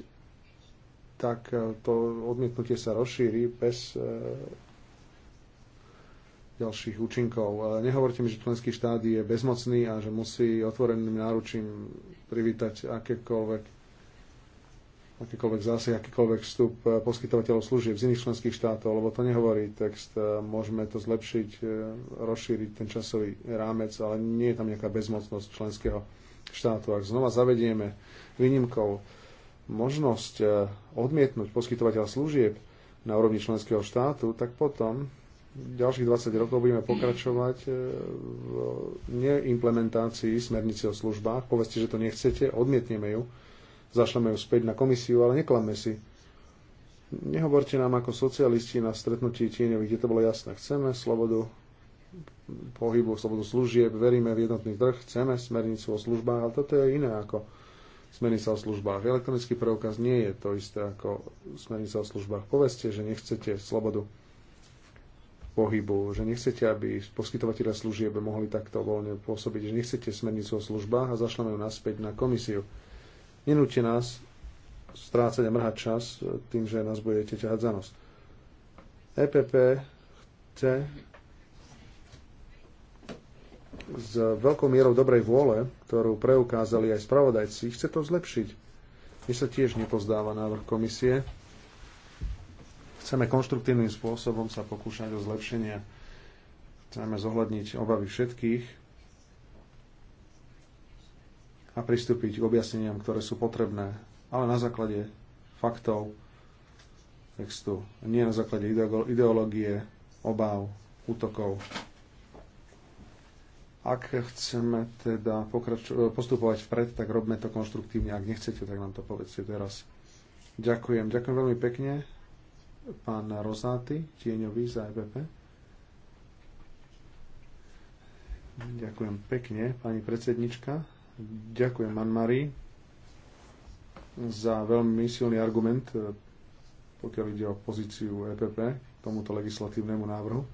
tak e, to odmietnutie sa rozšíri bez e, ďalších účinkov. E, nehovorte mi, že členský štát je bezmocný a že musí otvoreným náručím privítať akékoľvek akýkoľvek zásah, akýkoľvek vstup eh, poskytovateľov služieb z iných členských štátov, lebo to nehovorí text. Eh, môžeme to zlepšiť, eh, rozšíriť ten časový rámec, ale nie je tam nejaká bezmocnosť členského štátu. Ak znova zavedieme výnimkou možnosť odmietnúť poskytovateľ služieb na úrovni členského štátu, tak potom ďalších 20 rokov budeme pokračovať v neimplementácii smernice o službách. Povedzte, že to nechcete, odmietneme ju zašleme ju späť na komisiu, ale neklame si. Nehovorte nám ako socialisti na stretnutí tieňových, kde to bolo jasné. Chceme slobodu pohybu, slobodu služieb, veríme v jednotný trh, chceme smernicu o službách, ale toto je iné ako smernica o službách. Elektronický preukaz nie je to isté ako smernica o službách. Poveste, že nechcete slobodu pohybu, že nechcete, aby poskytovateľe služieb mohli takto voľne pôsobiť, že nechcete smernicu o službách a zašleme ju naspäť na komisiu. Nenúte nás strácať a mrhať čas tým, že nás budete ťahať za nos. EPP chce s veľkou mierou dobrej vôle, ktorú preukázali aj spravodajci, chce to zlepšiť. My sa tiež nepozdáva návrh komisie. Chceme konštruktívnym spôsobom sa pokúšať o zlepšenie. Chceme zohľadniť obavy všetkých, a pristúpiť k objasneniam, ktoré sú potrebné, ale na základe faktov textu, nie na základe ideológie, obáv, útokov. Ak chceme teda postupovať vpred, tak robme to konštruktívne. Ak nechcete, tak nám to povedzte teraz. Ďakujem. Ďakujem veľmi pekne. Pán Rozáty, tieňový za EBP. Ďakujem pekne, pani predsednička. Ďakujem, Anne-Marie, za veľmi silný argument, e, pokiaľ ide o pozíciu EPP tomuto legislatívnemu návrhu.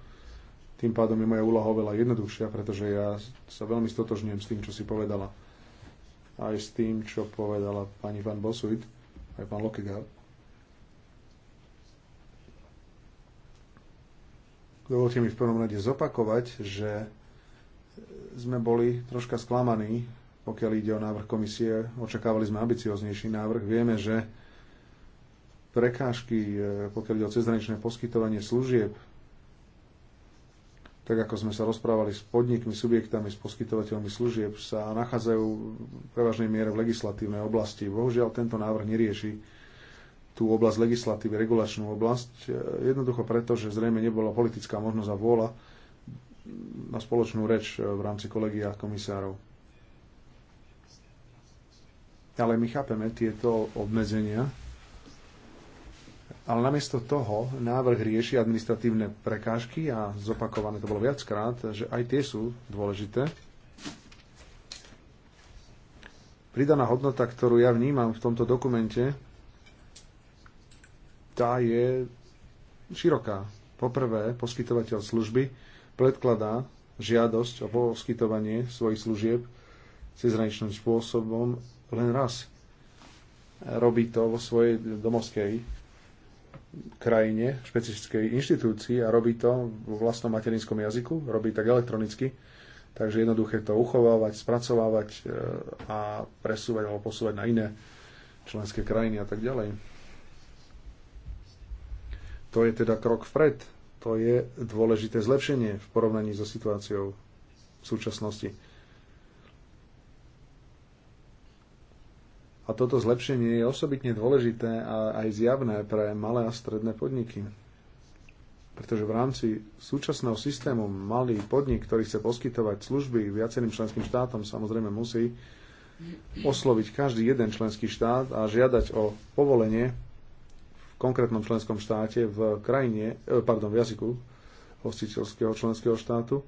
Tým pádom je moja úloha oveľa jednoduchšia, pretože ja sa veľmi stotožňujem s tým, čo si povedala. Aj s tým, čo povedala pani Van Bosuit, aj pán Lokegaard. Dovolte mi v prvom rade zopakovať, že sme boli troška sklamaní pokiaľ ide o návrh komisie, očakávali sme ambicioznejší návrh. Vieme, že prekážky, e, pokiaľ ide o cezhraničné poskytovanie služieb, tak ako sme sa rozprávali s podnikmi, subjektami, s poskytovateľmi služieb, sa nachádzajú v prevažnej miere v legislatívnej oblasti. Bohužiaľ, tento návrh nerieši tú oblasť legislatívy, regulačnú oblasť, e, jednoducho preto, že zrejme nebola politická možnosť a vôľa na spoločnú reč e, v rámci kolegia komisárov. Ale my chápeme tieto obmedzenia. Ale namiesto toho návrh rieši administratívne prekážky a zopakované to bolo viackrát, že aj tie sú dôležité. Pridaná hodnota, ktorú ja vnímam v tomto dokumente, tá je široká. Poprvé, poskytovateľ služby predkladá žiadosť o poskytovanie svojich služieb cezhraničným spôsobom len raz. Robí to vo svojej domovskej krajine, špecifickej inštitúcii a robí to vo vlastnom materinskom jazyku, robí tak elektronicky, takže jednoduché to uchovávať, spracovávať e, a presúvať alebo posúvať na iné členské krajiny a tak ďalej. To je teda krok vpred, to je dôležité zlepšenie v porovnaní so situáciou v súčasnosti. A toto zlepšenie je osobitne dôležité a aj zjavné pre malé a stredné podniky. Pretože v rámci súčasného systému malý podnik, ktorý chce poskytovať služby viacerým členským štátom, samozrejme musí osloviť každý jeden členský štát a žiadať o povolenie v konkrétnom členskom štáte v krajine, e, pardon, v jazyku hostiteľského členského štátu.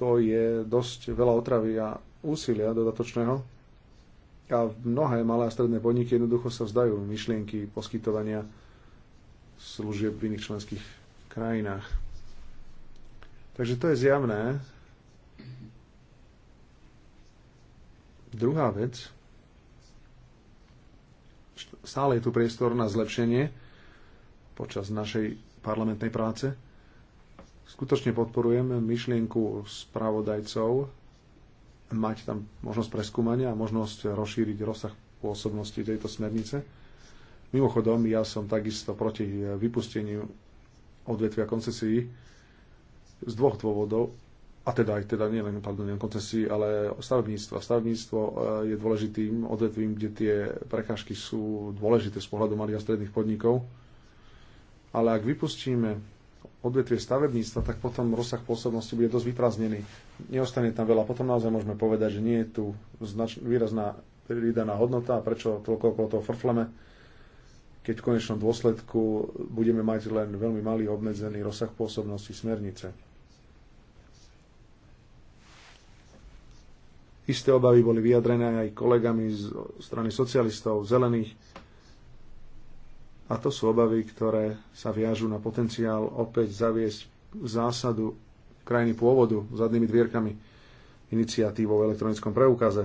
To je dosť veľa otravy a úsilia dodatočného a mnohé malé a stredné podniky jednoducho sa vzdajú myšlienky poskytovania služieb v iných členských krajinách. Takže to je zjavné. Druhá vec, stále je tu priestor na zlepšenie počas našej parlamentnej práce. Skutočne podporujem myšlienku spravodajcov mať tam možnosť preskúmania a možnosť rozšíriť rozsah pôsobnosti tejto smernice. Mimochodom, ja som takisto proti vypusteniu odvetvia koncesií z dvoch dôvodov, a teda aj teda len, pardon, nie koncesií, ale stavebníctvo. Stavebníctvo eh, je dôležitým odvetvím, kde tie prekážky sú dôležité z pohľadu malých a stredných podnikov. Ale ak vypustíme odvetvie stavebníctva, tak potom rozsah pôsobnosti bude dosť vyprázdnený. Neostane tam veľa. Potom naozaj môžeme povedať, že nie je tu znač- výrazná pridaná hodnota a prečo toľko okolo toho frfleme, keď v konečnom dôsledku budeme mať len veľmi malý obmedzený rozsah pôsobnosti smernice. Isté obavy boli vyjadrené aj kolegami z strany socialistov, zelených, a to sú obavy, ktoré sa viažú na potenciál opäť zaviesť zásadu krajiny pôvodu zadnými dvierkami iniciatívou v elektronickom preukaze.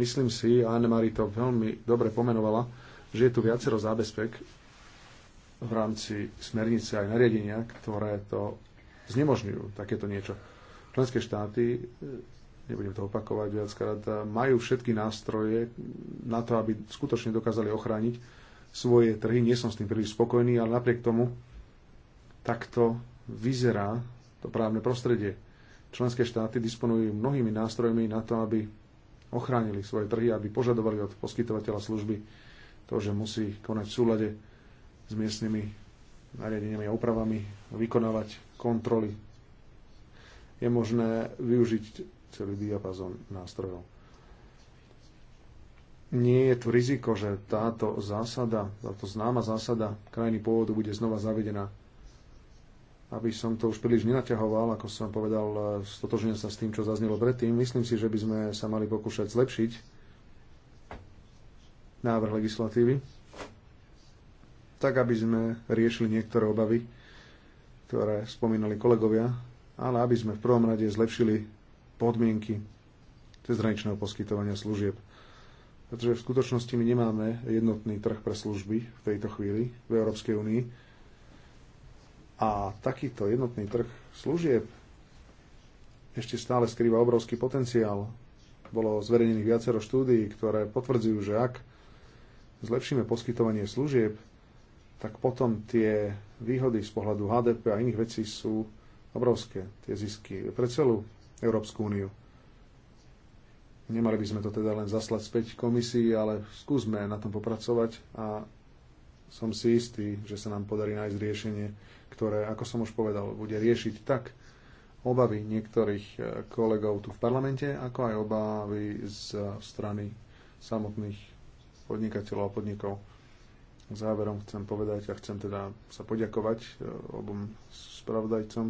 Myslím si, a Anne-Marie to veľmi dobre pomenovala, že je tu viacero zábezpek v rámci smernice aj nariadenia, ktoré to znemožňujú, takéto niečo. Členské štáty, nebudem to opakovať viackrát, majú všetky nástroje na to, aby skutočne dokázali ochrániť svoje trhy. Nie som s tým príliš spokojný, ale napriek tomu takto vyzerá to právne prostredie. Členské štáty disponujú mnohými nástrojmi na to, aby ochránili svoje trhy, aby požadovali od poskytovateľa služby to, že musí konať v súlade s miestnymi nariadeniami a úpravami, vykonávať kontroly. Je možné využiť celý diapazon nástrojov nie je tu riziko, že táto zásada, táto známa zásada krajiny pôvodu bude znova zavedená. Aby som to už príliš nenaťahoval, ako som povedal, e, stotožňujem sa s tým, čo zaznelo predtým. Myslím si, že by sme sa mali pokúšať zlepšiť návrh legislatívy, tak aby sme riešili niektoré obavy, ktoré spomínali kolegovia, ale aby sme v prvom rade zlepšili podmienky cezhraničného poskytovania služieb pretože v skutočnosti my nemáme jednotný trh pre služby v tejto chvíli v Európskej únii. A takýto jednotný trh služieb ešte stále skrýva obrovský potenciál. Bolo zverejnených viacero štúdií, ktoré potvrdzujú, že ak zlepšíme poskytovanie služieb, tak potom tie výhody z pohľadu HDP a iných vecí sú obrovské, tie zisky pre celú Európsku úniu. Nemali by sme to teda len zaslať späť komisii, ale skúsme na tom popracovať a som si istý, že sa nám podarí nájsť riešenie, ktoré, ako som už povedal, bude riešiť tak obavy niektorých e, kolegov tu v parlamente, ako aj obavy z strany samotných podnikateľov a podnikov. Záverom chcem povedať a chcem teda sa poďakovať e, obom spravodajcom.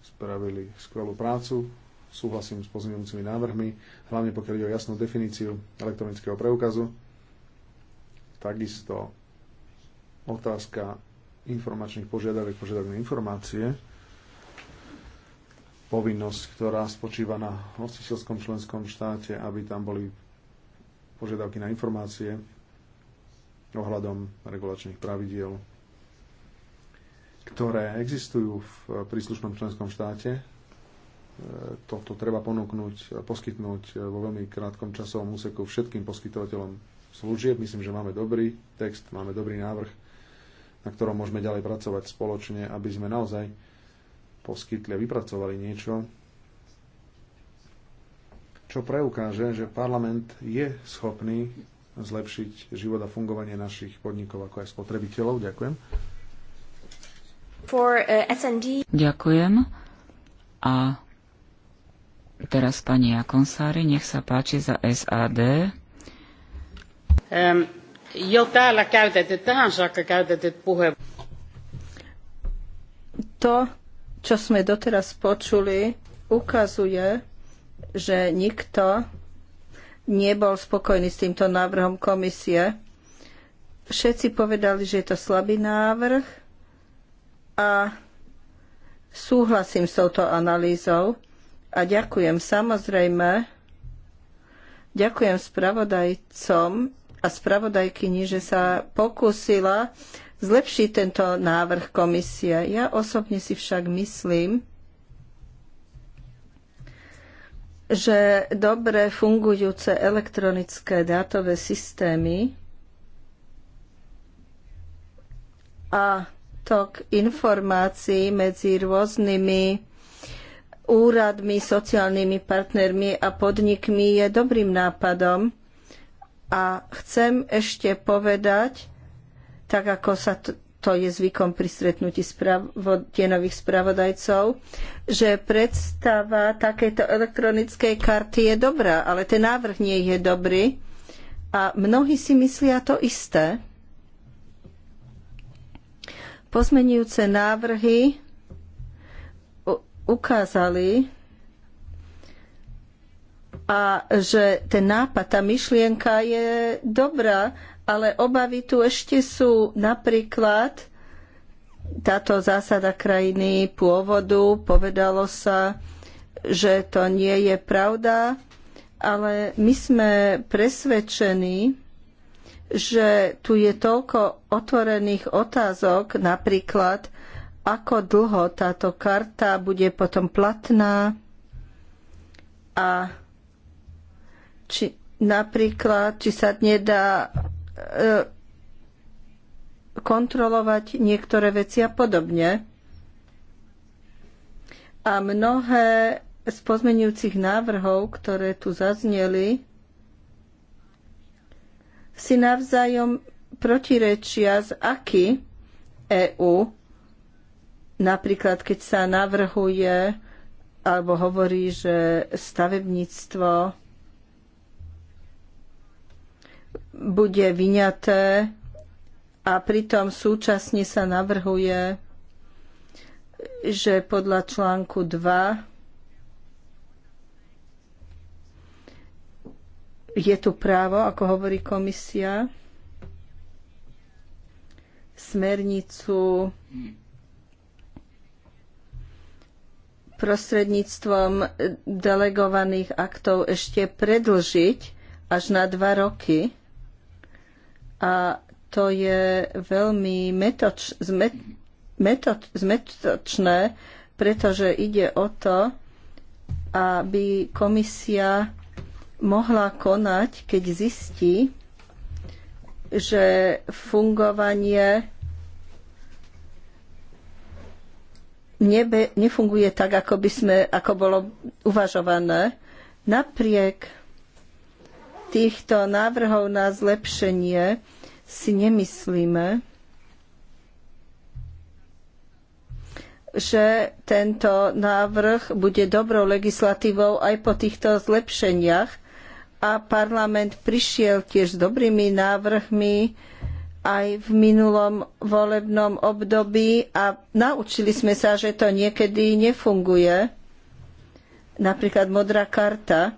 Spravili skvelú prácu, Súhlasím s pozmeňujúcimi návrhmi, hlavne pokiaľ ide o jasnú definíciu elektronického preukazu. Takisto otázka informačných požiadaviek, požiadavek na informácie, povinnosť, ktorá spočíva na hostiteľskom členskom štáte, aby tam boli požiadavky na informácie ohľadom regulačných pravidiel, ktoré existujú v príslušnom členskom štáte toto treba ponúknuť, poskytnúť vo veľmi krátkom časovom úseku všetkým poskytovateľom služieb. Myslím, že máme dobrý text, máme dobrý návrh, na ktorom môžeme ďalej pracovať spoločne, aby sme naozaj poskytli a vypracovali niečo, čo preukáže, že parlament je schopný zlepšiť život a fungovanie našich podnikov ako aj spotrebiteľov. Ďakujem. For, uh, eh, SND. Ďakujem. A Teraz pani Jakonsári, nech sa páči za SAD. Um, jo täällä käytetyt, tähän saakka käytetyt puhe. To, čo sme doteraz počuli, ukazuje, že nikto nebol spokojný s týmto návrhom komisie. Všetci povedali, že je to slabý návrh a súhlasím s touto analýzou a ďakujem samozrejme, ďakujem spravodajcom a spravodajkyni, že sa pokúsila zlepšiť tento návrh komisie. Ja osobne si však myslím, že dobre fungujúce elektronické dátové systémy a tok informácií medzi rôznymi úradmi, sociálnymi partnermi a podnikmi je dobrým nápadom. A chcem ešte povedať, tak ako sa to je zvykom pri stretnutí tienových spravodajcov, že predstava takéto elektronickej karty je dobrá, ale ten návrh nie je dobrý. A mnohí si myslia to isté. Pozmenujúce návrhy ukázali a že ten nápad, tá myšlienka je dobrá, ale obavy tu ešte sú napríklad táto zásada krajiny pôvodu, povedalo sa, že to nie je pravda, ale my sme presvedčení, že tu je toľko otvorených otázok, napríklad ako dlho táto karta bude potom platná a či napríklad, či sa nedá e, kontrolovať niektoré veci a podobne. A mnohé z pozmenujúcich návrhov, ktoré tu zazneli, si navzájom protirečia z aký EÚ Napríklad, keď sa navrhuje alebo hovorí, že stavebníctvo bude vyňaté a pritom súčasne sa navrhuje, že podľa článku 2 je tu právo, ako hovorí komisia, smernicu prostredníctvom delegovaných aktov ešte predlžiť až na dva roky. A to je veľmi metoč, zmet, metoč, zmetočné, pretože ide o to, aby komisia mohla konať, keď zistí, že fungovanie nebe, nefunguje tak, ako by sme, ako bolo uvažované. Napriek týchto návrhov na zlepšenie si nemyslíme, že tento návrh bude dobrou legislatívou aj po týchto zlepšeniach a parlament prišiel tiež s dobrými návrhmi, aj v minulom volebnom období a naučili sme sa, že to niekedy nefunguje. Napríklad modrá karta.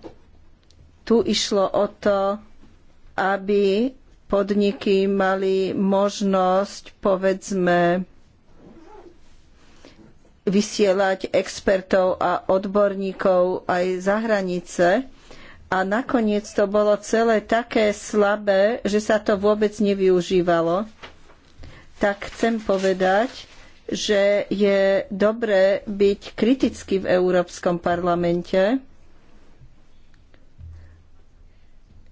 Tu išlo o to, aby podniky mali možnosť, povedzme, vysielať expertov a odborníkov aj za hranice a nakoniec to bolo celé také slabé, že sa to vôbec nevyužívalo. Tak chcem povedať, že je dobré byť kritický v Európskom parlamente.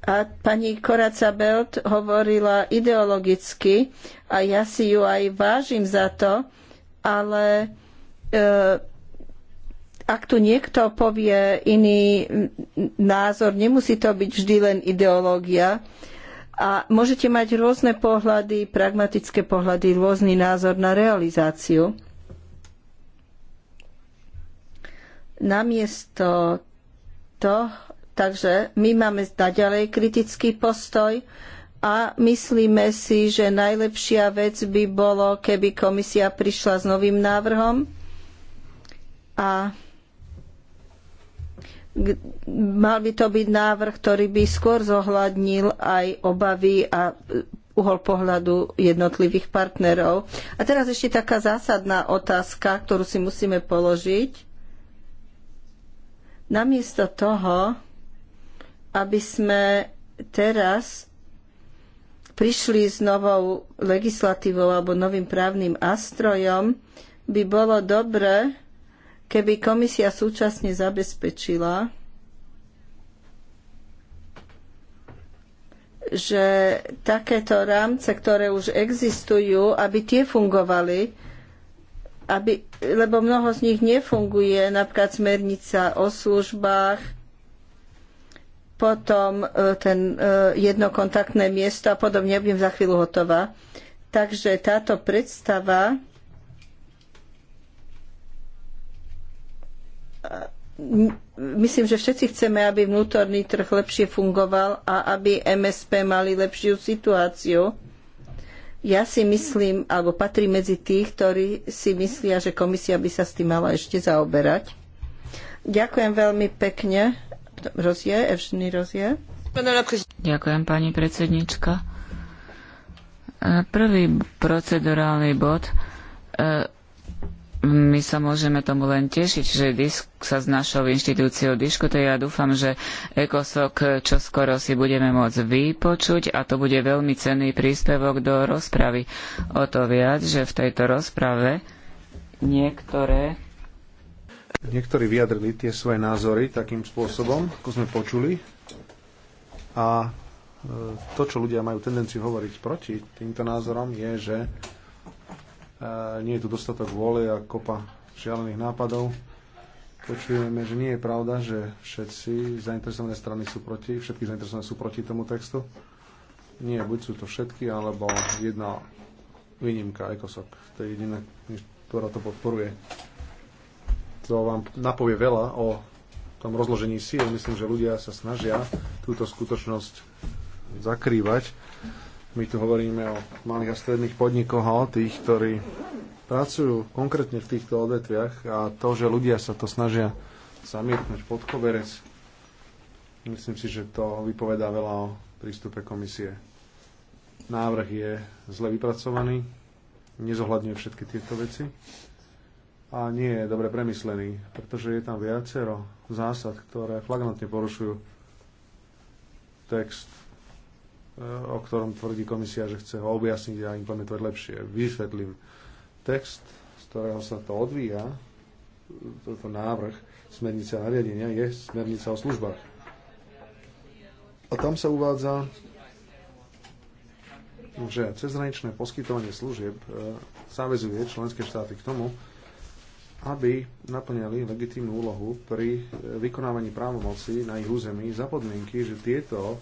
A pani Koraca Belt hovorila ideologicky a ja si ju aj vážim za to, ale e, ak tu niekto povie iný názor, nemusí to byť vždy len ideológia. A môžete mať rôzne pohľady, pragmatické pohľady, rôzny názor na realizáciu. Namiesto to, takže my máme naďalej kritický postoj, a myslíme si, že najlepšia vec by bolo, keby komisia prišla s novým návrhom a mal by to byť návrh, ktorý by skôr zohľadnil aj obavy a uhol pohľadu jednotlivých partnerov. A teraz ešte taká zásadná otázka, ktorú si musíme položiť. Namiesto toho, aby sme teraz prišli s novou legislatívou alebo novým právnym nástrojom, by bolo dobré, Keby komisia súčasne zabezpečila, že takéto rámce, ktoré už existujú, aby tie fungovali, aby, lebo mnoho z nich nefunguje, napríklad smernica o službách, potom e, ten e, jednokontaktné miesto a podobne, budem za chvíľu hotová. Takže táto predstava myslím, že všetci chceme, aby vnútorný trh lepšie fungoval a aby MSP mali lepšiu situáciu. Ja si myslím, alebo patrí medzi tých, ktorí si myslia, že komisia by sa s tým mala ešte zaoberať. Ďakujem veľmi pekne. Rozie, Evžiny Rozie. Ďakujem, pani predsednička. Prvý procedurálny bod e, my sa môžeme tomu len tešiť, že disk sa s našou inštitúciou diskutuje a ja dúfam, že ECOSOC čoskoro si budeme môcť vypočuť a to bude veľmi cenný príspevok do rozpravy. O to viac, že v tejto rozprave niektoré Niektorí vyjadrili tie svoje názory takým spôsobom, ako sme počuli. A e, to, čo ľudia majú tendenciu hovoriť proti týmto názorom, je, že nie je tu dostatok vôle a kopa šialených nápadov. Počujeme, že nie je pravda, že všetci zainteresované strany sú proti, všetky zainteresované sú proti tomu textu. Nie, buď sú to všetky, alebo jedna výnimka, ECOSOC. To je jediná, ktorá to podporuje. To vám napovie veľa o tom rozložení síl. Myslím, že ľudia sa snažia túto skutočnosť zakrývať my tu hovoríme o malých a stredných podnikoch a o tých, ktorí pracujú konkrétne v týchto odvetviach a to, že ľudia sa to snažia zamietnúť pod koberec, myslím si, že to vypovedá veľa o prístupe komisie. Návrh je zle vypracovaný, nezohľadňuje všetky tieto veci a nie je dobre premyslený, pretože je tam viacero zásad, ktoré flagrantne porušujú text o ktorom tvrdí komisia, že chce ho objasniť a implementovať lepšie. Vysvetlím. Text, z ktorého sa to odvíja, toto návrh smernice a nariadenia, je smernica o službách. A tam sa uvádza, že cezhraničné poskytovanie služieb e, záväzuje členské štáty k tomu, aby naplňali legitímnu úlohu pri e, vykonávaní právomoci na ich území za podmienky, že tieto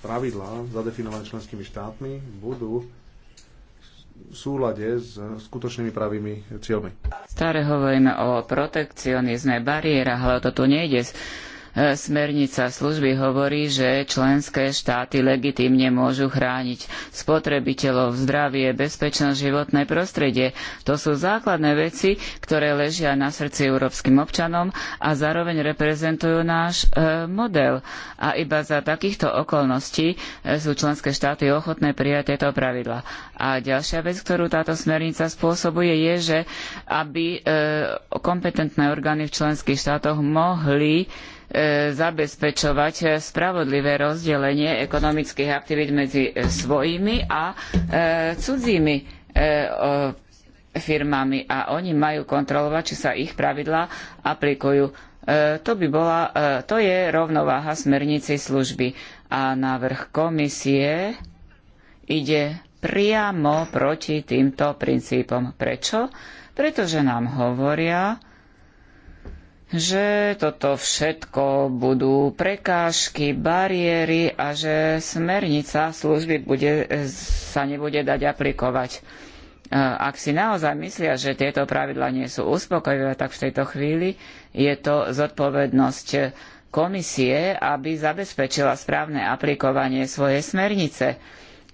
pravidlá zadefinované členskými štátmi budú v súlade s skutočnými pravými cieľmi. Staré hovoríme o protekcionizme, bariérach, ale to tu nejde E, smernica služby hovorí, že členské štáty legitímne môžu chrániť spotrebiteľov, zdravie, bezpečnosť, životné prostredie. To sú základné veci, ktoré ležia na srdci európskym občanom a zároveň reprezentujú náš e, model. A iba za takýchto okolností e, sú členské štáty ochotné prijať tieto pravidlá. A ďalšia vec, ktorú táto smernica spôsobuje, je, že aby kompetentné orgány v členských štátoch mohli E, zabezpečovať spravodlivé rozdelenie ekonomických aktivít medzi svojimi a e, cudzími e, firmami a oni majú kontrolovať, či sa ich pravidlá aplikujú. To, by bola, to je rovnováha smernici služby a návrh komisie ide priamo proti týmto princípom. Prečo? Pretože nám hovoria, že toto všetko budú prekážky, bariéry a že smernica služby bude, sa nebude dať aplikovať. Ak si naozaj myslia, že tieto pravidlá nie sú uspokojivé, tak v tejto chvíli je to zodpovednosť komisie, aby zabezpečila správne aplikovanie svojej smernice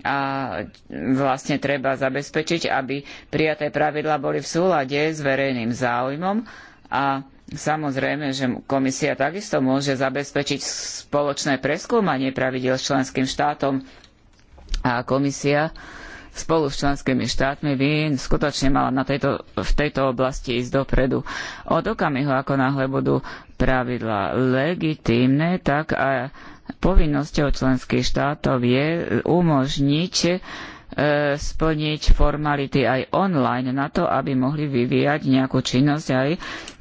a vlastne treba zabezpečiť, aby prijaté pravidlá boli v súlade s verejným záujmom a Samozrejme, že komisia takisto môže zabezpečiť spoločné preskúmanie pravidel s členským štátom a komisia spolu s členskými štátmi by skutočne mala na tejto, v tejto oblasti ísť dopredu. Od okamihu, ako náhle budú pravidlá legitímne, tak a povinnosťou členských štátov je umožniť E, splniť formality aj online na to, aby mohli vyvíjať nejakú činnosť aj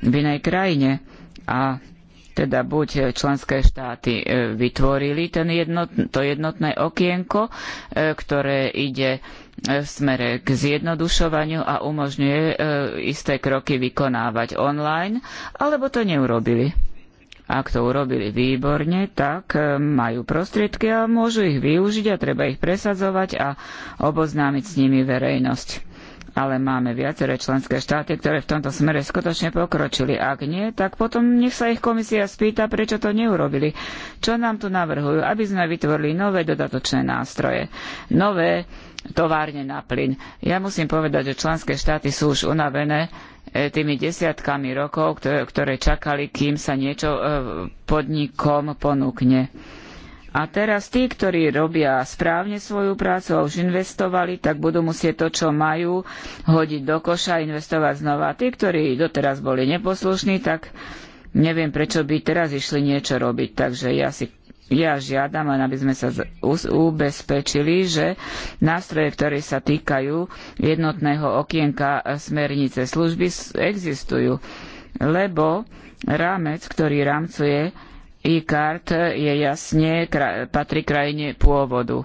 v inej krajine. A teda buď členské štáty e, vytvorili ten to jednotné okienko, e, ktoré ide v smere k zjednodušovaniu a umožňuje isté kroky vykonávať online, alebo to neurobili. Ak to urobili výborne, tak e, majú prostriedky a môžu ich využiť a treba ich presadzovať a oboznámiť s nimi verejnosť. Ale máme viaceré členské štáty, ktoré v tomto smere skutočne pokročili. Ak nie, tak potom nech sa ich komisia spýta, prečo to neurobili. Čo nám tu navrhujú? Aby sme vytvorili nové dodatočné nástroje. Nové továrne na plyn. Ja musím povedať, že členské štáty sú už unavené E, tými desiatkami rokov, ktoré čakali, kým sa niečo e, podnikom ponúkne. A teraz tí, ktorí robia správne svoju prácu a už investovali, tak budú musieť to, čo majú, hodiť do koša a investovať znova. A tí, ktorí doteraz boli neposlušní, tak neviem, prečo by teraz išli niečo robiť. Takže ja si ja žiadam len, aby sme sa ubezpečili, že nástroje, ktoré sa týkajú jednotného okienka smernice služby, existujú. Lebo rámec, ktorý rámcuje e-card, je jasne, patrí krajine pôvodu.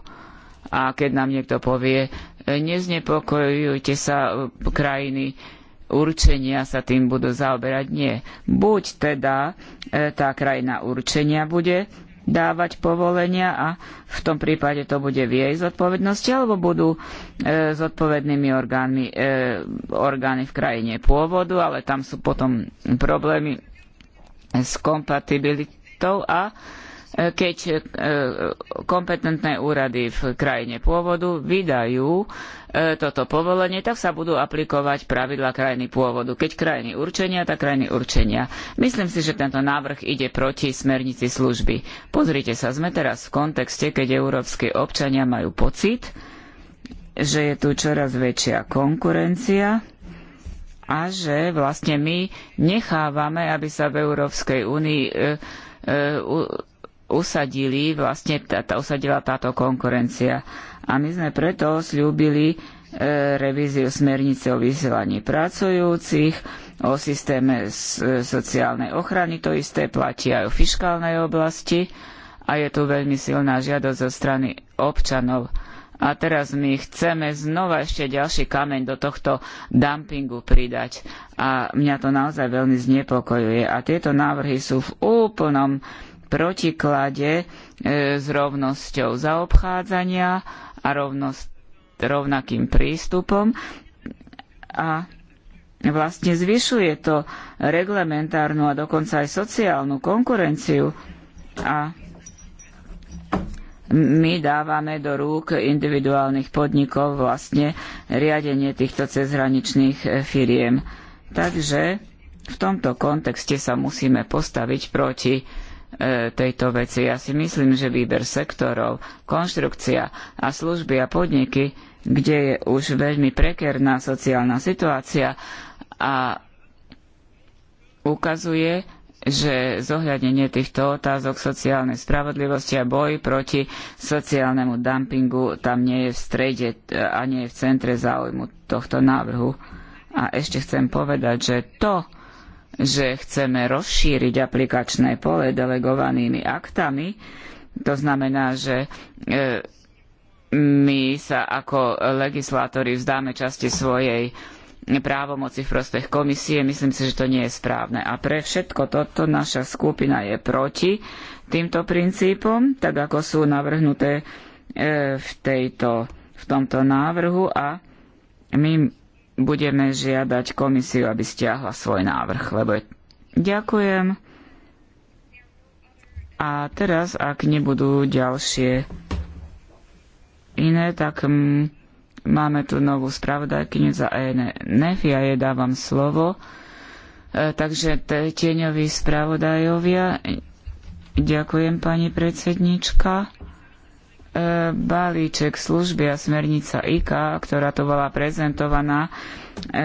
A keď nám niekto povie, neznepokojujte sa krajiny, určenia sa tým budú zaoberať. Nie. Buď teda e, tá krajina určenia bude dávať povolenia a v tom prípade to bude v jej zodpovednosti alebo budú e, zodpovednými orgánmi e, orgány v krajine pôvodu, ale tam sú potom problémy s kompatibilitou a e, keď e, kompetentné úrady v krajine pôvodu vydajú e, toto povolenie, tak sa budú aplikovať pravidlá krajiny pôvodu. Keď krajiny určenia, tak krajiny určenia. Myslím si, že tento návrh ide proti smernici služby. Pozrite sa, sme teraz v kontexte, keď európski občania majú pocit, že je tu čoraz väčšia konkurencia a že vlastne my nechávame, aby sa v Európskej únii e, e, usadili, vlastne tá, tá, usadila táto konkurencia. A my sme preto slúbili e, revíziu smernice o vysielaní pracujúcich, o systéme s, e, sociálnej ochrany, to isté platí aj o fiškálnej oblasti a je tu veľmi silná žiadosť zo strany občanov. A teraz my chceme znova ešte ďalší kameň do tohto dumpingu pridať. A mňa to naozaj veľmi znepokojuje. A tieto návrhy sú v úplnom protiklade e, s rovnosťou zaobchádzania a rovnosť, rovnakým prístupom a vlastne zvyšuje to reglementárnu a dokonca aj sociálnu konkurenciu a my dávame do rúk individuálnych podnikov vlastne riadenie týchto cezhraničných e, firiem. Takže v tomto kontexte sa musíme postaviť proti E, tejto veci. Ja si myslím, že výber sektorov, konštrukcia a služby a podniky, kde je už veľmi prekerná sociálna situácia a ukazuje, že zohľadenie týchto otázok sociálnej spravodlivosti a boj proti sociálnemu dumpingu tam nie je v strede e, a nie je v centre záujmu tohto návrhu. A ešte chcem povedať, že to, že chceme rozšíriť aplikačné pole delegovanými aktami. To znamená, že e, my sa ako legislátori vzdáme časti svojej právomoci v prospech komisie. Myslím si, že to nie je správne. A pre všetko toto naša skupina je proti týmto princípom, tak ako sú navrhnuté e, v, tejto, v tomto návrhu a my budeme žiadať komisiu, aby stiahla svoj návrh, lebo je... ďakujem. A teraz, ak nebudú ďalšie iné, tak mm, máme tu novú spravodajkyňu za ENF, ja jej dávam slovo. E, takže tieňoví spravodajovia, ďakujem pani predsednička. E, balíček služby a smernica IKA, ktorá tu bola prezentovaná, e,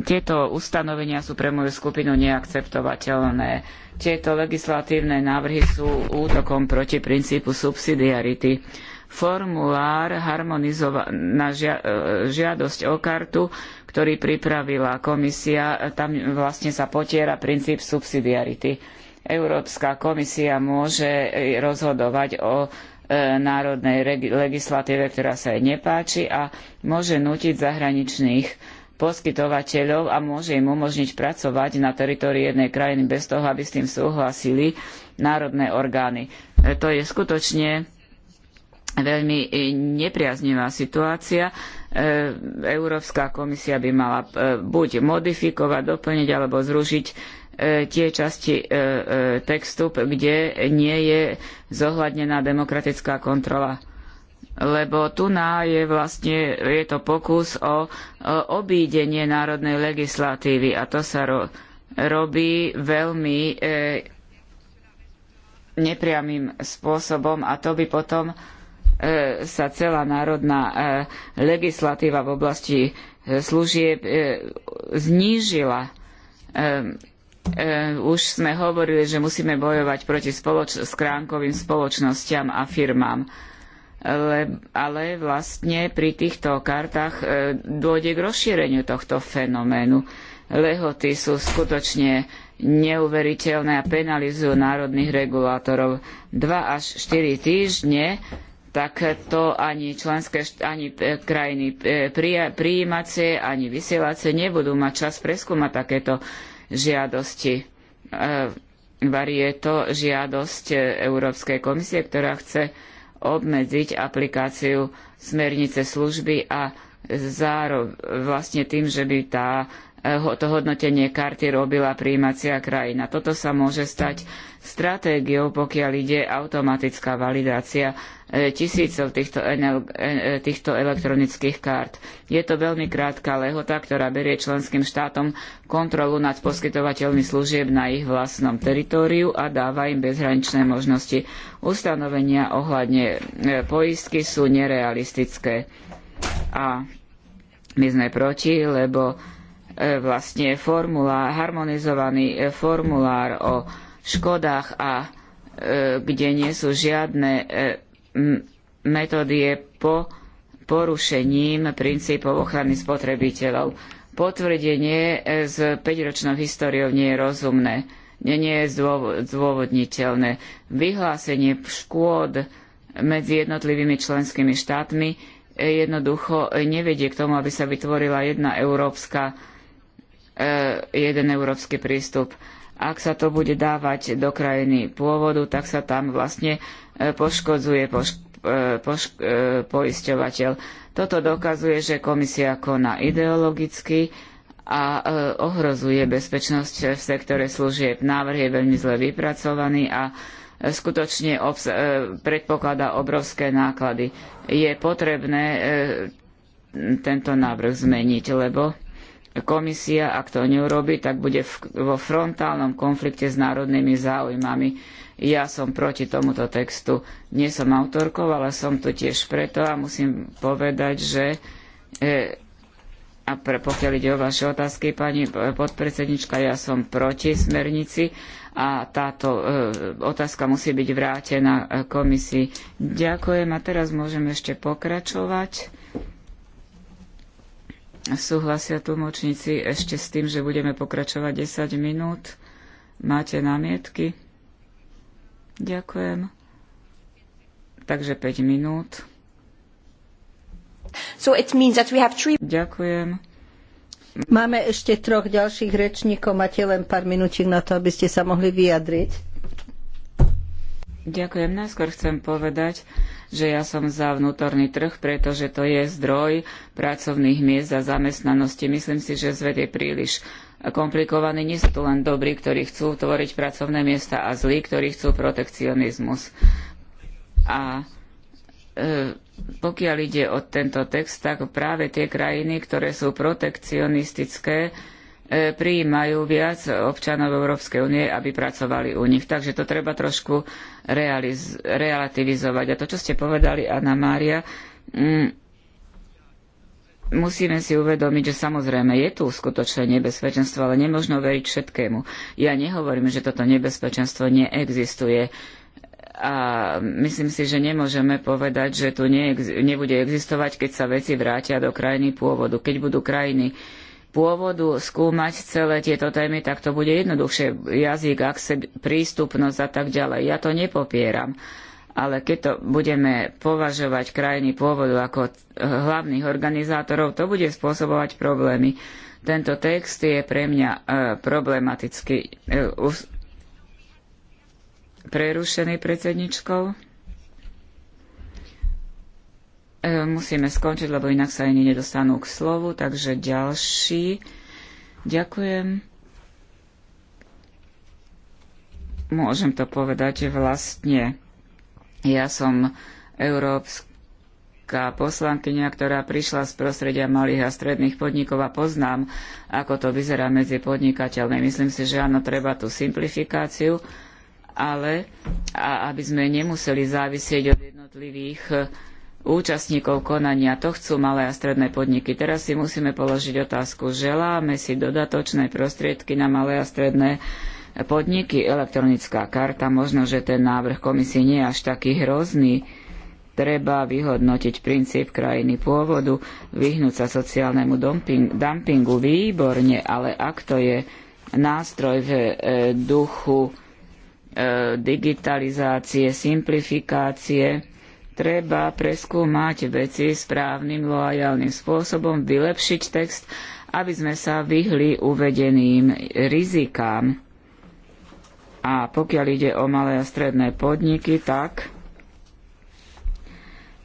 tieto ustanovenia sú pre moju skupinu neakceptovateľné. Tieto legislatívne návrhy sú útokom proti princípu subsidiarity. Formulár harmonizova- na žia- e, žiadosť o kartu, ktorý pripravila komisia, tam vlastne sa potiera princíp subsidiarity Európska komisia môže eh, rozhodovať o eh, národnej legislatíve, ktorá sa jej nepáči a môže nútiť zahraničných poskytovateľov a môže im umožniť pracovať na teritórii jednej krajiny bez toho, aby s tým súhlasili národné orgány. Eh, to je skutočne veľmi nepriaznivá situácia. Európska komisia by mala buď modifikovať, doplniť alebo zrušiť tie časti e, e, textu, kde nie je zohľadnená demokratická kontrola. Lebo tu na je vlastne je to pokus o, e, obídenie národnej legislatívy a to sa ro, robí veľmi e, nepriamým spôsobom a to by potom e, sa celá národná e, legislatíva v oblasti služieb e, znížila. E, Eh, už sme hovorili, že musíme bojovať proti spoloč- skránkovým spoločnosťam a firmám. Le, ale vlastne pri týchto kartách e, dôjde k rozšíreniu tohto fenoménu. Lehoty sú skutočne neuveriteľné a penalizujú národných regulátorov. 2 až 4 týždne tak to ani členské ani eh, krajiny prijímacie, ani vysielacie nebudú mať čas preskúmať takéto žiadosti. je to žiadosť Európskej komisie, ktorá chce obmedziť aplikáciu smernice služby a zároveň vlastne tým, že by tá E, to hodnotenie karty robila príjímacia krajina. Toto sa môže stať stratégiou, pokiaľ ide automatická validácia e, tisícov týchto, e, týchto elektronických kart. Je to veľmi krátka lehota, ktorá berie členským štátom kontrolu nad poskytovateľmi služieb na ich vlastnom teritóriu a dáva im bezhraničné možnosti. Ustanovenia ohľadne poistky sú nerealistické. A my sme proti, lebo E, vlastne formulár, harmonizovaný e, formulár o škodách a e, kde nie sú žiadne metódy po porušením princípov ochrany spotrebiteľov. Potvrdenie s 5-ročnou históriou nie je rozumné, nie je zdôvodniteľné. Vyhlásenie škôd medzi jednotlivými členskými štátmi jednoducho nevedie k tomu, aby sa vytvorila jedna európska E, jeden európsky prístup. Ak sa to bude dávať do krajiny pôvodu, tak sa tam vlastne e, poškodzuje poš- e, poš- poisťovateľ. Toto dokazuje, že komisia koná ideologicky a ohrozuje bezpečnosť v sektore služieb. Návrh je veľmi zle vypracovaný a skutočne predpokladá obrovské náklady. Je potrebné tento návrh zmeniť, lebo komisia, ak to neurobi, tak bude v, vo frontálnom konflikte s národnými záujmami. Ja som proti tomuto textu. Nie som autorkou, ale som tu tiež preto a musím povedať, že e, a pre, pokiaľ ide o vaše otázky, pani podpredsednička, ja som proti smernici a táto e, otázka musí byť vrátená e, komisii. Ďakujem a teraz môžeme ešte pokračovať. Súhlasia tlmočníci ešte s tým, že budeme pokračovať 10 minút. Máte námietky? Ďakujem. Takže 5 minút. So it means that we have three... Ďakujem. Máme ešte troch ďalších rečníkov, máte len pár minútik na to, aby ste sa mohli vyjadriť. Ďakujem. Najskôr chcem povedať, že ja som za vnútorný trh, pretože to je zdroj pracovných miest a zamestnanosti. Myslím si, že zved je príliš komplikovaný. Nie sú to len dobrí, ktorí chcú tvoriť pracovné miesta a zlí, ktorí chcú protekcionizmus. A e, pokiaľ ide o tento text, tak práve tie krajiny, ktoré sú protekcionistické, E, prijímajú viac občanov Európskej únie, aby pracovali u nich. Takže to treba trošku realiz- relativizovať. A to, čo ste povedali, Anna Mária, mm, musíme si uvedomiť, že samozrejme je tu skutočné nebezpečenstvo, ale nemožno veriť všetkému. Ja nehovorím, že toto nebezpečenstvo neexistuje. A myslím si, že nemôžeme povedať, že tu neex- nebude existovať, keď sa veci vrátia do krajiny pôvodu. Keď budú krajiny pôvodu skúmať celé tieto témy, tak to bude jednoduchšie. Jazyk, akce, prístupnosť a tak ďalej. Ja to nepopieram. Ale keď to budeme považovať krajiny pôvodu ako eh, hlavných organizátorov, to bude spôsobovať problémy. Tento text je pre mňa e, eh, problematicky e, eh, us- prerušený predsedničkou. E, musíme skončiť, lebo inak sa ani nedostanú k slovu, takže ďalší. Ďakujem. Môžem to povedať, že vlastne ja som európska poslankyňa, ktorá prišla z prostredia malých a stredných podnikov a poznám, ako to vyzerá medzi podnikateľmi. Myslím si, že áno, treba tú simplifikáciu, ale a aby sme nemuseli závisieť od jednotlivých účastníkov konania. To chcú malé a stredné podniky. Teraz si musíme položiť otázku. Želáme si dodatočné prostriedky na malé a stredné podniky. Elektronická karta, možno, že ten návrh komisie nie je až taký hrozný. Treba vyhodnotiť princíp krajiny pôvodu, vyhnúť sa sociálnemu dumping, dumpingu výborne, ale ak to je nástroj v e, duchu e, digitalizácie, simplifikácie, treba preskúmať veci správnym, loajálnym spôsobom, vylepšiť text, aby sme sa vyhli uvedeným rizikám. A pokiaľ ide o malé a stredné podniky, tak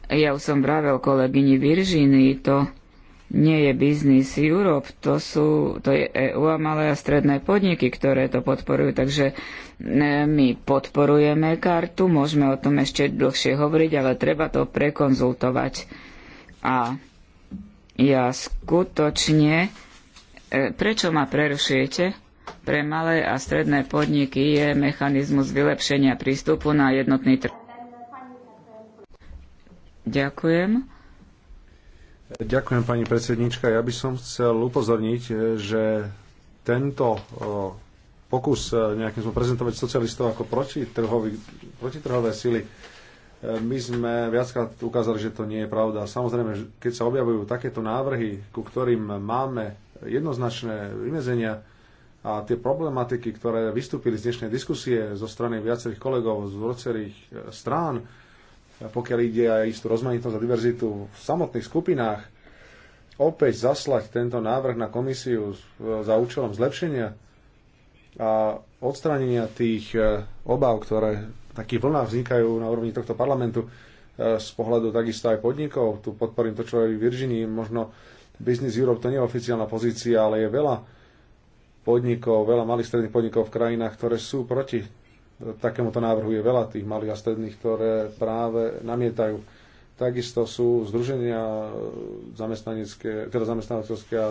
ja už som vravel kolegyni Viržiny, to nie je Business Europe, to sú to je EU a malé a stredné podniky, ktoré to podporujú, takže e, my podporujeme kartu, môžeme o tom ešte dlhšie hovoriť, ale treba to prekonzultovať. A ja skutočne, e, prečo ma prerušujete? Pre malé a stredné podniky je mechanizmus vylepšenia prístupu na jednotný trh. Ďakujem. Ďakujem, pani predsednička. Ja by som chcel upozorniť, že tento pokus e, nejakým spôsobom prezentovať socialistov ako protitrhový, protitrhové sily, e, my sme viackrát ukázali, že to nie je pravda. Samozrejme, keď sa objavujú takéto návrhy, ku ktorým máme jednoznačné vymedzenia a tie problematiky, ktoré vystúpili z dnešnej diskusie zo strany viacerých kolegov z viacerých e, strán, pokiaľ ide aj istú rozmanitosť a diverzitu v samotných skupinách, opäť zaslať tento návrh na komisiu za účelom zlepšenia a odstránenia tých e, obav, ktoré takých vlnách vznikajú na úrovni tohto parlamentu e, z pohľadu takisto aj podnikov. Tu podporím to, čo je Virginii. Možno Business Europe to nie je oficiálna pozícia, ale je veľa podnikov, veľa malých stredných podnikov v krajinách, ktoré sú proti Takémuto návrhu je veľa tých malých a stredných, ktoré práve namietajú. Takisto sú združenia e, zamestnanecké, teda zamestnávateľské a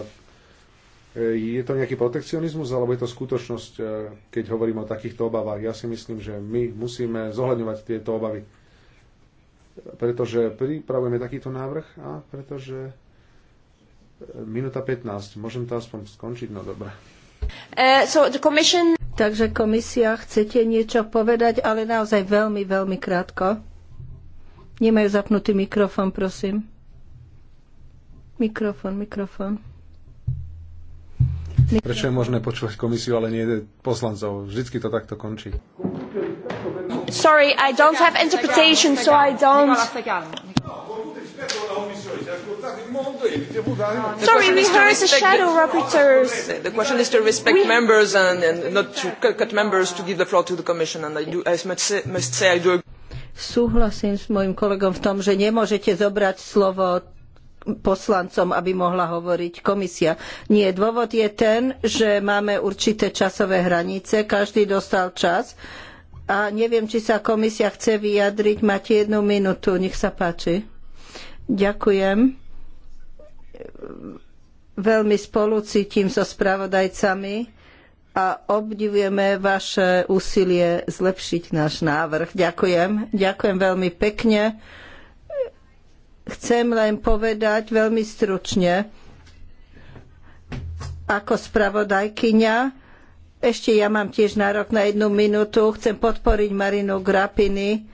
e, je to nejaký protekcionizmus, alebo je to skutočnosť, e, keď hovorím o takýchto obavách? Ja si myslím, že my musíme zohľadňovať tieto obavy, pretože pripravujeme takýto návrh a pretože minúta 15, môžem to aspoň skončiť, no dobre. Uh, so the commission... Takže komisia, chcete niečo povedať, ale naozaj veľmi, veľmi krátko. Nemajú zapnutý mikrofón, prosím. Mikrofón, mikrofón. mikrofón. Prečo je možné počúvať komisiu, ale nie poslancov? Vždycky to takto končí. Sorry, I don't have interpretation, so I don't... Sorry, we is the shadow rapporteurs. The question is to respect we... members and, and not to cut members to give the floor to the Commission. And I, do, I must, say, must say I do agree. Súhlasím s môjim kolegom v tom, že nemôžete zobrať slovo poslancom, aby mohla hovoriť komisia. Nie, dôvod je ten, že máme určité časové hranice, každý dostal čas a neviem, či sa komisia chce vyjadriť. Máte jednu minútu, nech sa páči. Ďakujem. Veľmi spolucítim so spravodajcami a obdivujeme vaše úsilie zlepšiť náš návrh. Ďakujem. Ďakujem veľmi pekne. Chcem len povedať veľmi stručne, ako spravodajkyňa, ešte ja mám tiež nárok na jednu minútu, chcem podporiť Marinu Grapini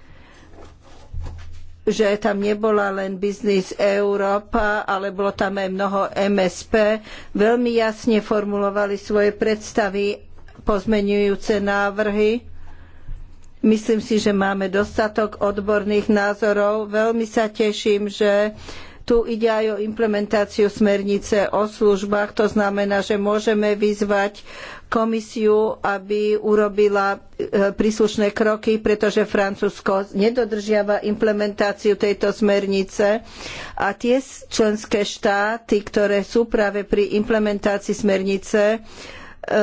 že tam nebola len Business Európa, ale bolo tam aj mnoho MSP. Veľmi jasne formulovali svoje predstavy, pozmenujúce návrhy. Myslím si, že máme dostatok odborných názorov. Veľmi sa teším, že tu ide aj o implementáciu smernice o službách, to znamená, že môžeme vyzvať komisiu, aby urobila e, príslušné kroky, pretože Francúzsko nedodržiava implementáciu tejto smernice a tie členské štáty, ktoré sú práve pri implementácii smernice, e, e,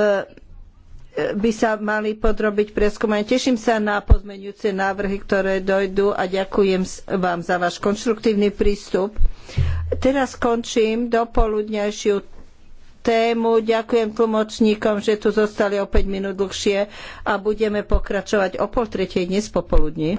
by sa mali podrobiť preskúmaniu. Teším sa na pozmeňujúce návrhy, ktoré dojdú a ďakujem vám za váš konštruktívny prístup. Teraz končím dopoludňajšiu tému. Ďakujem tlmočníkom, že tu zostali o 5 minút dlhšie a budeme pokračovať o pol tretej dnes popoludní.